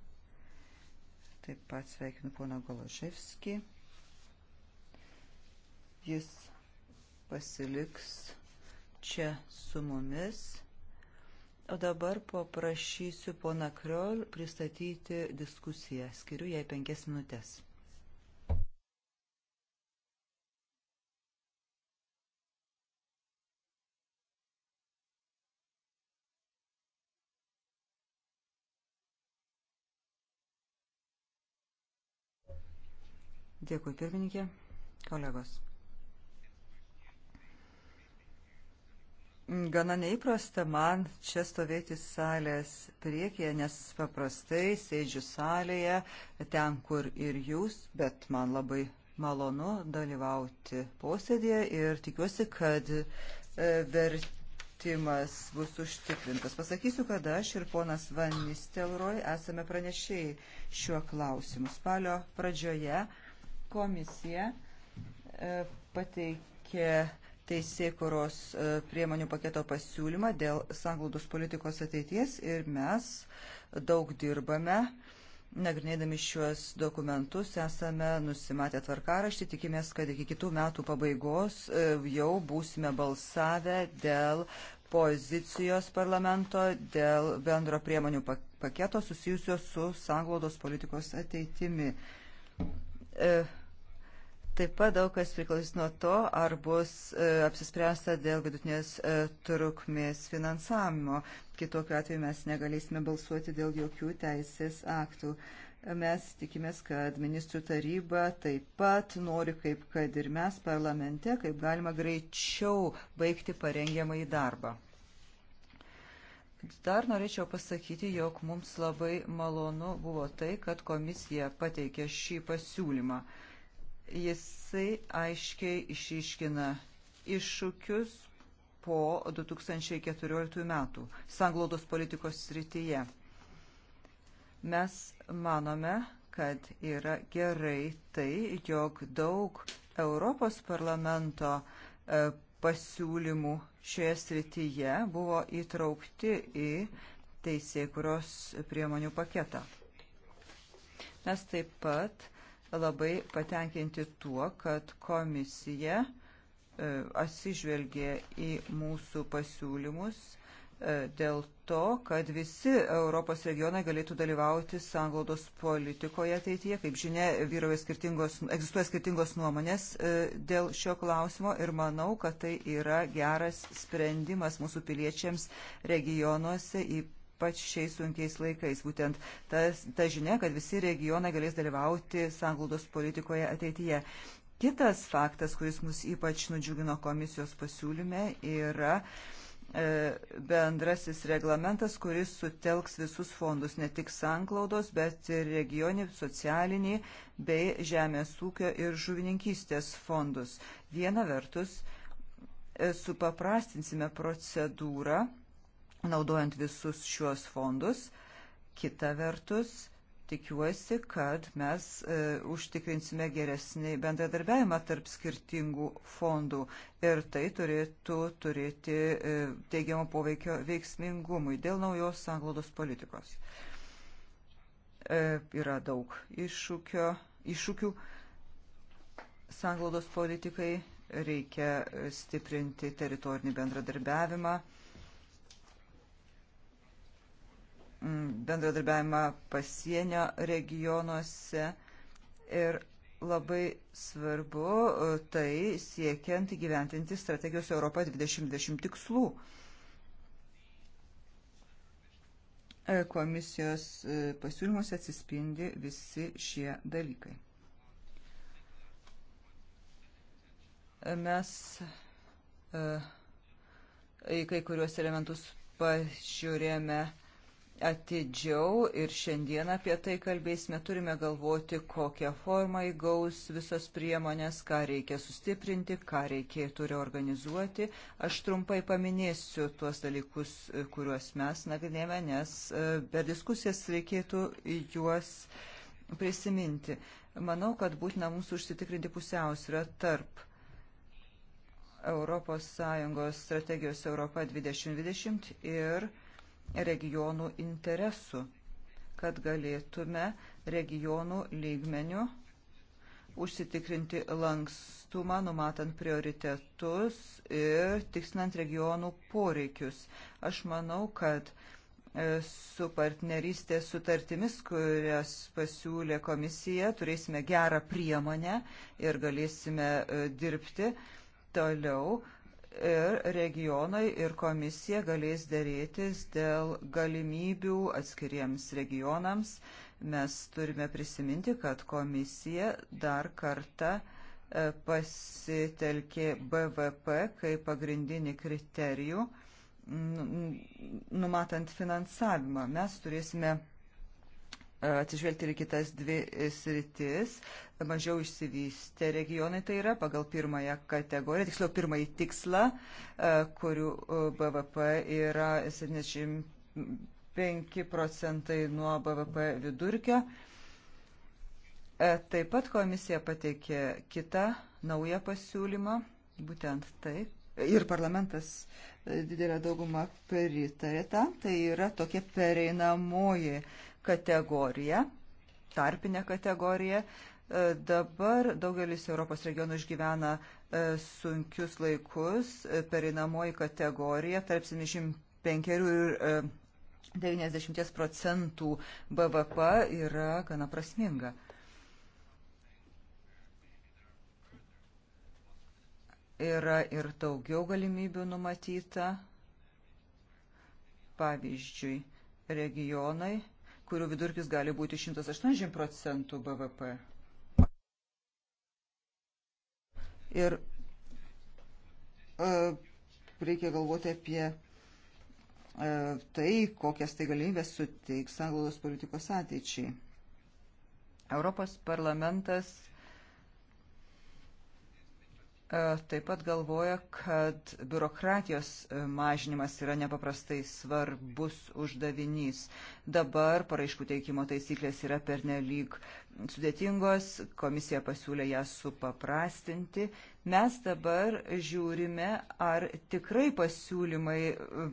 B: Taip pat sveikinu poną Gološevskį. Jis pasiliks čia su mumis. O dabar paprašysiu poną Kriol pristatyti diskusiją. Skiriu jai penkias minutės. Dėkui, pirmininkė, kolegos. Gana neįprasta man čia stovėti salės priekyje, nes paprastai sėdžiu salėje, ten kur ir jūs, bet man labai malonu dalyvauti posėdėje ir tikiuosi, kad e, vertimas bus užtikrintas. Pasakysiu, kad aš ir ponas Vanis Telroj esame pranešėjai šiuo klausimu. Spalio pradžioje Komisija e, pateikė teisėkuros e, priemonių paketo pasiūlymą dėl sanglaudos politikos ateities ir mes daug dirbame. Nagrinėdami šiuos dokumentus esame nusimatę tvarkaraštį, tikimės, kad iki kitų metų pabaigos e, jau būsime balsavę dėl pozicijos parlamento, dėl bendro priemonių paketo susijusio su sanglaudos politikos ateitimi. E, taip pat daug kas priklausys nuo to, ar bus e, apsispręsta dėl vidutinės e, trukmės finansavimo. Kitokiu atveju mes negalėsime balsuoti dėl jokių teisės aktų. Mes tikimės, kad ministrų taryba taip pat nori, kaip kad ir mes parlamente, kaip galima greičiau baigti parengiamą į darbą. Dar norėčiau pasakyti, jog mums labai malonu buvo tai, kad komisija pateikė šį pasiūlymą. Jisai aiškiai išiškina iššūkius po 2014 metų sanglaudos politikos srityje. Mes manome, kad yra gerai tai, jog daug Europos parlamento e, pasiūlymų šioje srityje buvo įtraukti į teisėkuros priemonių paketą. Mes taip pat labai patenkinti tuo, kad komisija e, atsižvelgė į mūsų pasiūlymus E, dėl to, kad visi Europos regionai galėtų dalyvauti sanglaudos politikoje ateityje. Kaip žinia, vyrauja skirtingos, egzistuoja skirtingos nuomonės e, dėl šio klausimo ir manau, kad tai yra geras sprendimas mūsų piliečiams regionuose ypač šiais sunkiais laikais. Būtent ta, ta žinia, kad visi regionai galės dalyvauti sanglaudos politikoje ateityje. Kitas faktas, kuris mus ypač nudžiugino komisijos pasiūlyme, yra uh, E, bendrasis reglamentas, kuris sutelks visus fondus, ne tik sanklaudos, bet ir regionį, socialinį bei žemės ūkio ir žuvininkystės fondus. Viena vertus, e, supaprastinsime procedūrą, naudojant visus šiuos fondus. Kita vertus, Tikiuosi, kad mes e, užtikrinsime geresnį bendradarbiavimą tarp skirtingų fondų ir tai turėtų turėti e, teigiamą poveikio veiksmingumui dėl naujos sanglaudos politikos. E, yra daug iššūkio, iššūkių sanglaudos politikai, reikia stiprinti teritorinį bendradarbiavimą bendradarbiavimą pasienio regionuose ir labai svarbu e, tai siekiant įgyventinti strategijos Europą 2020 tikslų. E, komisijos e, pasiūlymuose atsispindi visi šie dalykai. Mes į kai kuriuos elementus pažiūrėjome atidžiau ir šiandien apie tai kalbėsime, turime galvoti, kokią formą įgaus visos priemonės, ką reikia sustiprinti, ką reikėtų reorganizuoti. Aš trumpai paminėsiu tuos dalykus, kuriuos mes nagrinėjame, nes e, per diskusijas reikėtų juos prisiminti. Manau, kad būtina mums užsitikrinti pusiausvyrą tarp ES strategijos Europa 2020 ir regionų interesų, kad galėtume regionų lygmenių užsitikrinti lankstumą, numatant prioritetus ir tikslinant regionų poreikius. Aš manau, kad e, su partnerystės sutartimis, kurias pasiūlė komisija, turėsime gerą priemonę ir galėsime e, dirbti toliau ir regionai ir komisija galės dėrėtis dėl galimybių atskiriems regionams. Mes turime prisiminti, kad komisija dar kartą e, pasitelkė BVP kaip pagrindinį kriterijų, numatant finansavimą. Mes turėsime E, atsižvelgti ir kitas dvi sritis. Mažiau išsivystę regionai tai yra pagal pirmąją kategoriją, tiksliau pirmąjį tikslą, e, kurių e, BVP yra 75 procentai nuo BVP vidurkio. Taip pat komisija pateikė kitą naują pasiūlymą, būtent taip. Ir parlamentas didelę daugumą pritarė tam, tai yra tokia pereinamoji kategoriją, tarpinę kategoriją. E, dabar daugelis Europos regionų išgyvena e, sunkius laikus, e, perinamoji kategorija tarp 75 ir 90 procentų BVP yra gana prasminga. Yra ir daugiau galimybių numatyta. Pavyzdžiui, regionai kurių vidurkis gali būti 180 procentų BVP. Ir uh, reikia galvoti apie uh, tai, kokias tai galimybės suteiks sanglaudos politikos ateičiai. Europos parlamentas uh, E, taip pat galvoja, kad biurokratijos e, mažinimas yra nepaprastai svarbus uždavinys. Dabar paraiškų teikimo taisyklės yra pernelyg sudėtingos, komisija pasiūlė ją supaprastinti. Mes dabar žiūrime, ar tikrai pasiūlymai e,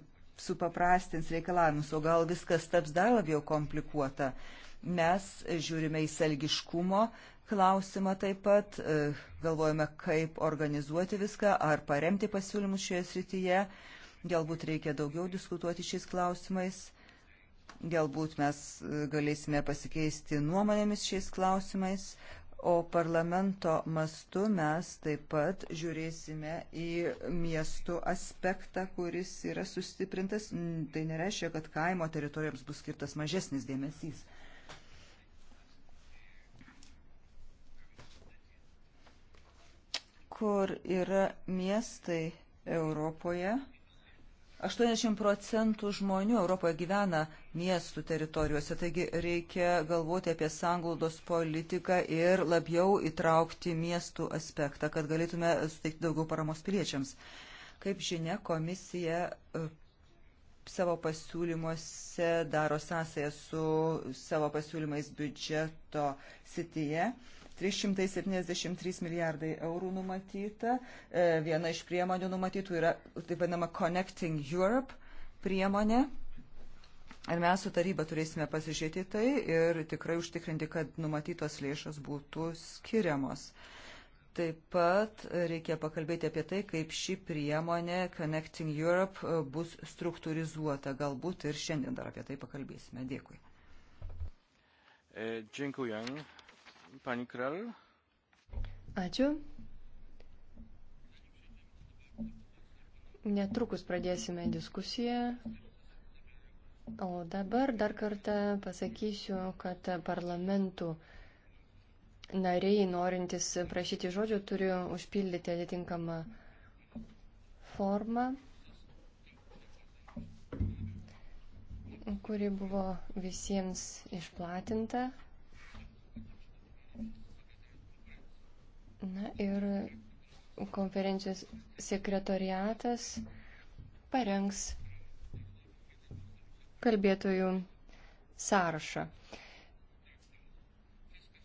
B: supaprastins reikalavimus, o gal viskas taps dar labiau komplikuota. Mes žiūrime į selgiškumo klausimą taip pat, e, galvojame, kaip organizuoti viską, ar paremti pasiūlymus šioje srityje, galbūt reikia daugiau diskutuoti šiais klausimais, galbūt mes e, galėsime pasikeisti nuomonėmis šiais klausimais, o parlamento mastu mes taip pat žiūrėsime į miestų aspektą, kuris yra sustiprintas, tai nereiškia, kad kaimo teritorijoms bus skirtas mažesnis dėmesys. kur yra miestai Europoje. 80 procentų žmonių Europoje gyvena miestų teritorijuose, taigi reikia galvoti apie sanglaudos politiką ir labiau įtraukti miestų aspektą, kad galėtume suteikti daugiau paramos piliečiams. Kaip žinia, komisija e, savo pasiūlymuose daro sąsąją su savo pasiūlymais biudžeto sityje. 373 milijardai eurų numatyta. E, viena iš priemonių numatytų yra taip vadinama Connecting Europe priemonė. Ir mes su taryba turėsime pasižiūrėti tai ir tikrai užtikrinti, kad numatytos lėšos būtų skiriamos. Taip pat reikia pakalbėti apie tai, kaip ši priemonė Connecting Europe e, bus struktūrizuota. Galbūt ir šiandien dar apie tai pakalbėsime. Dėkui.
A: E, dziękuję. Pani Krell.
C: Ačiū. Netrukus pradėsime diskusiją. O dabar dar kartą pasakysiu, kad parlamentų nariai, norintys prašyti žodžio, turi užpildyti atitinkamą formą, kuri buvo visiems išplatinta. Na ir konferencijos sekretoriatas parengs kalbėtojų sąrašą.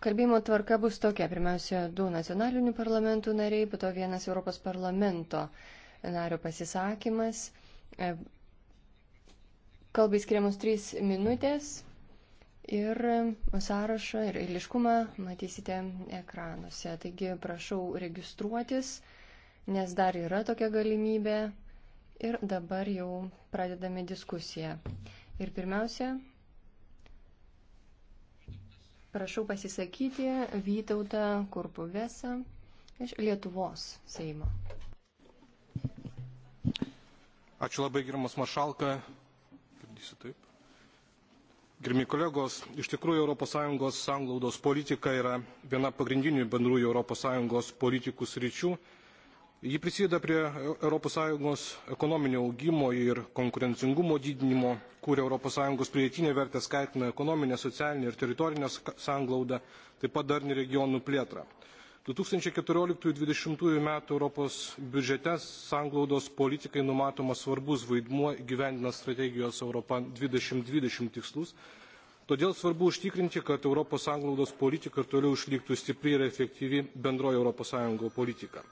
C: Kalbėjimo tvarka bus tokia. Pirmiausia, du nacionalinių parlamentų nariai, po to vienas Europos parlamento nario pasisakymas. Kalbai skiriamos trys minutės. Ir sąrašą ir eiliškumą matysite ekranuose. Taigi prašau registruotis, nes dar yra tokia galimybė. Ir dabar jau pradedame diskusiją. Ir pirmiausia, prašau pasisakyti Vytautą Kurpuvesą iš Lietuvos Seimo.
D: Ačiū labai, gerimas Maršalka. Girdysi taip. Gerbimi kolegos, iš tikrųjų ES sanglaudos politika yra viena pagrindinių bendrųjų ES politikų sričių. Ji prisideda prie ES ekonominio augimo ir konkurencingumo didinimo, kuria ES pridėtinė vertė skatina ekonominę, socialinę ir teritorinę sanglaudą, taip pat darnį regionų plėtrą du tūkstančiai keturiolika dvidešimt metų europos biudžete sanglaudos politikai numatomas svarbus vaidmuo įgyvendinant strategijos europa du tūkstančiai dvidešimt tikslus todėl svarbu užtikrinti kad europos sanglaudos politika ir toliau išliktų stipri ir efektyvi bendroji europos sąjungos politika.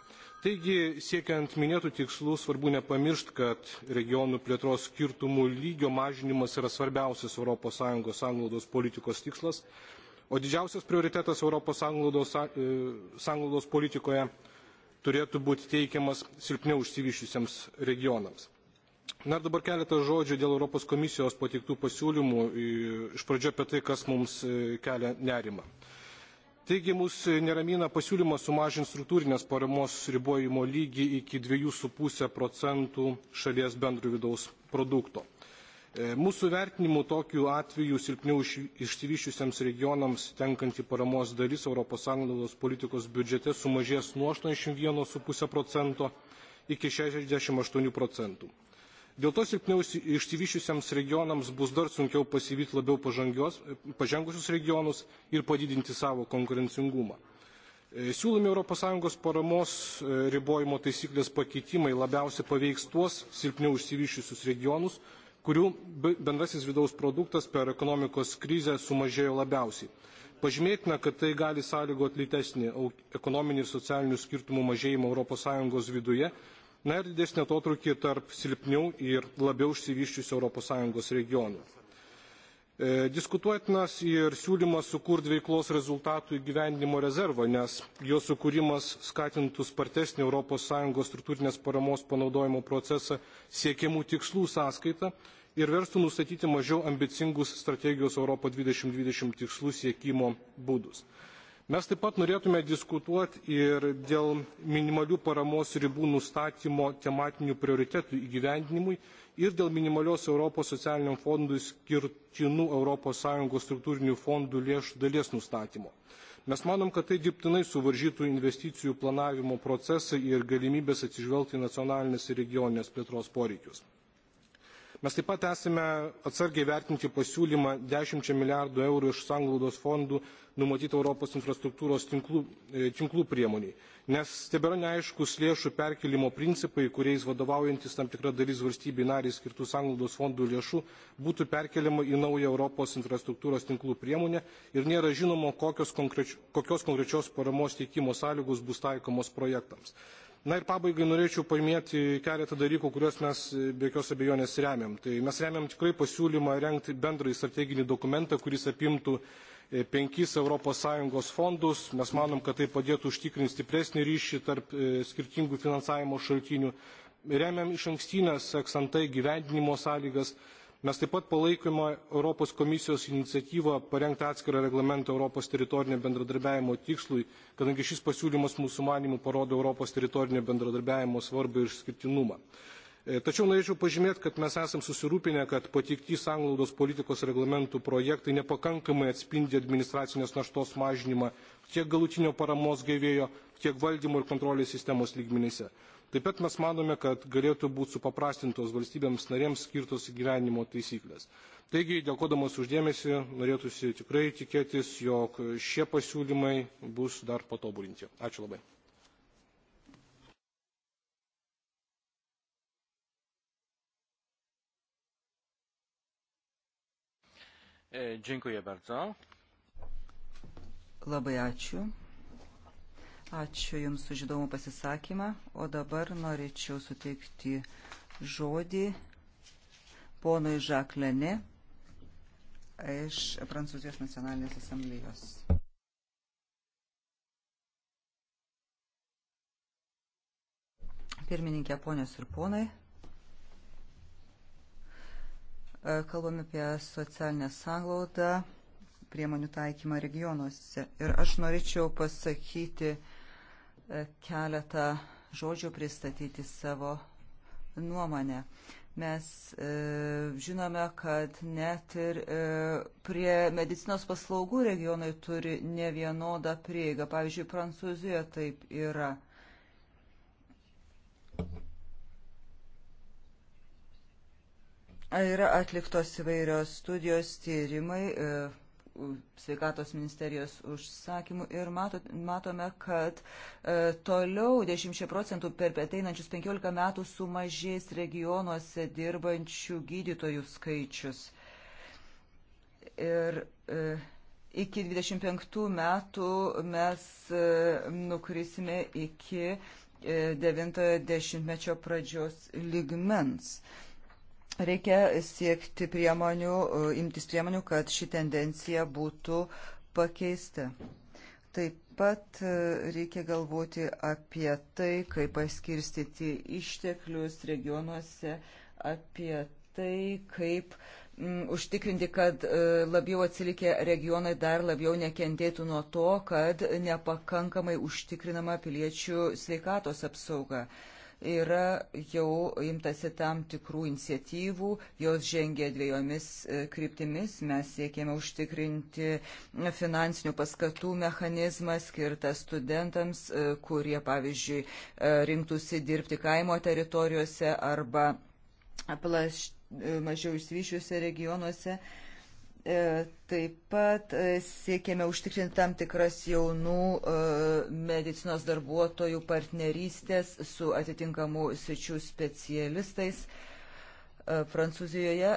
D: taigi siekiant minėtų tikslų svarbu nepamiršti kad regionų plėtros skirtumų lygio mažinimas yra svarbiausias europos sąjungos sanglaudos politikos tikslas o didžiausias prioritetas Europos sanglaudos, e, sanglaudos politikoje turėtų būti teikiamas silpniau užsivyšusiems regionams. Na ir dabar keletas žodžių dėl Europos komisijos pateiktų pasiūlymų, e, iš pradžio apie tai, kas mums e, kelia nerimą. Taigi mus neramina pasiūlymas sumažinti struktūrinės paramos ribojimo lygį iki 2,5 procentų šalies bendro vidaus produkto. E, mūsų vertinimu tokių atvejų silpniau išsivyščiusiams regionams tenkanti paramos dalis ES politikos biudžete sumažės nuo 81,5 procento iki 68 procentų. Dėl to silpniau išsivyščiusiams regionams bus dar sunkiau pasivyti labiau pažengusius regionus ir padidinti savo konkurencingumą. E, siūlomi ES paramos e, ribojimo taisyklės pakeitimai labiausiai paveiks tuos silpniau išsivyščiusius regionus, kurių bendrasis vidaus produktas per ekonomikos krizę sumažėjo labiausiai. Pažymėtina, kad tai gali sąlygoti lytesnį ekonominį ir socialinių skirtumų mažėjimą ES viduje, na ir didesnį atotrukį tarp silpniau ir labiau išsivyščiusių ES regionų. E, diskutuotinas ir siūlymas sukurti veiklos rezultatų įgyvendinimo rezervą, nes jo sukūrimas skatintų spartesnį ES struktūrinės paramos panaudojimo procesą siekiamų tikslų sąskaitą ir verstų nustatyti mažiau ambicingus strategijos Europo 2020 tikslų siekimo būdus. Mes taip pat norėtume diskutuoti ir dėl minimalių paramos ribų nustatymo tematinių prioritetų įgyvendinimui ir dėl minimalios Europos socialiniam fondui skirtinų ES struktūrinių fondų lėšų dalies nustatymo. Mes manom, kad tai dirbtinai suvaržytų investicijų planavimo procesą ir galimybės atsižvelgti į nacionalinės ir regioninės plėtros poreikius mes taip pat esame atsargiai vertinti pasiūlymą dešimt milijardų eurų iš sanglaudos fondų numatyti europos infrastruktūros tinklų, e, tinklų priemoniai nes tebėra neaiškus lėšų perkėlimo principai kuriais vadovaujantis tam tikra dalis valstybei nariai skirtų sanglaudos fondų lėšų būtų perkeliama į naują europos infrastruktūros tinklų priemonę ir nėra žinoma kokios konkrečios paramos teikimo sąlygos bus taikomos projektams. Na ir pabaigai norėčiau paminėti keletą dalykų, kuriuos mes e, be jokios abejonės remiam. Tai mes remiam tikrai pasiūlymą renkti bendrąjį strateginį dokumentą, kuris apimtų e, penkis ES fondus. Mes manom, kad tai padėtų užtikrinti stipresnį ryšį tarp e, skirtingų finansavimo šaltinių. Remiam iš ankstinės eksantai gyvendinimo sąlygas Mes taip pat palaikome Europos komisijos iniciatyvą parengti atskirą reglamentą Europos teritorinio bendradarbiavimo tikslui, kadangi šis pasiūlymas mūsų manimų parodo Europos teritorinio bendradarbiavimo svarbą ir išskirtinumą. E, tačiau norėčiau pažymėti, kad mes esam susirūpinę, kad pateikti sanglaudos politikos reglamentų projektai nepakankamai atspindi administracinės naštos mažinimą tiek galutinio paramos gavėjo, tiek valdymo ir kontrolės sistemos lygmenyse. Taip pat mes manome, kad galėtų būti supaprastintos valstybėms narėms skirtos gyvenimo taisyklės. Taigi, dėkodamas uždėmesi, norėtųsi tikrai tikėtis, jog šie pasiūlymai bus dar patobulinti. Ačiū labai. E, dziękuję bardzo.
B: Labai ačiū. Ačiū Jums už įdomų pasisakymą. O dabar norėčiau suteikti žodį ponui Žaklene iš Prancūzijos nacionalinės asamblėjos. Pirmininkė, ponios ir ponai, kalbame apie socialinę sanglaudą, priemonių taikymą regionuose. Ir aš norėčiau pasakyti, keletą žodžių pristatyti savo nuomonę. Mes e, žinome, kad net ir e, prie medicinos paslaugų regionai turi ne vienodą prieigą. Pavyzdžiui, Prancūzijoje taip yra. Yra atliktos įvairios studijos tyrimai. E, sveikatos ministerijos užsakymų ir mato, matome, kad e, toliau 10 procentų per ateinančius 15 metų sumažės regionuose dirbančių gydytojų skaičius. Ir e, iki 25 metų mes e, nukrisime iki 90-mečio e, pradžios ligmens. E, Reikia siekti priemonių, e, imtis priemonių, kad ši tendencija būtų pakeista. Taip pat e, reikia galvoti apie tai, kaip paskirstyti išteklius regionuose, apie tai, kaip m, užtikrinti, kad e, labiau atsilikę regionai dar labiau nekentėtų nuo to, kad nepakankamai užtikrinama piliečių sveikatos apsauga. E, yra jau imtasi tam tikrų iniciatyvų, jos žengia dviejomis e, kryptimis. Mes siekėme užtikrinti finansinių paskatų mechanizmą skirtą studentams, e, kurie, pavyzdžiui, e, rinktųsi dirbti kaimo teritorijose arba plaš, mažiau išsivyšiuose regionuose. Uh, E, taip pat e, siekėme užtikrinti tam tikras jaunų e, medicinos darbuotojų partnerystės su atitinkamų sričių specialistais. Prancūzijoje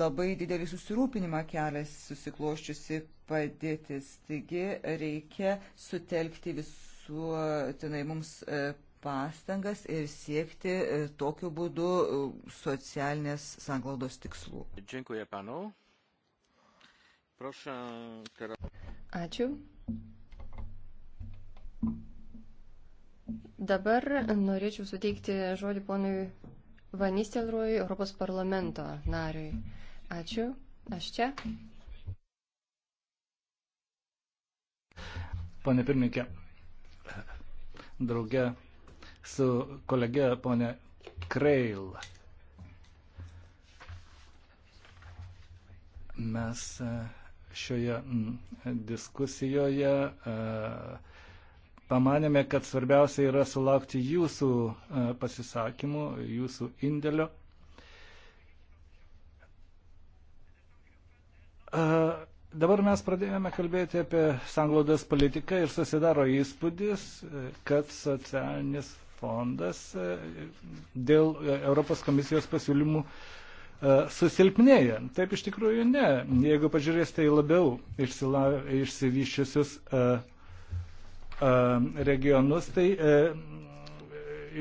B: labai didelį susirūpinimą kelia susikloščiusi padėtis. Taigi reikia sutelkti visuotinai mums pastangas ir siekti e, tokiu būdu e, socialinės sanglaudos tikslų.
C: Ačiū. Dabar norėčiau suteikti žodį ponui Vanistelrui, Europos parlamento nariui. Ačiū. Aš čia.
A: Pane pirmininkė, drauge su kolege ponė Kreil. Mes e, šioje diskusijoje e, pamanėme, kad svarbiausia yra sulaukti jūsų e, pasisakymų, jūsų indėlio. Dabar mes pradėjome kalbėti apie sanglaudas politiką ir susidaro įspūdis, kad socialinis fondas e, dėl e, Europos komisijos pasiūlymų e, susilpnėja. Taip iš tikrųjų ne. Jeigu pažiūrėsite į labiau išsila, išsivyščiusius regionus, tai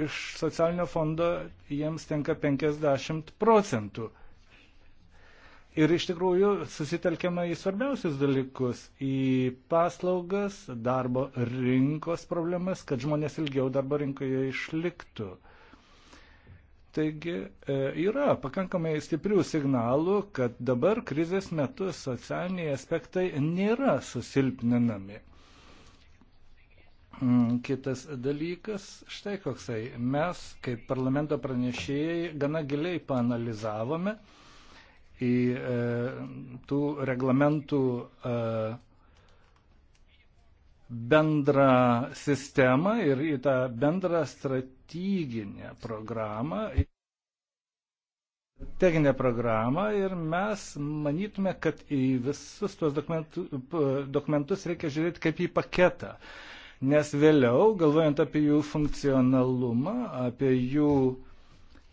A: iš socialinio fondo jiems tenka 50 procentų Ir iš tikrųjų susitelkiama į svarbiausius dalykus - į paslaugas, darbo rinkos problemas, kad žmonės ilgiau darbo rinkoje išliktų. Taigi e, yra pakankamai stiprių signalų, kad dabar krizės metu socialiniai aspektai nėra susilpninami. Mm, kitas dalykas, štai koksai, mes kaip parlamento pranešėjai gana giliai panalizavome, į e, tų reglamentų e, bendrą sistemą ir į tą bendrą strateginę programą. Teginę programą ir mes manytume, kad į visus tuos dokumentu, dokumentus reikia žiūrėti kaip į paketą, nes vėliau, galvojant apie jų funkcionalumą, apie jų uh,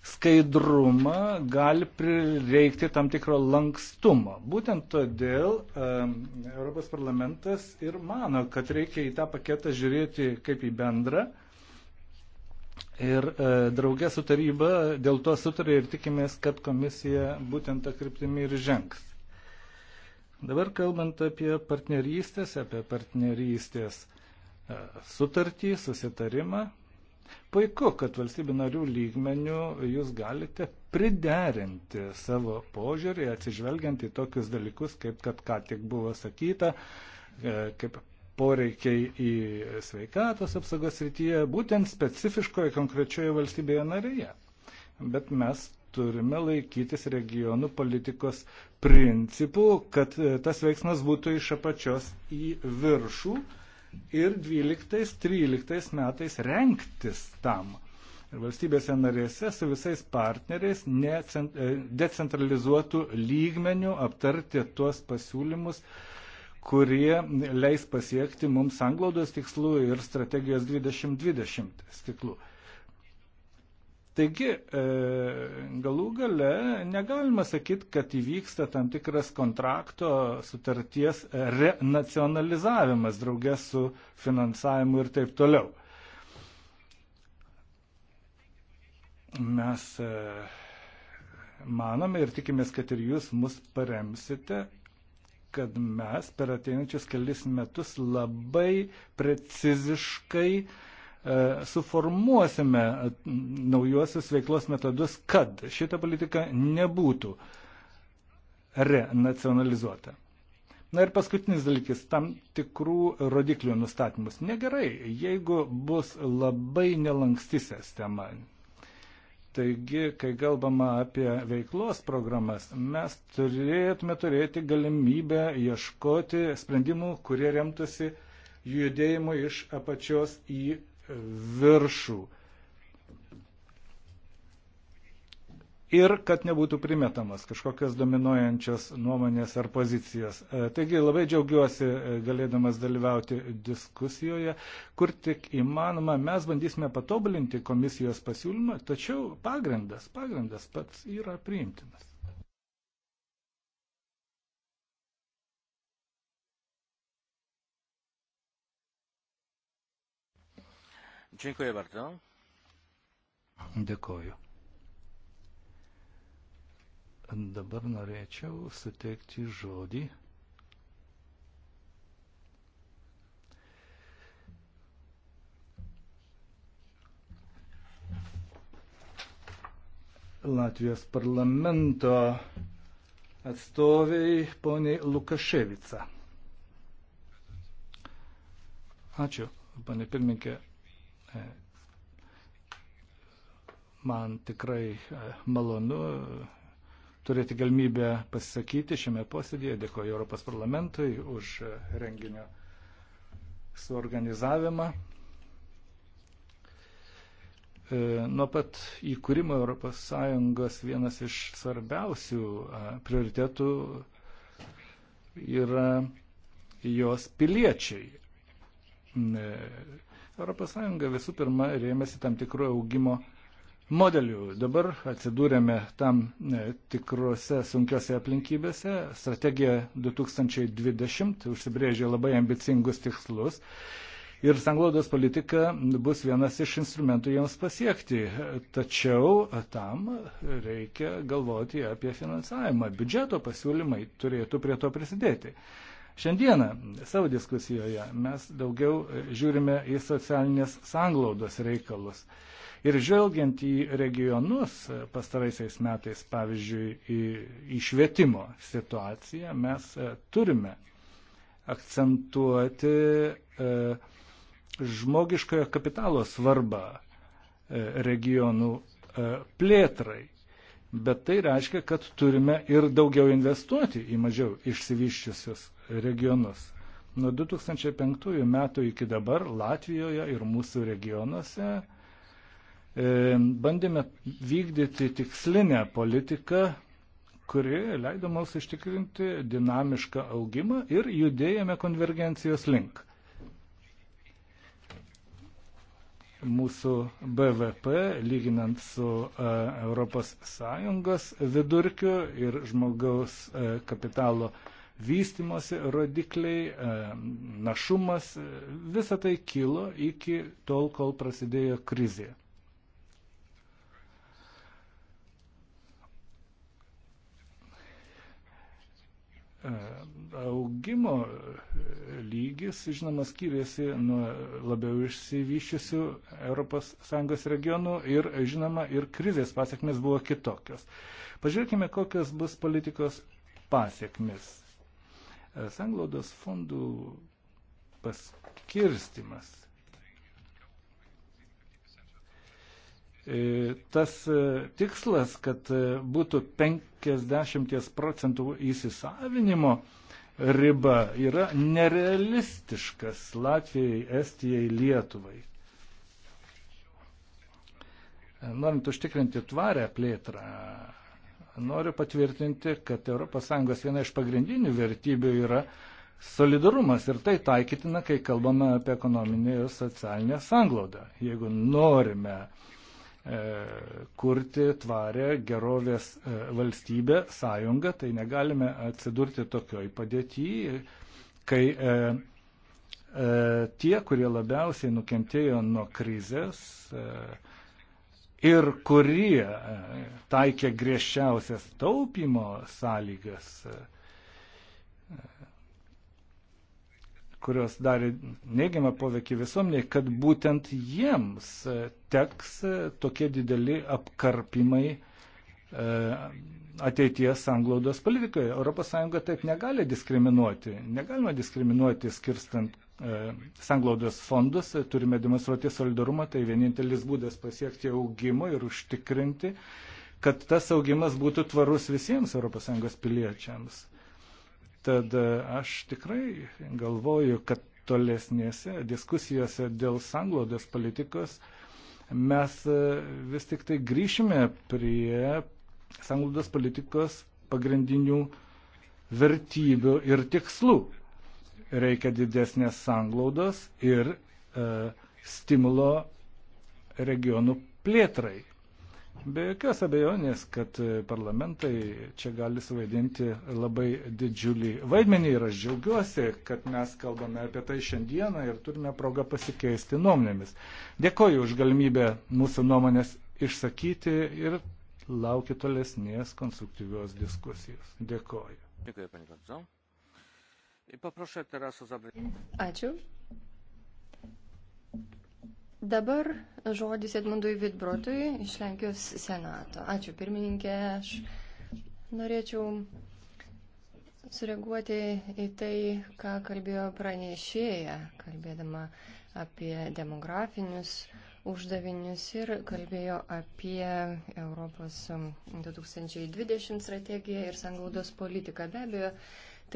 A: skaidrumą gali prireikti tam tikro lankstumo. Būtent todėl Europos parlamentas ir mano, kad reikia į tą paketą žiūrėti kaip į bendrą. Ir e, draugė su taryba dėl to sutarė ir tikimės, kad komisija būtent tą kryptimį ir žengs. Dabar kalbant apie partnerystės, apie partnerystės e, sutartį, susitarimą, Puiku, kad valstybių narių lygmenių jūs galite priderinti savo požiūrį, atsižvelgiant į tokius dalykus, kaip kad ką tik buvo sakyta, e, kaip poreikiai į sveikatos apsaugos rytyje, būtent specifiškoje konkrečioje valstybėje narėje. Bet mes turime laikytis regionų politikos principų, kad e, tas veiksmas būtų iš apačios į viršų ir 12-13 metais renktis tam. Ir valstybėse narėse su visais partneriais e, decentralizuotų lygmenių aptarti tuos pasiūlymus, kurie leis pasiekti mums anglaudos tikslų ir strategijos 2020 tikslų. Taigi, e, galų gale negalima sakyti, kad įvyksta tam tikras kontrakto sutarties renacionalizavimas draugės su finansavimu ir taip toliau. Mes e, manome ir tikimės, kad ir jūs mus paremsite, kad mes per ateinančius kelis metus labai preciziškai uh, E, suformuosime e, naujuosius veiklos metodus, kad šita politika nebūtų renacionalizuota. Na ir paskutinis dalykis - tam tikrų rodiklių nustatymus. Negerai, jeigu bus labai nelanksti sistema. Taigi, kai kalbama apie veiklos programas, mes turėtume turėti galimybę ieškoti sprendimų, kurie remtųsi judėjimu iš apačios į viršų. ir kad nebūtų primetamas kažkokios dominuojančios nuomonės ar pozicijos. E, taigi labai džiaugiuosi e, galėdamas dalyvauti diskusijoje, kur tik įmanoma mes bandysime patobulinti komisijos pasiūlymą, tačiau pagrindas, pagrindas pats yra priimtinas. Dziękuję bardzo. Dėkoju. Dabar norėčiau suteikti žodį Latvijos parlamento atstoviai poniai Lukaševica. Ačiū, panė pirmininkė. Man tikrai e, malonu e, turėti galimybę pasisakyti šiame posėdėje. Dėkoju Europos parlamentui už e, renginio suorganizavimą. Nuo pat įkūrimo ES vienas iš svarbiausių prioritetų yra jos piliečiai ES visų pirma rėmėsi tam tikro augimo modeliu. Dabar atsidūrėme tam e, tikrose sunkiose aplinkybėse. Strategija 2020 užsibrėžė labai ambicingus tikslus. Ir sanglaudos politika bus vienas iš instrumentų jiems pasiekti. Tačiau tam reikia galvoti apie finansavimą. Biudžeto pasiūlymai turėtų prie to prisidėti. Šiandieną savo diskusijoje mes daugiau žiūrime į socialinės sanglaudos reikalus. Ir žvelgiant į regionus pastaraisiais metais, pavyzdžiui, į, į švietimo situaciją, mes e, turime akcentuoti e, žmogiškojo kapitalo svarbą e, regionų e, plėtrai bet tai reiškia, kad turime ir daugiau investuoti į mažiau išsivyščiusius regionus. Nuo 2005 metų iki dabar Latvijoje ir mūsų regionuose e, bandėme vykdyti tikslinę politiką, kuri leido mums užtikrinti dinamišką augimą ir judėjome konvergencijos link. mūsų BVP, lyginant su ES vidurkiu ir žmogaus e, kapitalo vystimosi rodikliai, e, našumas, e, visa tai kilo iki tol, kol prasidėjo krizė. augimo lygis, žinoma, skiriasi nuo labiau išsivyščiusių ES regionų ir, žinoma, ir krizės pasiekmes buvo kitokios. Pažiūrėkime, kokios bus politikos pasiekmes. Sanglaudos fondų paskirstimas. E, tas e, tikslas, kad e, būtų 50 procentų įsisavinimo, riba yra nerealistiškas Latvijai, Estijai, Lietuvai. Norint užtikrinti tvarę plėtrą, noriu patvirtinti, kad ES viena iš pagrindinių vertybių yra solidarumas ir tai taikytina, kai kalbame apie ekonominę ir socialinę sanglaudą. Jeigu norime uh, E, kurti tvarę gerovės e, valstybę, sąjungą, tai negalime atsidurti tokioj padėtį, kai e, tie, kurie labiausiai nukentėjo nuo krizės ir kurie taikė griežčiausias taupimo sąlygas, kurios darė neigiamą poveikį visuomeniai, kad būtent jiems e, teks e, tokie dideli apkarpimai e, ateities sanglaudos politikoje. ES taip negali diskriminuoti. Negalima diskriminuoti skirstant e, sanglaudos fondus. Turime demonstruoti solidarumą. Tai vienintelis būdas pasiekti augimo ir užtikrinti, kad tas augimas būtų tvarus visiems ES piliečiams. Tad e, aš tikrai galvoju, kad tolesnėse diskusijose dėl sanglaudos politikos mes e, vis tik tai grįšime prie sanglaudos politikos pagrindinių vertybių ir tikslų. Reikia didesnės sanglaudos ir e, stimulo regionų plėtrai. Be jokios abejonės, kad parlamentai čia gali suvaidinti labai didžiulį vaidmenį ir aš džiaugiuosi, kad mes kalbame apie tai šiandieną ir turime progą pasikeisti nuomonėmis. Dėkoju už galimybę mūsų nuomonės išsakyti ir laukiu tolesnės konstruktyvios diskusijos. Dėkoju.
C: Ačiū. Dabar žodis Edmundui Vidbrotui iš Lenkijos senato. Ačiū pirmininkė, aš norėčiau sureaguoti į tai, ką kalbėjo pranešėja, kalbėdama apie demografinius uždavinius ir kalbėjo apie Europos 2020 strategiją ir sanglaudos politiką. Be abejo,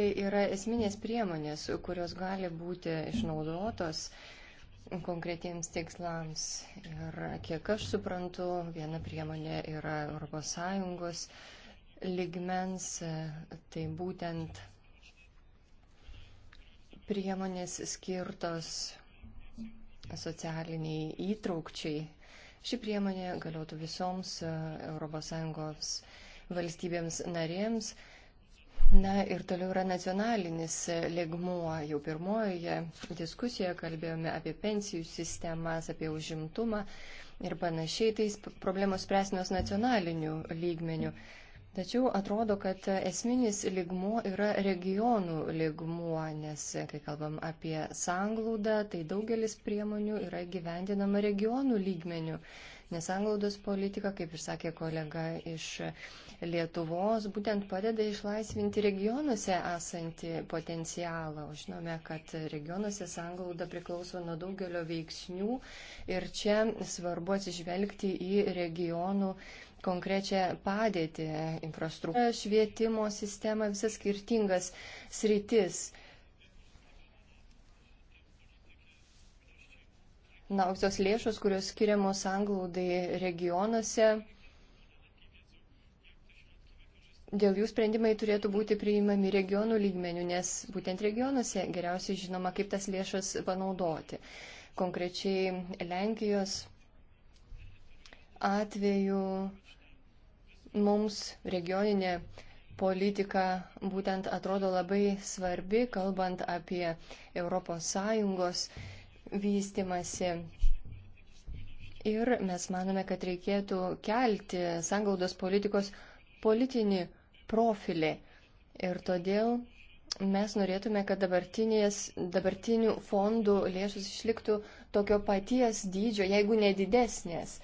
C: tai yra esminės priemonės, kurios gali būti išnaudotos konkretiems tikslams. Ir kiek aš suprantu, viena priemonė yra ES ligmens, tai būtent priemonės skirtos socialiniai įtraukčiai. Ši priemonė galėtų visoms ES valstybėms narėms Na ir toliau yra nacionalinis ligmuo. Jau pirmojoje diskusijoje kalbėjome apie pensijų sistemas, apie užimtumą ir panašiai. Tais problemos spręsnios nacionalinių lygmenių. Tačiau atrodo, kad esminis ligmuo yra regionų ligmuo, nes kai kalbam apie sanglaudą, tai daugelis priemonių yra gyvendinama regionų lygmenių. Nesanglaudos politika, kaip ir sakė kolega iš Lietuvos, būtent padeda išlaisvinti regionuose esantį potencialą. O žinome, kad regionuose sanglauda priklauso nuo daugelio veiksnių ir čia svarbu atsižvelgti į regionų konkrečią padėtį, infrastruktūrą, švietimo sistemą, visas skirtingas sritis. naujos lėšos, kurios skiriamos anglaudai regionuose, dėl jų sprendimai turėtų būti priimami regionų lygmenių, nes būtent regionuose geriausiai žinoma, kaip tas lėšas panaudoti. Konkrečiai Lenkijos atveju mums regioninė politika būtent atrodo labai svarbi, kalbant apie ES vystimasi. Ir mes manome, kad reikėtų kelti sangaudos politikos politinį profilį. Ir todėl mes norėtume, kad dabartinių fondų lėšus išliktų tokio paties dydžio, jeigu nedidesnės.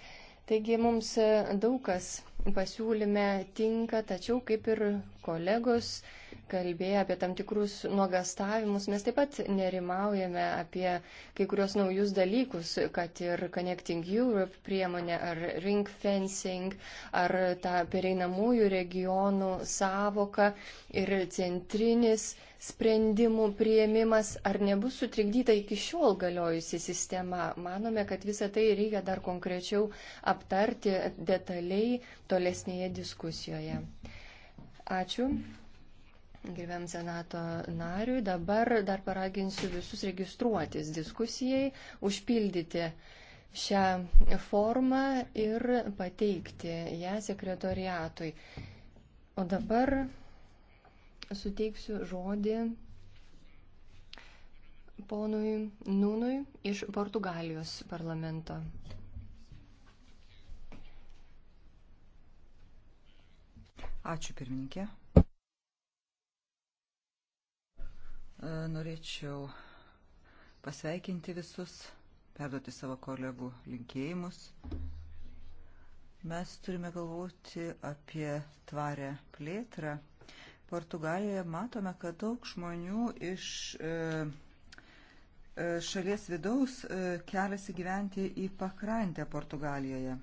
C: Daugkas, tačiau, Taigi mums e, daug kas pasiūlyme tinka, tačiau kaip ir kolegos kalbėję apie tam tikrus nuogastavimus, mes taip pat nerimaujame apie kai kurios naujus dalykus, kad ir Connecting Europe priemonė, ar ring fencing, ar ta pereinamųjų regionų savoka ir centrinis sprendimų prieimimas, ar nebus sutrikdyta iki šiol galiojusi sistema. Manome, kad visą tai reikia dar konkrečiau aptarti detaliai tolesnėje diskusijoje. Ačiū. Gerbiam Senato nariui, dabar dar paraginsiu visus registruotis diskusijai, užpildyti šią formą ir pateikti ją sekretoriatui. O dabar suteiksiu žodį ponui Nūnui iš Portugalijos parlamento.
B: Ačiū pirmininkė. E, norėčiau pasveikinti visus, perduoti savo kolegų linkėjimus. Mes turime galvoti apie tvarę plėtrą. Portugalijoje matome, kad daug žmonių iš e, e, šalies vidaus keliasi gyventi į pakrantę Portugalijoje.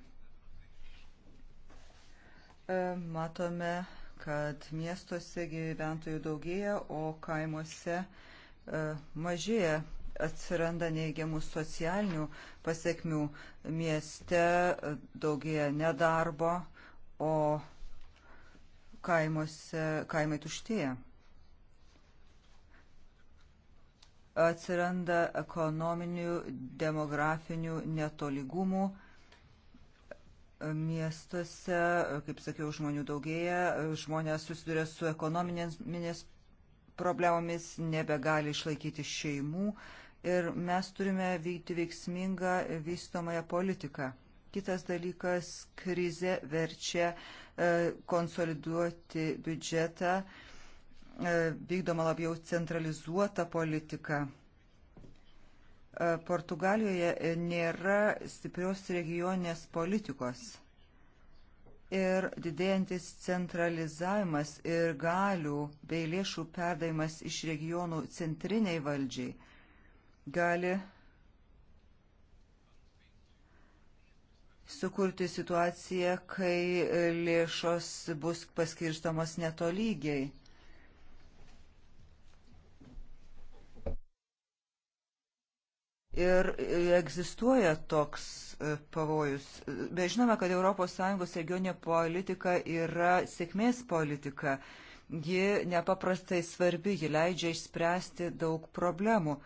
B: Matome kad miestuose gyventojų daugėja, o kaimuose e, mažėja atsiranda neigiamų socialinių pasiekmių. Mieste e, daugėja nedarbo, o kaimuose, kaimai tuštėja. Atsiranda ekonominių, demografinių netoligumų miestuose, kaip sakiau, žmonių daugėja, žmonės susiduria su ekonominės problemomis, nebegali išlaikyti šeimų ir mes turime vykti veiksmingą vystomąją politiką. Kitas dalykas - krize verčia e, konsoliduoti biudžetą, e, vykdoma labiau centralizuota politika Portugalijoje nėra stiprios regioninės politikos. Ir didėjantis centralizavimas ir galių bei lėšų perdavimas iš regionų centriniai valdžiai gali sukurti situaciją, kai lėšos bus paskirstamos netolygiai. Ir egzistuoja toks e, pavojus. Mes žinome, kad ES regioninė politika yra sėkmės politika. Ji nepaprastai svarbi, ji leidžia išspręsti daug problemų.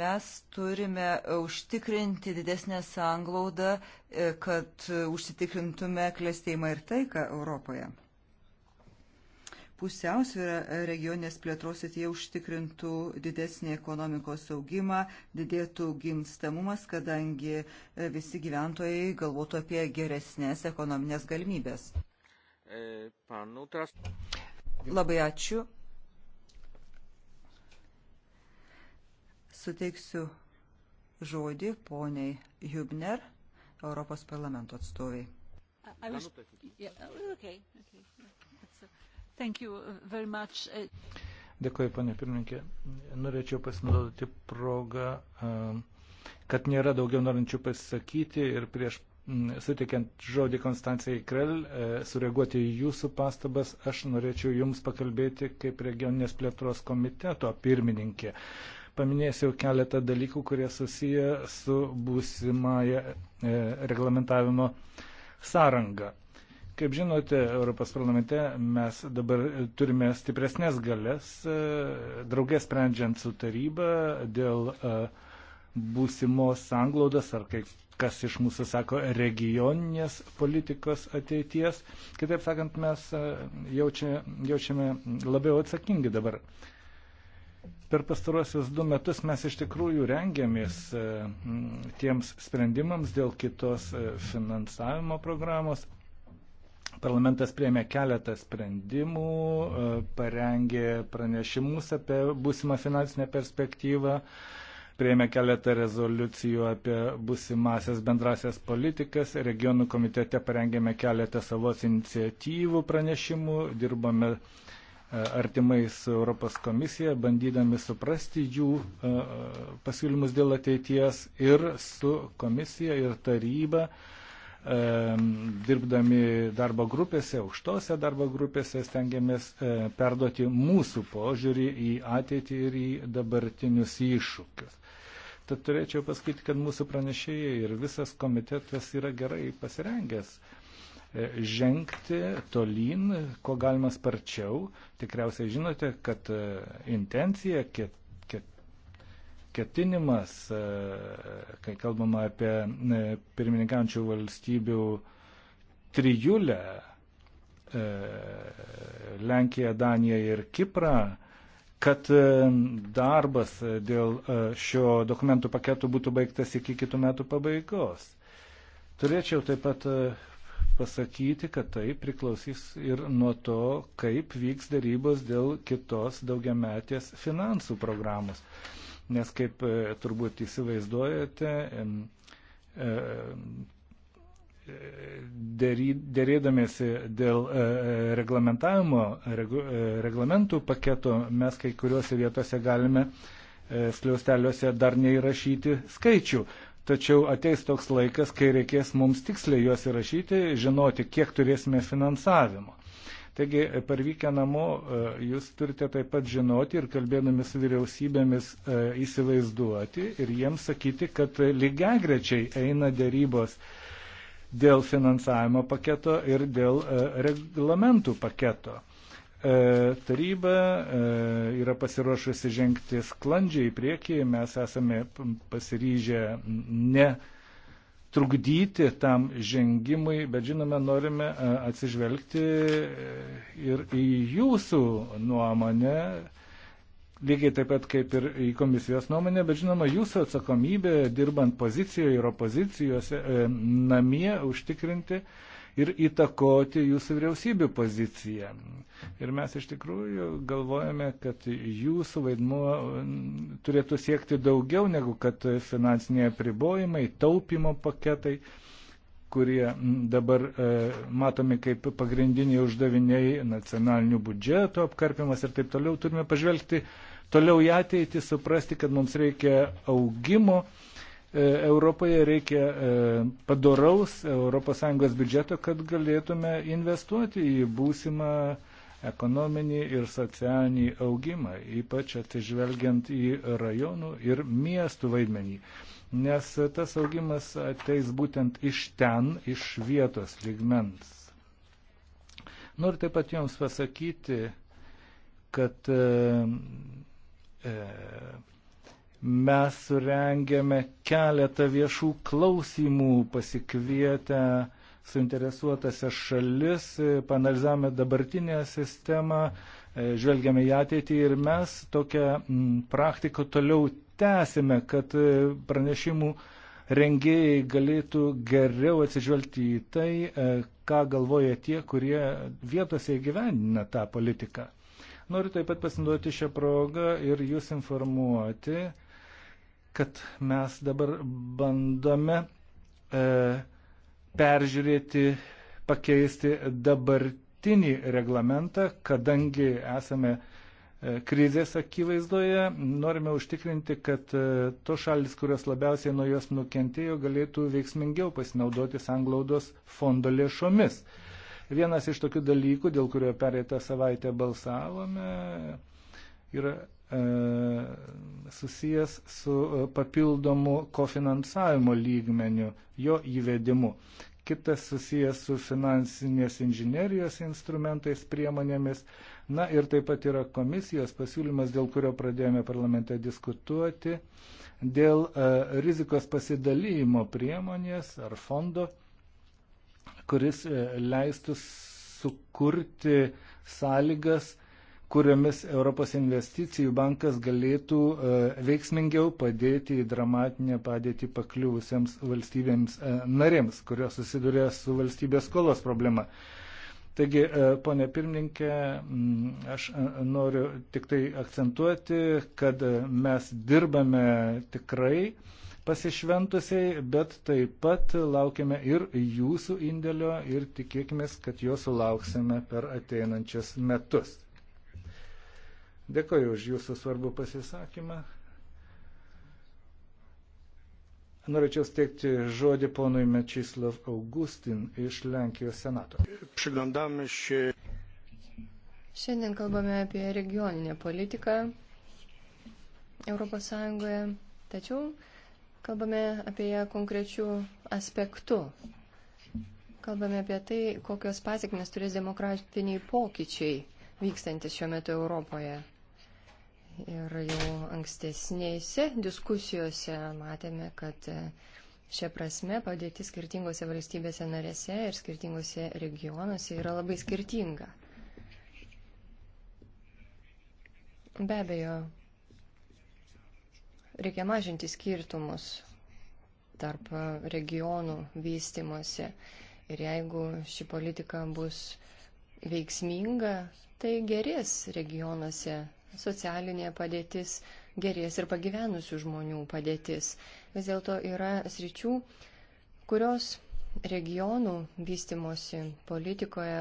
B: Mes turime užtikrinti didesnę sanglaudą, e, kad užsitikrintume klėstėjimą ir taiką Europoje pusiausvyrą regioninės plėtros atėje užtikrintų didesnį ekonomikos augimą, didėtų gimstamumas, kadangi e, visi gyventojai galvotų apie geresnės ekonominės galimybės. E, Labai ačiū. Suteiksiu žodį poniai Hübner, Europos parlamento atstoviai. I was, yeah, okay, okay. Dėkuoju, panė
A: pirmininkė. Norėčiau pasinaudoti progą, kad nėra daugiau norinčių pasisakyti ir prieš suteikiant žodį Konstancijai Krell, e, sureaguoti į jūsų pastabas, aš norėčiau jums pakalbėti kaip regioninės plėtros komiteto pirmininkė. Paminėsiu keletą dalykų, kurie susiję su būsimąją e, reglamentavimo sąrangą. Kaip žinote, Europos parlamente mes dabar turime stipresnės galės, e, draugės sprendžiant su taryba dėl e, būsimos sanglaudas ar kaip kas iš mūsų sako regioninės politikos ateities. Kitaip sakant, mes e, jaučia, jaučiame labiau atsakingi dabar. Per pastarosius du metus mes iš tikrųjų rengiamės tiems sprendimams dėl kitos finansavimo programos Parlamentas priemė keletą sprendimų, e, parengė pranešimus apie būsimą finansinę perspektyvą, prieėmė keletą rezoliucijų apie busimasias bendrasias politikas, regionų komitete parengėme keletą savos iniciatyvų pranešimų, dirbame e, artimai su Europos komisija, bandydami suprasti jų e, pasiūlymus dėl ateities ir su komisija ir taryba dirbdami darbo grupėse, aukštose darbo grupėse stengiamės e, perduoti mūsų požiūrį į ateitį ir į dabartinius iššūkius. Tad turėčiau pasakyti, kad mūsų pranešėjai ir visas komitetas yra gerai pasirengęs e, žengti tolyn, ko galima sparčiau. Tikriausiai žinote, kad e, intencija, ket, ketinimas, e, kai kalbama apie e, pirmininkančių valstybių trijulę e, Lenkiją, Daniją ir Kiprą, kad darbas dėl šio dokumentų paketų būtų baigtas iki kitų metų pabaigos. Turėčiau taip pat pasakyti, kad tai priklausys ir nuo to, kaip vyks darybos dėl kitos daugiametės finansų programos nes kaip e, turbūt įsivaizduojate, e, e, dėrėdamėsi dėl reglamentavimo, regu, reglamentų paketo, mes kai kuriuose vietose galime skliausteliuose dar neįrašyti skaičių. Tačiau ateis toks laikas, kai reikės mums tiksliai juos įrašyti, žinoti, kiek turėsime finansavimo. Taigi, parvykę namo, e, jūs turite taip pat žinoti ir kalbėdami su vyriausybėmis e, įsivaizduoti ir jiems sakyti, kad lygiagrečiai eina dėrybos dėl finansavimo paketo ir dėl e, reglamentų paketo. Taryba yra pasiruošusi žengti sklandžiai į priekį, mes esame pasiryžę ne trukdyti tam žengimui, bet žinome, norime e, atsižvelgti e, ir į jūsų nuomonę, lygiai taip pat kaip ir į komisijos nuomonę, bet žinoma, jūsų atsakomybė dirbant pozicijoje ir opozicijose e, namie užtikrinti, ir įtakoti jūsų vyriausybių poziciją. Ir mes iš tikrųjų galvojame, kad jūsų vaidmuo turėtų siekti daugiau negu kad finansiniai apribojimai, taupimo paketai kurie dabar e, matomi kaip pagrindiniai uždaviniai nacionalinių biudžeto apkarpimas ir taip toliau, turime pažvelgti toliau į ateitį, suprasti, kad mums reikia augimo, e, E, Europoje reikia e, padoraus ES biudžeto, kad galėtume investuoti į būsimą ekonominį ir socialinį augimą, ypač atsižvelgiant į rajonų ir miestų vaidmenį. Nes tas augimas ateis būtent iš ten, iš vietos ligmens. Noriu taip pat Jums pasakyti, kad e, e, mes surengėme keletą viešų klausimų, pasikvietę suinteresuotasias šalis, panalizavome dabartinę sistemą, e, žvelgiame į ateitį ir mes tokią praktiką toliau tęsime, kad e, pranešimų rengėjai galėtų geriau atsižvelgti į tai, e, ką galvoja tie, kurie vietose įgyvendina tą politiką. Noriu taip pat pasinaudoti šią progą ir jūs informuoti, kad mes dabar bandome e, peržiūrėti, pakeisti dabartinį reglamentą, kadangi esame e, krizės akivaizdoje, norime užtikrinti, kad e, to šalis, kurios labiausiai nuo jos nukentėjo, galėtų veiksmingiau pasinaudoti sanglaudos fondo lėšomis. Vienas iš tokių dalykų, dėl kurio pereitą savaitę balsavome, yra E, susijęs su e, papildomu kofinansavimo lygmeniu, jo įvedimu. Kitas susijęs su finansinės inžinerijos instrumentais, priemonėmis. Na ir taip pat yra komisijos pasiūlymas, dėl kurio pradėjome parlamente diskutuoti, dėl e, rizikos pasidalymo priemonės ar fondo, kuris leistų sukurti sąlygas kuriomis Europos investicijų bankas galėtų e, veiksmingiau padėti į dramatinę padėtį pakliuvusiems valstybėms e, narėms, kurios susiduria su valstybės skolos problema. Taigi, e, ponė pirmininkė, mm, aš noriu tik tai akcentuoti, kad mes dirbame tikrai pasišventusiai, bet taip pat laukiame ir jūsų indėlio ir tikėkime, kad jo sulauksime per ateinančius metus. Dėkoju už jūsų svarbų pasisakymą. Norėčiau steigti žodį ponui Mečislav Augustin iš Lenkijos senato. Priglądame šį.
C: Šiandien kalbame apie regioninę politiką ES, tačiau kalbame apie ją konkrečių aspektų. Kalbame apie tai, kokios pasiekmes turės demokratiniai pokyčiai vykstantis šiuo metu Europoje ir jau ankstesnėse diskusijose matėme, kad šią prasme padėti skirtingose valstybėse narėse ir skirtingose regionuose yra labai skirtinga. Be abejo, reikia mažinti skirtumus tarp regionų vystimosi ir jeigu ši politika bus veiksminga, tai gerės regionuose socialinė padėtis gerės ir pagyvenusių žmonių padėtis. Vis dėlto yra sričių, kurios regionų vystimosi politikoje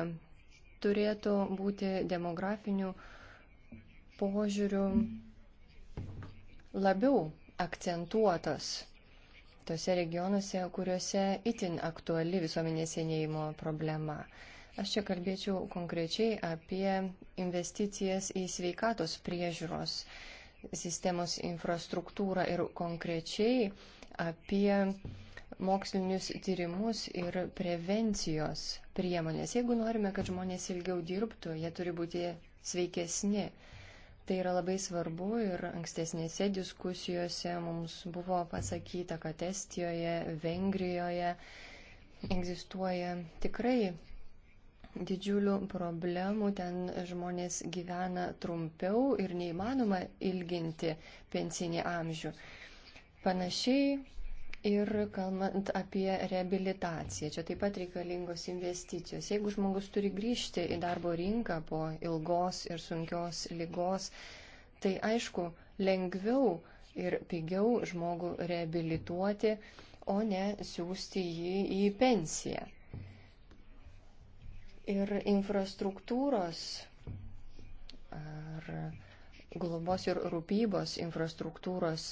C: turėtų būti demografinių požiūrių labiau akcentuotas tose regionuose, kuriuose itin aktuali visuomenės senėjimo problema. Aš čia kalbėčiau konkrečiai apie investicijas į sveikatos priežiūros sistemos infrastruktūrą ir konkrečiai apie mokslinius tyrimus ir prevencijos priemonės. Jeigu norime, kad žmonės ilgiau dirbtų, jie turi būti sveikesni. Tai yra labai svarbu ir ankstesnėse diskusijose mums buvo pasakyta, kad Estijoje, Vengrijoje egzistuoja tikrai didžiulių problemų, ten žmonės gyvena trumpiau ir neįmanoma ilginti pensinį amžių. Panašiai ir kalbant apie rehabilitaciją, čia taip pat reikalingos investicijos. Jeigu žmogus turi grįžti į darbo rinką po ilgos ir sunkios lygos, tai aišku, lengviau ir pigiau žmogų rehabilituoti, o ne siūsti jį į pensiją ir infrastruktūros ar globos ir rūpybos infrastruktūros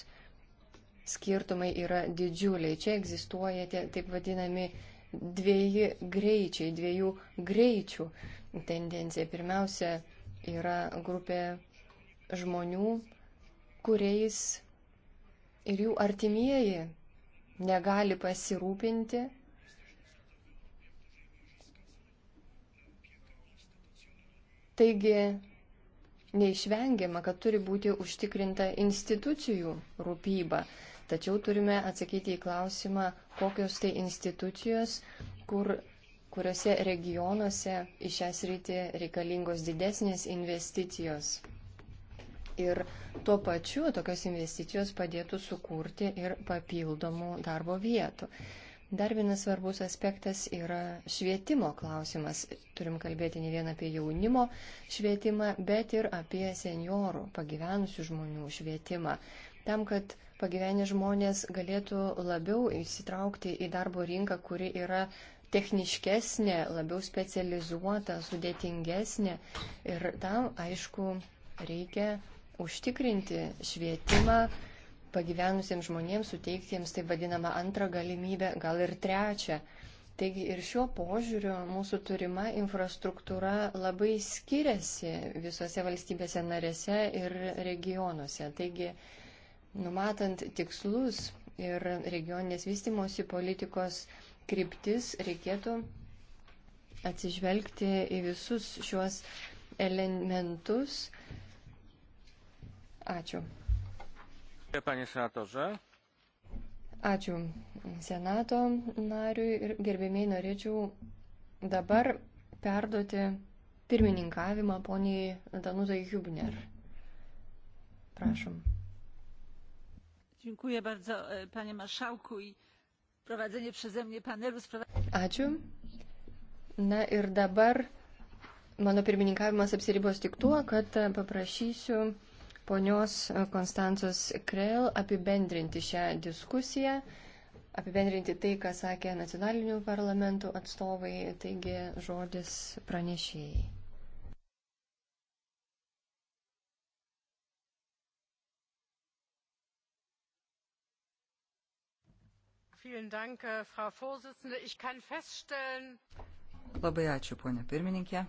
C: skirtumai yra didžiuliai. Čia egzistuoja tie taip vadinami dviejų greičiai, dviejų greičių tendencija. Pirmiausia yra grupė žmonių, kuriais ir jų artimieji negali pasirūpinti Taigi neišvengiama, kad turi būti užtikrinta institucijų rūpyba. Tačiau turime atsakyti į klausimą, kokios tai institucijos, kur, kuriuose regionuose į šią sritį reikalingos didesnės investicijos. Ir tuo pačiu tokios investicijos padėtų sukurti ir papildomų darbo vietų. Dar vienas svarbus aspektas yra švietimo klausimas. Turim kalbėti ne vien apie jaunimo švietimą, bet ir apie seniorų, pagyvenusių žmonių švietimą. Tam, kad pagyvenę žmonės galėtų labiau įsitraukti į darbo rinką, kuri yra techniškesnė, labiau specializuota, sudėtingesnė. Ir tam, aišku, reikia užtikrinti švietimą pagyvenusiems žmonėms suteikti jiems taip vadinamą antrą galimybę, gal ir trečią. Taigi ir šiuo požiūriu mūsų turima infrastruktūra labai skiriasi visose valstybėse narėse ir regionuose. Taigi, numatant tikslus ir regioninės vystimosi politikos kryptis, reikėtų atsižvelgti į visus šiuos elementus. Ačiū.
D: Panie senatorze.
C: Ačiū senato nariui ir gerbėmiai norėčiau dabar perduoti pirmininkavimą poniai Danutai Hubner. Prašom.
B: Dziękuję bardzo, panie marszałku, i prowadzenie przeze mnie panelu.
C: Ačiū. Na ir dabar mano pirmininkavimas apsiribos tik tuo, kad paprašysiu ponios Konstantos Krell apibendrinti šią diskusiją, apibendrinti tai, ką sakė nacionalinių parlamentų atstovai, taigi žodis pranešėjai.
A: Äh,
B: Labai ačiū, ponia pirmininkė.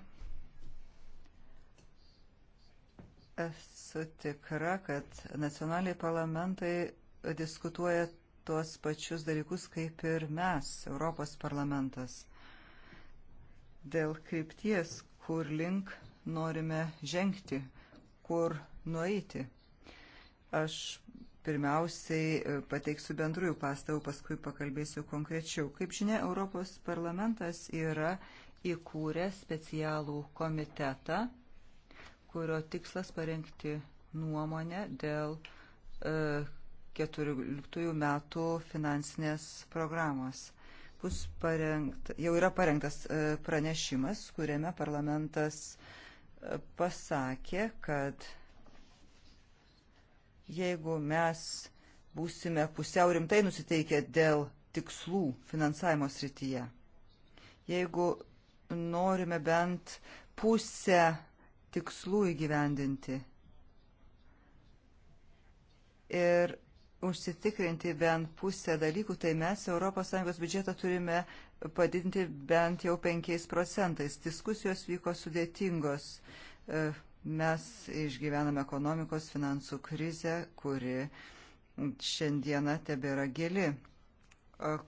B: Esu tikra, kad nacionaliai parlamentai diskutuoja tuos pačius dalykus kaip ir mes, Europos parlamentas, dėl krypties, kur link norime žengti, kur nueiti. Aš pirmiausiai e, pateiksiu bendrųjų pastabų, paskui pakalbėsiu konkrečiau. Kaip žinia, Europos parlamentas yra įkūrę specialų komitetą kurio tikslas parengti nuomonę dėl e, 14 metų finansinės programos. Bus parengt, jau yra parengtas e, pranešimas, kuriame parlamentas e, pasakė, kad jeigu mes būsime pusiau rimtai nusiteikę dėl tikslų finansavimo srityje, jeigu norime bent pusę tikslų įgyvendinti ir užsitikrinti bent pusę dalykų, tai mes ES biudžetą turime padidinti bent jau 5 procentais. Diskusijos vyko sudėtingos. E, mes išgyvename ekonomikos finansų krizę, kuri šiandieną tebėra gili.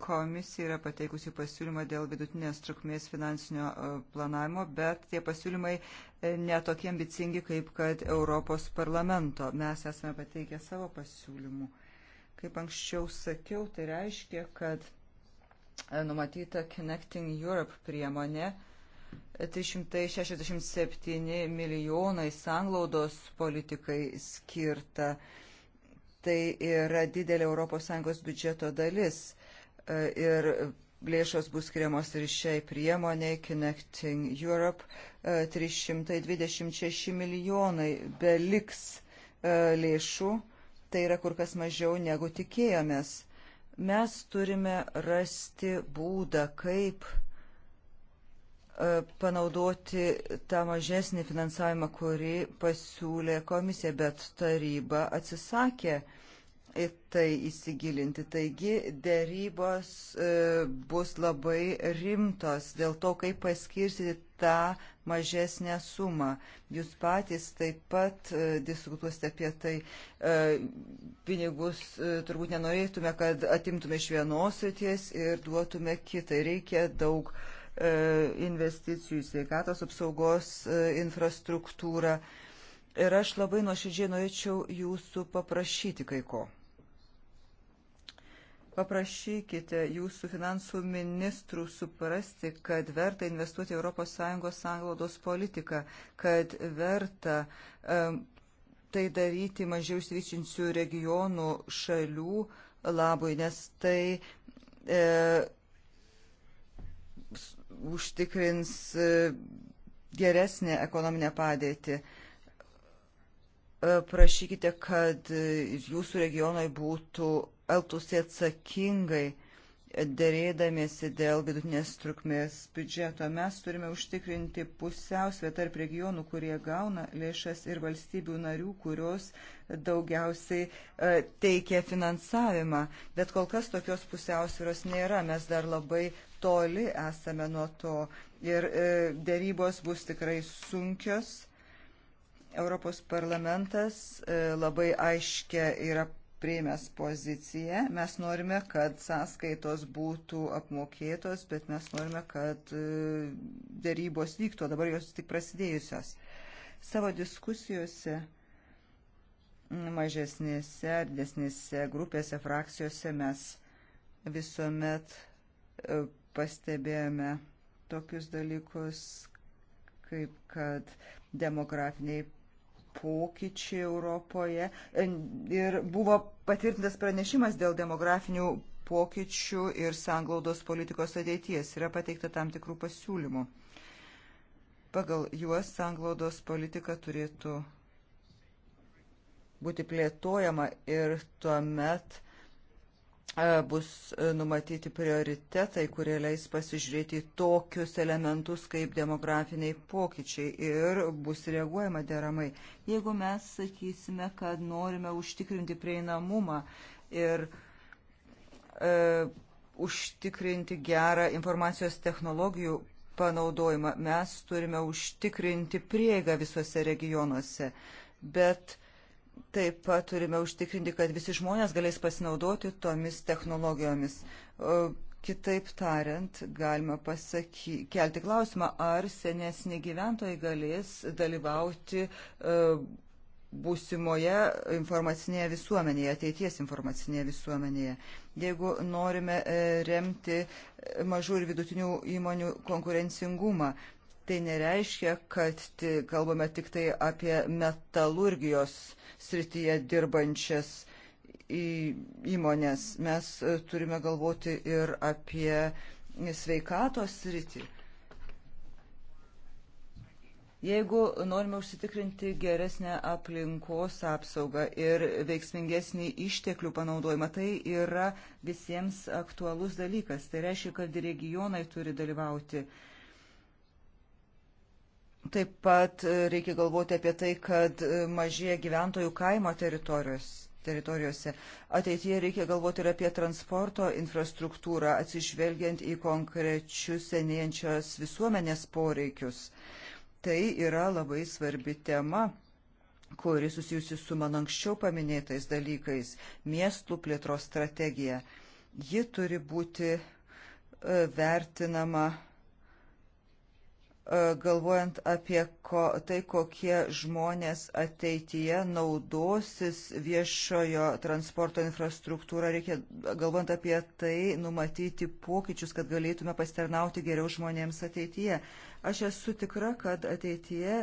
B: Komisija yra pateikusi pasiūlymą dėl vidutinės trukmės finansinio e, planavimo, bet tie pasiūlymai e, netokie ambicingi, kaip kad Europos parlamento. Mes esame pateikę savo pasiūlymų. Kaip anksčiau sakiau, tai reiškia, kad e, numatyta Connecting Europe priemonė 367 milijonai sanglaudos politikai skirta. Tai yra didelė ES biudžeto dalis ir lėšos bus skiriamos ir šiai priemoniai Connecting Europe 326 e, milijonai beliks e, lėšų, tai yra kur kas mažiau negu tikėjomės. Mes turime rasti būdą, kaip e, panaudoti tą mažesnį finansavimą, kurį pasiūlė komisija, bet taryba atsisakė uh, į tai įsigilinti. Taigi dėrybos e, bus labai rimtos dėl to, kaip paskirstyti tą mažesnę sumą. Jūs patys taip pat e, diskutuosite apie tai. E, pinigus turbūt nenorėtume, kad atimtume iš vienos ryties ir duotume kitai. Reikia daug investicijų į sveikatos apsaugos infrastruktūrą. Ir aš labai nuoširdžiai norėčiau jūsų paprašyti kai ko. Paprašykite jūsų finansų ministrų suprasti, kad verta investuoti ES sąnglaudos politiką, kad verta um, tai daryti mažiau išsivyšinčių regionų šalių labui, nes tai e, užtikrins e, geresnę ekonominę padėtį. E, prašykite, kad jūsų regionai būtų elgtųsi atsakingai dėrėdamiesi dėl vidutinės trukmės biudžeto. Mes turime užtikrinti pusiausvę tarp regionų, kurie gauna lėšas ir valstybių narių, kurios daugiausiai e, teikia finansavimą. Bet kol kas tokios pusiausvėros nėra. Mes dar labai toli esame nuo to. Ir e, dėrybos bus tikrai sunkios. Europos parlamentas e, labai aiškia yra priėmęs poziciją. Mes norime, kad sąskaitos būtų apmokėtos, bet mes norime, kad e, dėrybos vyktų, o dabar jos tik prasidėjusios. Savo diskusijose mažesnėse ar desnėse grupėse, frakcijose mes visuomet e, pastebėjome tokius dalykus, kaip kad demografiniai pokyčiai Europoje ir buvo patvirtintas pranešimas dėl demografinių pokyčių ir sanglaudos politikos ateities. Yra pateikta tam tikrų pasiūlymų. Pagal juos sanglaudos politika turėtų būti plėtojama ir tuomet E, bus e, numatyti prioritetai, kurie leis pasižiūrėti tokius elementus kaip demografiniai pokyčiai ir bus reaguojama deramai. Jeigu mes sakysime, kad norime užtikrinti prieinamumą ir e, užtikrinti gerą informacijos technologijų panaudojimą, mes turime užtikrinti prieigą visose regionuose. Bet e, Taip pat turime užtikrinti, kad visi žmonės galės pasinaudoti tomis technologijomis. Kitaip tariant, galima pasaky, kelti klausimą, ar senesni gyventojai galės dalyvauti e, būsimoje informacinėje visuomenėje, ateities informacinėje visuomenėje. Jeigu norime e, remti e, mažų ir vidutinių įmonių konkurencingumą, tai nereiškia, kad kalbame tik tai apie metalurgijos srityje dirbančias įmonės. Mes e, turime galvoti ir apie sveikatos sritį. Jeigu norime užsitikrinti geresnę aplinkos apsaugą ir veiksmingesnį išteklių panaudojimą, tai yra visiems aktualus dalykas. Tai reiškia, kad regionai turi dalyvauti Taip pat e, reikia galvoti apie tai, kad e, mažėja gyventojų kaimo teritorijose. Ateityje reikia galvoti ir apie transporto infrastruktūrą, atsižvelgiant į konkrečius senėjančios visuomenės poreikius. Tai yra labai svarbi tema kuri susijusi su man anksčiau paminėtais dalykais - miestų plėtros strategija. Ji turi būti e, vertinama E, galvojant apie ko, tai, kokie žmonės ateityje naudosis viešojo transporto infrastruktūrą, reikia, galvojant apie tai, numatyti pokyčius, kad galėtume pasternauti geriau žmonėms ateityje. Aš esu tikra, kad ateityje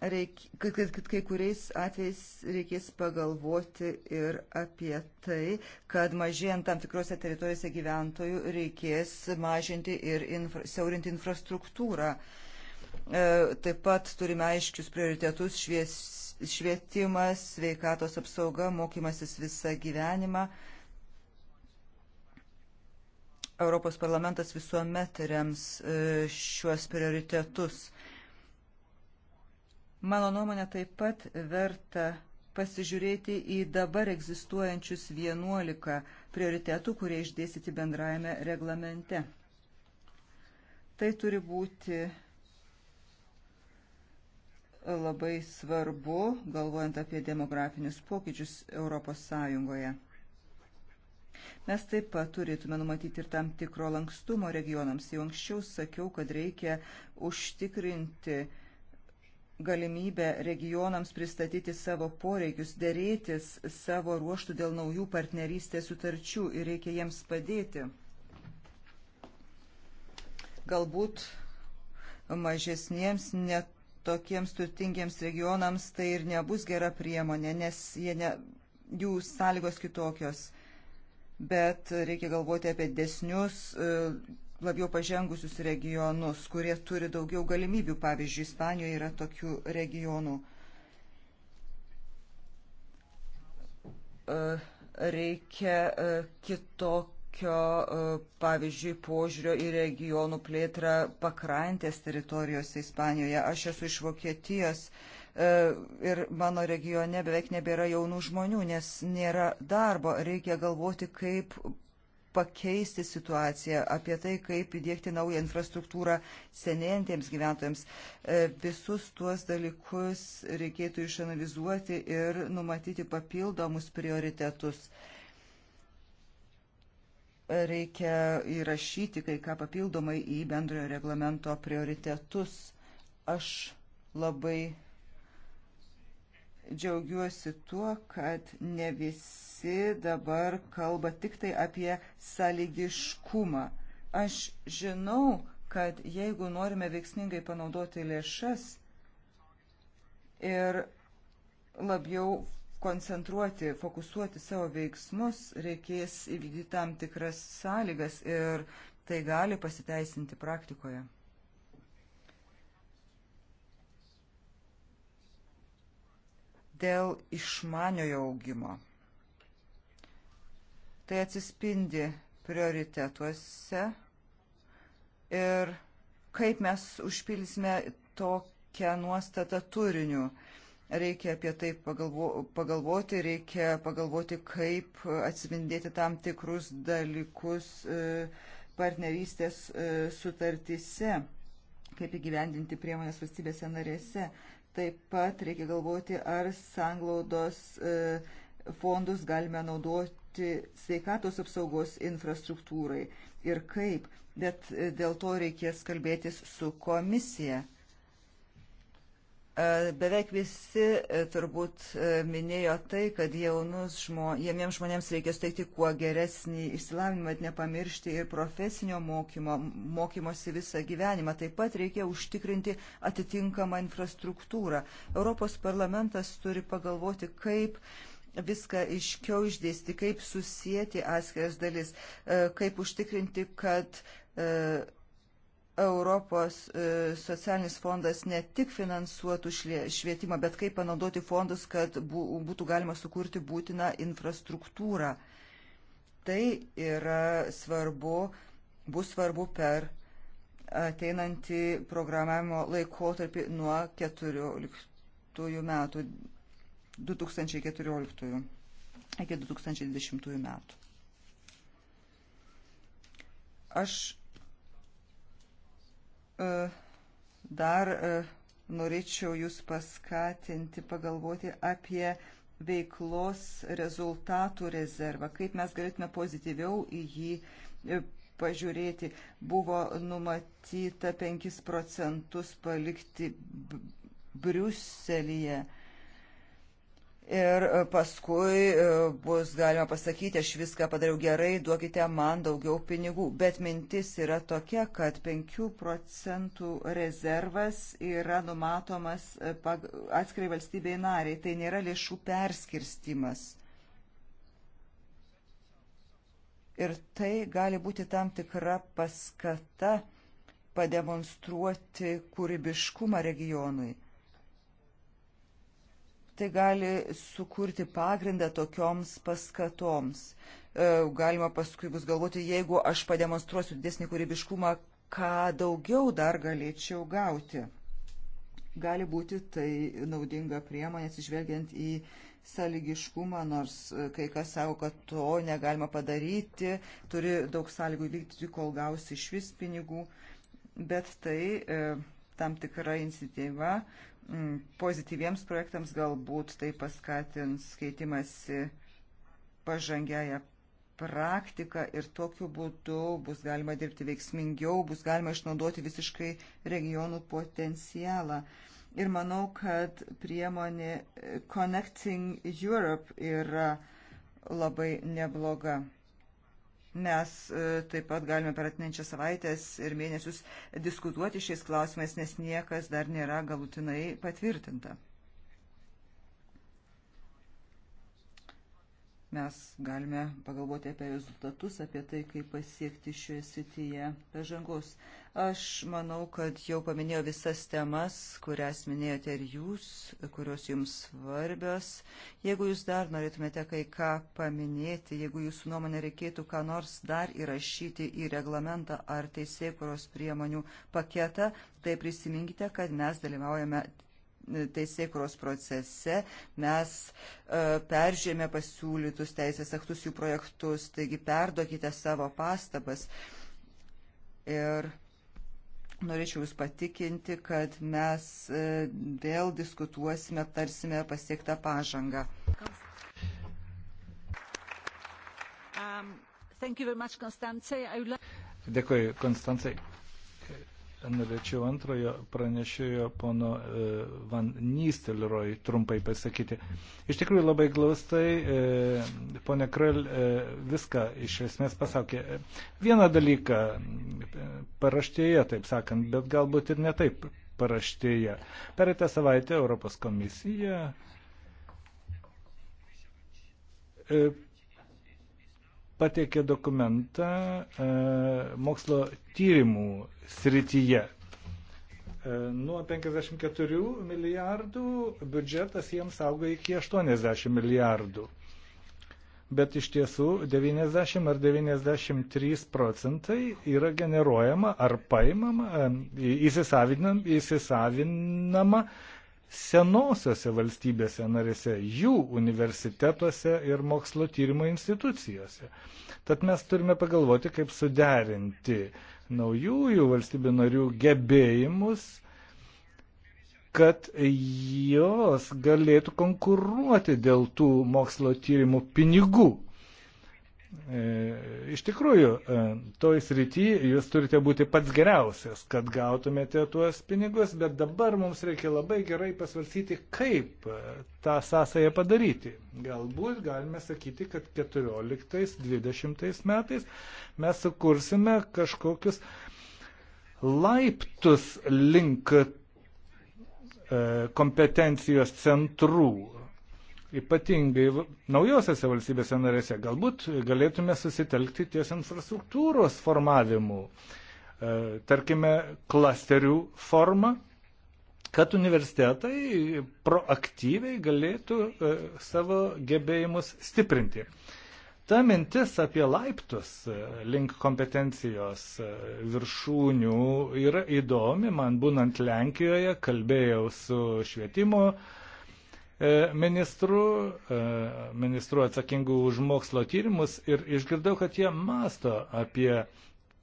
B: reik, kad, kad, kad kai kuriais atvejais reikės pagalvoti ir apie tai, kad mažėjant tam tikrose teritorijose gyventojų reikės mažinti ir infra, siaurinti infrastruktūrą. E, taip pat turime aiškius prioritetus švies, švietimas, sveikatos apsauga, mokymasis visą gyvenimą. Europos parlamentas visuomet rems e, šiuos prioritetus Mano nuomonė taip pat verta pasižiūrėti į dabar egzistuojančius 11 prioritetų, kurie išdėstyti bendrajame reglamente. Tai turi būti labai svarbu, galvojant apie demografinius pokyčius Europos Sąjungoje. Mes taip pat turėtume numatyti ir tam tikro lankstumo regionams. Jau anksčiau sakiau, kad reikia užtikrinti galimybę regionams pristatyti savo poreikius, dėrėtis savo ruoštų dėl naujų partnerystės sutarčių ir reikia jiems padėti. Galbūt mažesniems, netokiems turtingiems regionams tai ir nebus gera priemonė, nes ne, jų sąlygos kitokios bet reikia galvoti apie desnius labiau pažengusius regionus, kurie turi daugiau galimybių. Pavyzdžiui, Ispanijoje yra tokių regionų. E, reikia e, kitokio, e, pavyzdžiui, požiūrio į regionų plėtrą pakrantės teritorijose Ispanijoje. Aš esu iš Vokietijos ir mano regione beveik nebėra jaunų žmonių, nes nėra darbo. Reikia galvoti, kaip pakeisti situaciją, apie tai, kaip įdėkti naują infrastruktūrą senėjantiems gyventojams. E, visus tuos dalykus reikėtų išanalizuoti ir numatyti papildomus prioritetus. Reikia įrašyti kai ką papildomai į bendrojo reglamento prioritetus. Aš labai džiaugiuosi tuo, kad ne visi dabar kalba tik tai apie sąlygiškumą. Aš žinau, kad jeigu norime veiksmingai panaudoti lėšas ir labiau koncentruoti, fokusuoti savo veiksmus, reikės įvykdyti tam tikras sąlygas ir tai gali pasiteisinti praktikoje. dėl išmaniojo augimo. Tai atsispindi prioritetuose ir kaip mes užpilsime tokią nuostatą turiniu. Reikia apie tai pagalvo, pagalvoti, reikia pagalvoti, kaip atspindėti tam tikrus dalykus e, partnerystės e, sutartyse kaip įgyvendinti priemonės valstybėse narėse. Taip pat reikia galvoti, ar sanglaudos e, fondus galime naudoti sveikatos apsaugos infrastruktūrai ir kaip, bet e, dėl to reikės kalbėtis su komisija. E, beveik visi e, turbūt e, minėjo tai, kad jaunus žmo, jauniems žmonėms reikia suteikti kuo geresnį išsilavinimą, bet nepamiršti ir profesinio mokymo, mokymosi visą gyvenimą. Taip pat reikia užtikrinti atitinkamą infrastruktūrą. Europos parlamentas turi pagalvoti, kaip viską iškiau išdėsti, kaip susijęti atskiras dalis, kaip užtikrinti, kad Europos e, socialinis fondas ne tik finansuotų švietimą, bet kaip panaudoti fondus, kad būtų galima sukurti būtiną infrastruktūrą. Tai yra svarbu, bus svarbu per ateinantį programavimo laikotarpį nuo 14 metų 2014 iki 2020 metų. Aš E, dar e, norėčiau jūs paskatinti pagalvoti apie veiklos rezultatų rezervą, kaip mes galėtume pozityviau į jį e, pažiūrėti. Buvo numatyta 5 procentus palikti Briuselėje. Ir e, paskui e, bus galima pasakyti, aš viską padariau gerai, duokite man daugiau pinigų. Bet mintis yra tokia, kad 5 procentų rezervas yra numatomas e, atskirai valstybei nariai. Tai nėra lėšų perskirstimas. Ir tai gali būti tam tikra paskata pademonstruoti kūrybiškumą regionui. Tai gali sukurti pagrindą tokioms paskatoms. E, galima paskui bus galvoti, jeigu aš pademonstruosiu didesnį kūrybiškumą, ką daugiau dar galėčiau gauti. Gali būti tai naudinga priemonė atsižvelgiant į sąlygiškumą, nors e, kai kas sako, kad to negalima padaryti, turi daug sąlygų vykdyti, kol gausi iš vis pinigų, bet tai e, tam tikra iniciatyva, Mm, pozityviems projektams, galbūt tai paskatins keitimasi pažangiają praktiką ir tokiu būdu bus galima dirbti veiksmingiau, bus galima išnaudoti visiškai regionų potencialą. Ir manau, kad priemonė eh, Connecting Europe yra labai nebloga. Mes e, taip pat galime per atinančias savaitės ir mėnesius diskutuoti šiais klausimais, nes niekas dar nėra galutinai patvirtinta. Mes galime pagalvoti apie rezultatus, apie tai, kaip pasiekti šioje srityje pažangos. Aš manau, kad jau paminėjau visas temas, kurias minėjote ir jūs, kurios jums svarbios. Jeigu jūs dar norėtumėte kai ką paminėti, jeigu jūsų nuomonė reikėtų ką nors dar įrašyti į reglamentą ar teisėkuros priemonių paketą, tai prisiminkite, kad mes dalyvaujame teisėkros procese mes e, peržėmė pasiūlytus teisės aktus, jų projektus, taigi perduokite savo pastabas. Ir norėčiau Jūs patikinti, kad mes e, vėl diskutuosime, aptarsime pasiektą pažangą. Um, much, Konstantai. Would...
A: Dėkui, Konstantai norėčiau antrojo pranešėjo pono e, Van Nistelroj trumpai pasakyti. Iš tikrųjų labai glaustai, e, ponė Krell e, viską iš esmės pasakė. Vieną dalyką paraštėje, taip sakant, bet galbūt ir ne taip paraštėje. Pereitą savaitę Europos komisija pateikė dokumentą e, mokslo tyrimų srityje. E, nuo 54 milijardų biudžetas jiems auga iki 80 milijardų. Bet iš tiesų 90 ar 93 procentai yra generuojama ar paimama, e, įsisavinama, įsisavinama e, senosiose valstybėse narėse, jų universitetuose ir mokslo tyrimo institucijose. Tad mes turime pagalvoti, kaip suderinti naujųjų valstybių narių gebėjimus, kad jos galėtų konkuruoti dėl tų mokslo tyrimų pinigų. E, iš tikrųjų, e, toj srity jūs turite būti pats geriausias, kad gautumėte tuos pinigus, bet dabar mums reikia labai gerai pasvarsyti, kaip e, tą sąsąją padaryti. Galbūt galime sakyti, kad 14-20 metais mes sukursime kažkokius laiptus link kompetencijos centrų ypatingai naujosiose valstybėse narėse. Galbūt galėtume susitelkti ties infrastruktūros formavimu, e, tarkime, klasterių formą, kad universitetai proaktyviai galėtų e, savo gebėjimus stiprinti. Ta mintis apie laiptus e, link kompetencijos viršūnių yra įdomi. Man būnant Lenkijoje kalbėjau su švietimo uh, E, ministru, e, ministru atsakingu už mokslo tyrimus ir išgirdau, kad jie masto apie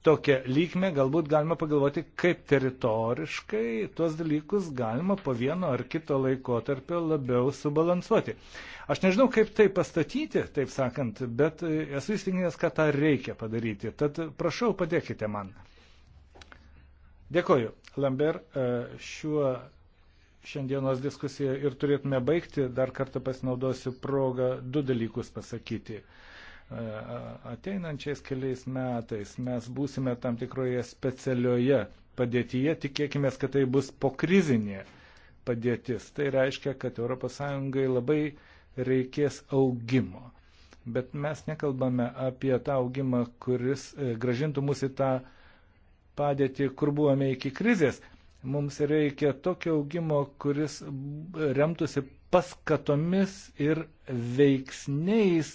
A: tokią lygmę, galbūt galima pagalvoti, kaip teritoriškai tuos dalykus galima po vieno ar kito laiko tarp labiau subalansuoti. Aš nežinau, kaip tai pastatyti, taip sakant, bet esu įstikinęs, kad tą reikia padaryti. Tad prašau, padėkite man. Dėkoju. Lambert, e, šiuo šiandienos diskusiją ir turėtume baigti, dar kartą pasinaudosiu progą du dalykus pasakyti. E, ateinančiais keliais metais mes būsime tam tikroje specialioje padėtyje, tikėkime, kad tai bus pokrizinė padėtis. Tai reiškia, kad ES labai reikės augimo. Bet mes nekalbame apie tą augimą, kuris e, gražintų mus į tą padėtį, kur buvome iki krizės. Mums reikia tokio augimo, kuris remtųsi paskatomis ir veiksniais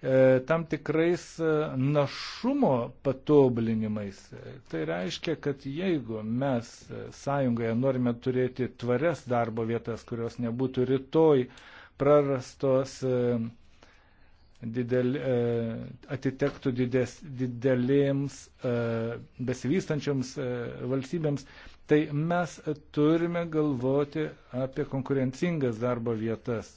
A: e, tam tikrais e, našumo patobulinimais. Tai reiškia, kad jeigu mes e, sąjungoje norime turėti tvarias darbo vietas, kurios nebūtų rytoj prarastos didel, e, atitektų dides, didelėms e, besivystančioms e, valstybėms, tai mes turime galvoti apie konkurencingas darbo vietas.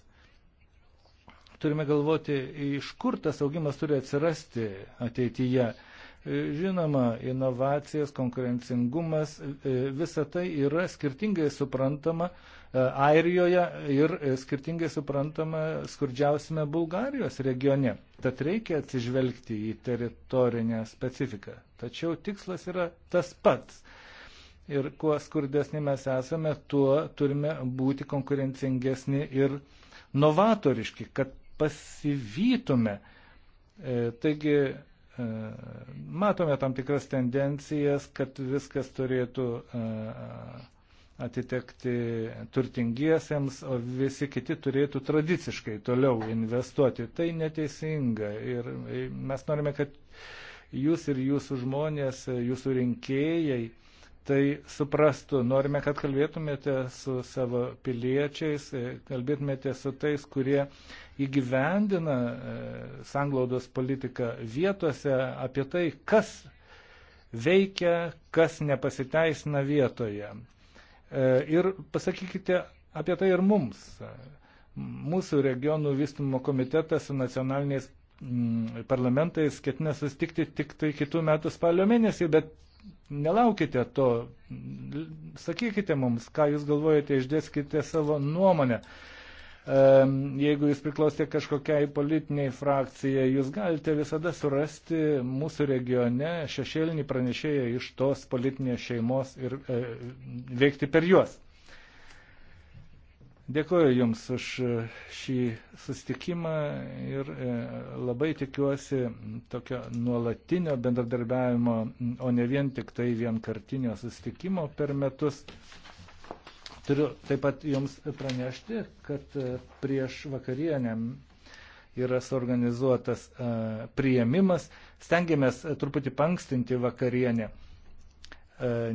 A: Turime galvoti, iš kur tas augimas turi atsirasti ateityje. Žinoma, inovacijas, konkurencingumas, visa tai yra skirtingai suprantama uh, E, Airijoje ir e, skirtingai suprantama skurdžiausiame Bulgarijos regione. Tad reikia atsižvelgti į teritorinę specifiką. Tačiau tikslas yra tas pats. Ir kuo skurdesni mes esame, tuo turime būti konkurencingesni ir novatoriški, kad pasivytume. E, taigi matome tam tikras tendencijas, kad viskas turėtų atitekti turtingiesiems, o visi kiti turėtų tradiciškai toliau investuoti. Tai neteisinga ir mes norime, kad jūs ir jūsų žmonės, jūsų rinkėjai tai suprastų. Norime, kad kalbėtumėte su savo piliečiais, kalbėtumėte su tais, kurie įgyvendina e, sanglaudos politiką vietose apie tai, kas veikia, kas nepasiteisina vietoje. E, ir pasakykite apie tai ir mums. Mūsų regionų vystumo komitetas su nacionaliniais mm, parlamentais ketina sustikti tik tai kitų metų spalio mėnesį, bet nelaukite to. Sakykite mums, ką jūs galvojate, išdėskite savo nuomonę. Jeigu jūs priklausė kažkokiai politiniai frakcijai, jūs galite visada surasti mūsų regione šešėlinį pranešėją iš tos politinės šeimos ir e, veikti per juos. Dėkuoju Jums už e, šį sustikimą ir e, labai tikiuosi tokio nuolatinio bendradarbiavimo, o ne vien tik tai vienkartinio sustikimo per metus. Turiu taip pat Jums pranešti, kad e, prieš vakarienę yra suorganizuotas e, prieimimas. Stengiamės e, truputį pankstinti vakarienę.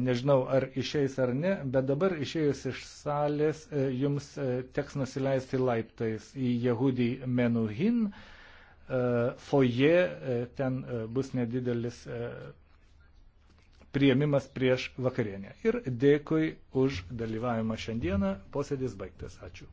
A: Nežinau, ar išeis ar ne, bet dabar išėjus iš salės jums teks nusileisti laiptais į Jehudį Menuhin. Foje ten bus nedidelis prieimimas prieš vakarienę. Ir dėkui už dalyvavimą šiandieną. Posėdis baigtas. Ačiū.